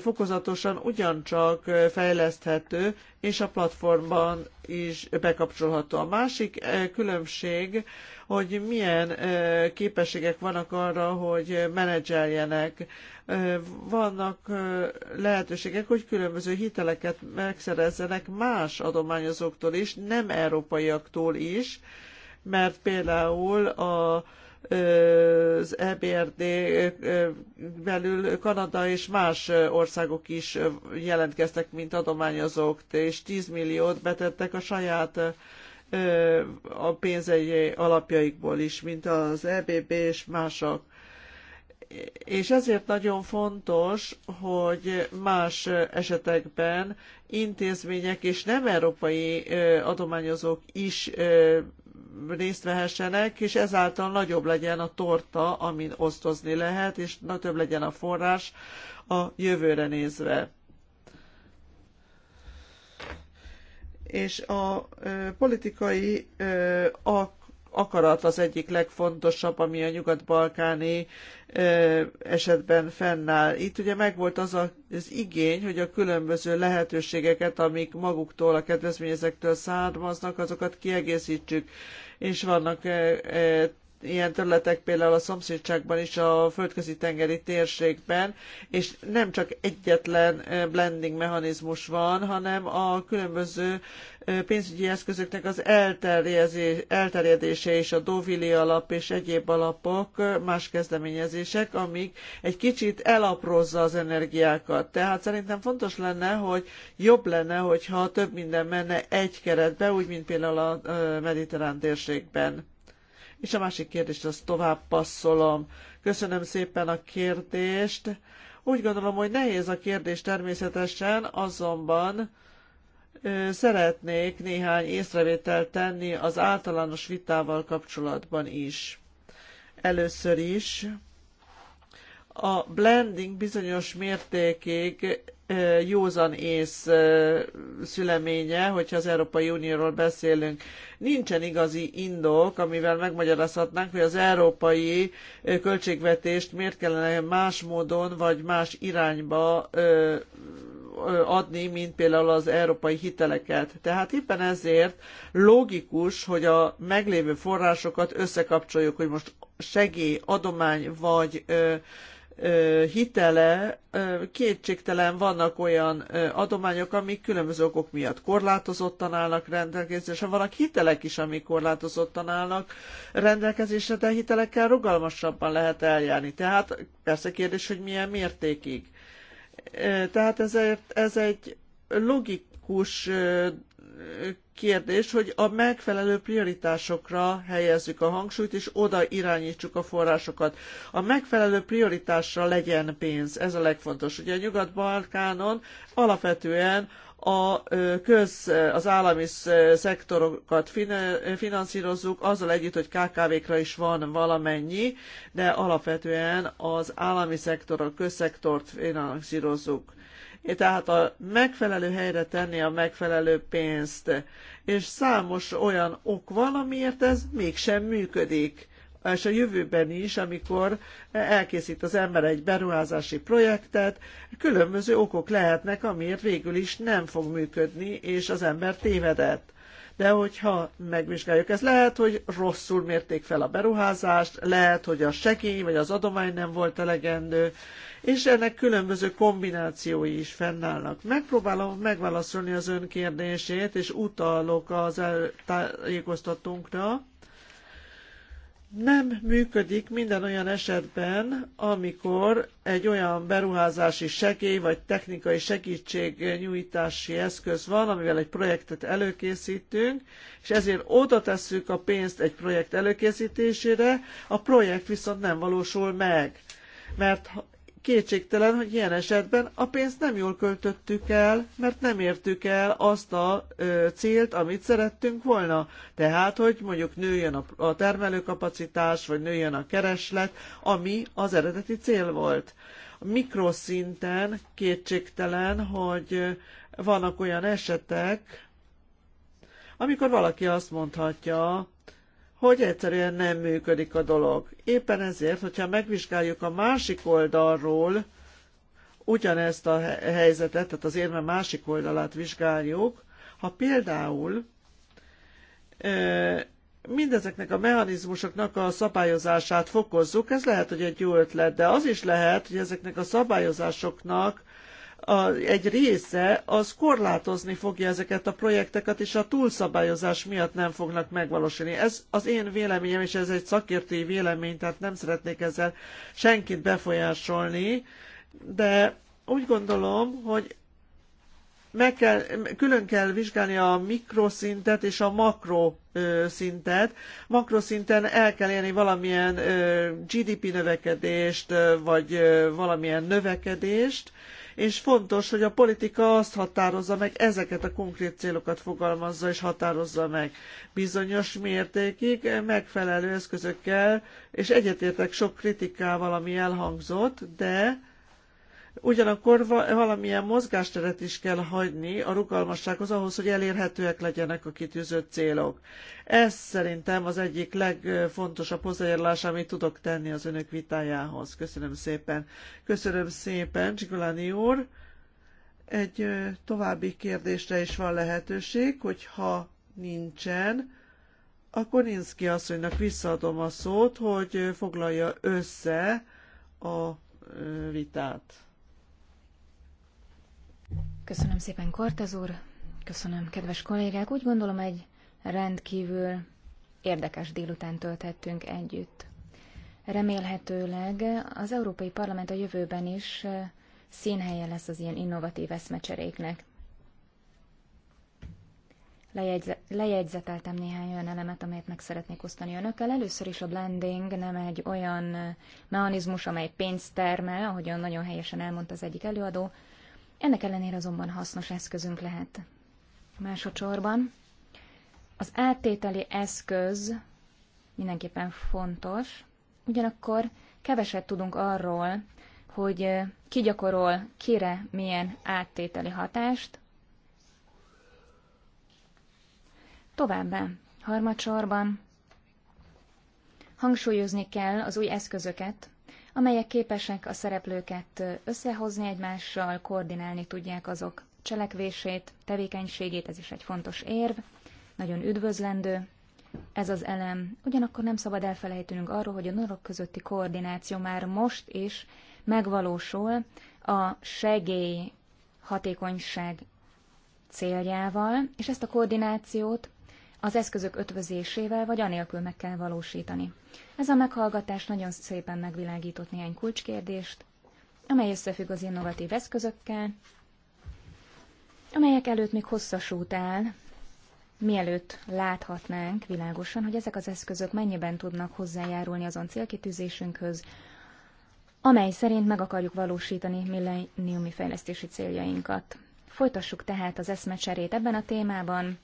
[SPEAKER 2] fokozatosan ugyancsak fejleszthető, és a platformban is bekapcsolható. A másik különbség, hogy milyen képességek vannak arra, hogy menedzseljenek. Vannak lehetőségek, hogy különböző hiteleket megszerezzenek más adományozóktól is, nem európaiaktól is, mert például a az EBRD belül Kanada és más országok is jelentkeztek, mint adományozók, és 10 milliót betettek a saját a pénzei alapjaikból is, mint az EBB és mások és ezért nagyon fontos, hogy más esetekben intézmények és nem európai adományozók is részt vehessenek, és ezáltal nagyobb legyen a torta, amin osztozni lehet, és nagyobb legyen a forrás a jövőre nézve. és a politikai ö, a akarat az egyik legfontosabb, ami a nyugat-balkáni esetben fennáll. Itt ugye megvolt az a, az igény, hogy a különböző lehetőségeket, amik maguktól, a kedvezményezektől származnak, azokat kiegészítsük, és vannak ilyen területek például a szomszédságban is, a földközi tengeri térségben, és nem csak egyetlen blending mechanizmus van, hanem a különböző pénzügyi eszközöknek az elterjedése és a Dovili alap és egyéb alapok, más kezdeményezések, amik egy kicsit elaprózza az energiákat. Tehát szerintem fontos lenne, hogy jobb lenne, hogyha több minden menne egy keretbe, úgy, mint például a mediterrán térségben. És a másik kérdést azt tovább passzolom. Köszönöm szépen a kérdést. Úgy gondolom, hogy nehéz a kérdés természetesen, azonban szeretnék néhány észrevételt tenni az általános vitával kapcsolatban is. Először is a blending bizonyos mértékig józan ész szüleménye, hogyha az Európai Unióról beszélünk. Nincsen igazi indok, amivel megmagyarázhatnánk, hogy az európai költségvetést miért kellene más módon vagy más irányba adni, mint például az európai hiteleket. Tehát éppen ezért logikus, hogy a meglévő forrásokat összekapcsoljuk, hogy most segély, adomány vagy hitele, kétségtelen vannak olyan adományok, amik különböző okok miatt korlátozottan állnak rendelkezésre. Vannak hitelek is, amik korlátozottan állnak rendelkezésre, de hitelekkel rugalmasabban lehet eljárni. Tehát persze kérdés, hogy milyen mértékig. Tehát ezért ez egy logikus kérdés, hogy a megfelelő prioritásokra helyezzük a hangsúlyt, és oda irányítsuk a forrásokat. A megfelelő prioritásra legyen pénz, ez a legfontos. Ugye a Nyugat-Balkánon alapvetően a köz, az állami szektorokat finanszírozzuk, azzal együtt, hogy KKV-kra is van valamennyi, de alapvetően az állami szektor, a közszektort finanszírozzuk tehát a megfelelő helyre tenni a megfelelő pénzt. És számos olyan ok van, amiért ez mégsem működik és a jövőben is, amikor elkészít az ember egy beruházási projektet, különböző okok lehetnek, amiért végül is nem fog működni, és az ember tévedett. De hogyha megvizsgáljuk, ez lehet, hogy rosszul mérték fel a beruházást, lehet, hogy a segély vagy az adomány nem volt elegendő, és ennek különböző kombinációi is fennállnak. Megpróbálom megválaszolni az ön kérdését, és utalok az tájékoztatónkra nem működik minden olyan esetben, amikor egy olyan beruházási segély vagy technikai segítségnyújtási eszköz van, amivel egy projektet előkészítünk, és ezért oda tesszük a pénzt egy projekt előkészítésére, a projekt viszont nem valósul meg. Mert Kétségtelen, hogy ilyen esetben a pénzt nem jól költöttük el, mert nem értük el azt a ö, célt, amit szerettünk volna. Tehát, hogy mondjuk nőjön a, a termelőkapacitás, vagy nőjön a kereslet, ami az eredeti cél volt. A mikroszinten kétségtelen, hogy vannak olyan esetek, amikor valaki azt mondhatja, hogy egyszerűen nem működik a dolog. Éppen ezért, hogyha megvizsgáljuk a másik oldalról ugyanezt a helyzetet, tehát az érme másik oldalát vizsgáljuk, ha például mindezeknek a mechanizmusoknak a szabályozását fokozzuk, ez lehet, hogy egy jó ötlet, de az is lehet, hogy ezeknek a szabályozásoknak a, egy része az korlátozni fogja ezeket a projekteket, és a túlszabályozás miatt nem fognak megvalósulni. Ez az én véleményem, és ez egy szakértői vélemény, tehát nem szeretnék ezzel senkit befolyásolni, de úgy gondolom, hogy meg kell, külön kell vizsgálni a mikroszintet és a makroszintet. Makroszinten el kell érni valamilyen GDP növekedést, vagy valamilyen növekedést, és fontos, hogy a politika azt határozza meg, ezeket a konkrét célokat fogalmazza és határozza meg. Bizonyos mértékig eh, megfelelő eszközökkel, és egyetértek sok kritikával, ami elhangzott, de Ugyanakkor valamilyen mozgásteret is kell hagyni a rugalmassághoz ahhoz, hogy elérhetőek legyenek a kitűzött célok. Ez szerintem az egyik legfontosabb hozzájárulás, amit tudok tenni az önök vitájához. Köszönöm szépen. Köszönöm szépen, Csikulani úr. Egy további kérdésre is van lehetőség, hogyha nincsen, akkor Ninszki asszonynak visszaadom a szót, hogy foglalja össze a vitát.
[SPEAKER 1] Köszönöm szépen, Kortez úr. Köszönöm, kedves kollégák. Úgy gondolom, egy rendkívül érdekes délután tölthettünk együtt. Remélhetőleg az Európai Parlament a jövőben is színhelye lesz az ilyen innovatív eszmecseréknek. Lejegyze, lejegyzeteltem néhány olyan elemet, amelyet meg szeretnék osztani önökkel. Először is a blending nem egy olyan mechanizmus, amely pénzt termel, ahogyan nagyon helyesen elmondta az egyik előadó, ennek ellenére azonban hasznos eszközünk lehet. Másodszorban az áttételi eszköz mindenképpen fontos, ugyanakkor keveset tudunk arról, hogy ki gyakorol kire milyen áttételi hatást. Továbbá, harmadsorban hangsúlyozni kell az új eszközöket, amelyek képesek a szereplőket összehozni egymással, koordinálni tudják azok cselekvését, tevékenységét, ez is egy fontos érv, nagyon üdvözlendő. Ez az elem. Ugyanakkor nem szabad elfelejtenünk arról, hogy a norok közötti koordináció már most is megvalósul a segély hatékonyság céljával, és ezt a koordinációt az eszközök ötvözésével vagy anélkül meg kell valósítani. Ez a meghallgatás nagyon szépen megvilágított néhány kulcskérdést, amely összefügg az innovatív eszközökkel, amelyek előtt még hosszas út áll, mielőtt láthatnánk világosan, hogy ezek az eszközök mennyiben tudnak hozzájárulni azon célkitűzésünkhöz, amely szerint meg akarjuk valósítani milleniumi fejlesztési céljainkat. Folytassuk tehát az eszmecserét ebben a témában,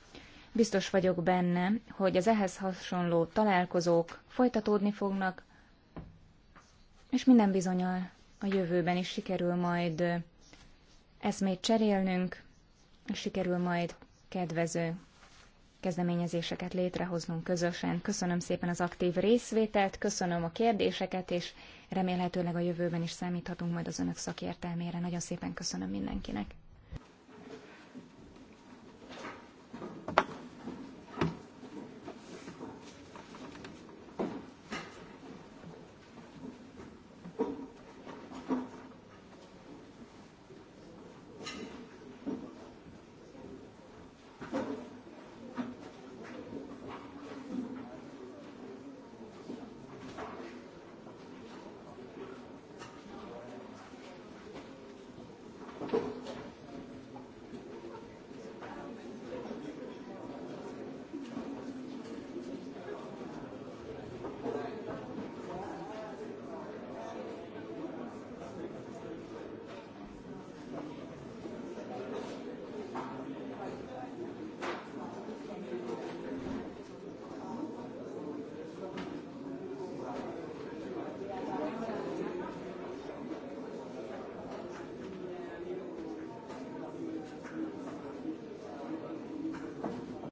[SPEAKER 1] Biztos vagyok benne, hogy az ehhez hasonló találkozók folytatódni fognak, és minden bizonyal a jövőben is sikerül majd eszmét cserélnünk, és sikerül majd kedvező kezdeményezéseket létrehoznunk közösen. Köszönöm szépen az aktív részvételt, köszönöm a kérdéseket, és remélhetőleg a jövőben is számíthatunk majd az önök szakértelmére. Nagyon szépen köszönöm mindenkinek.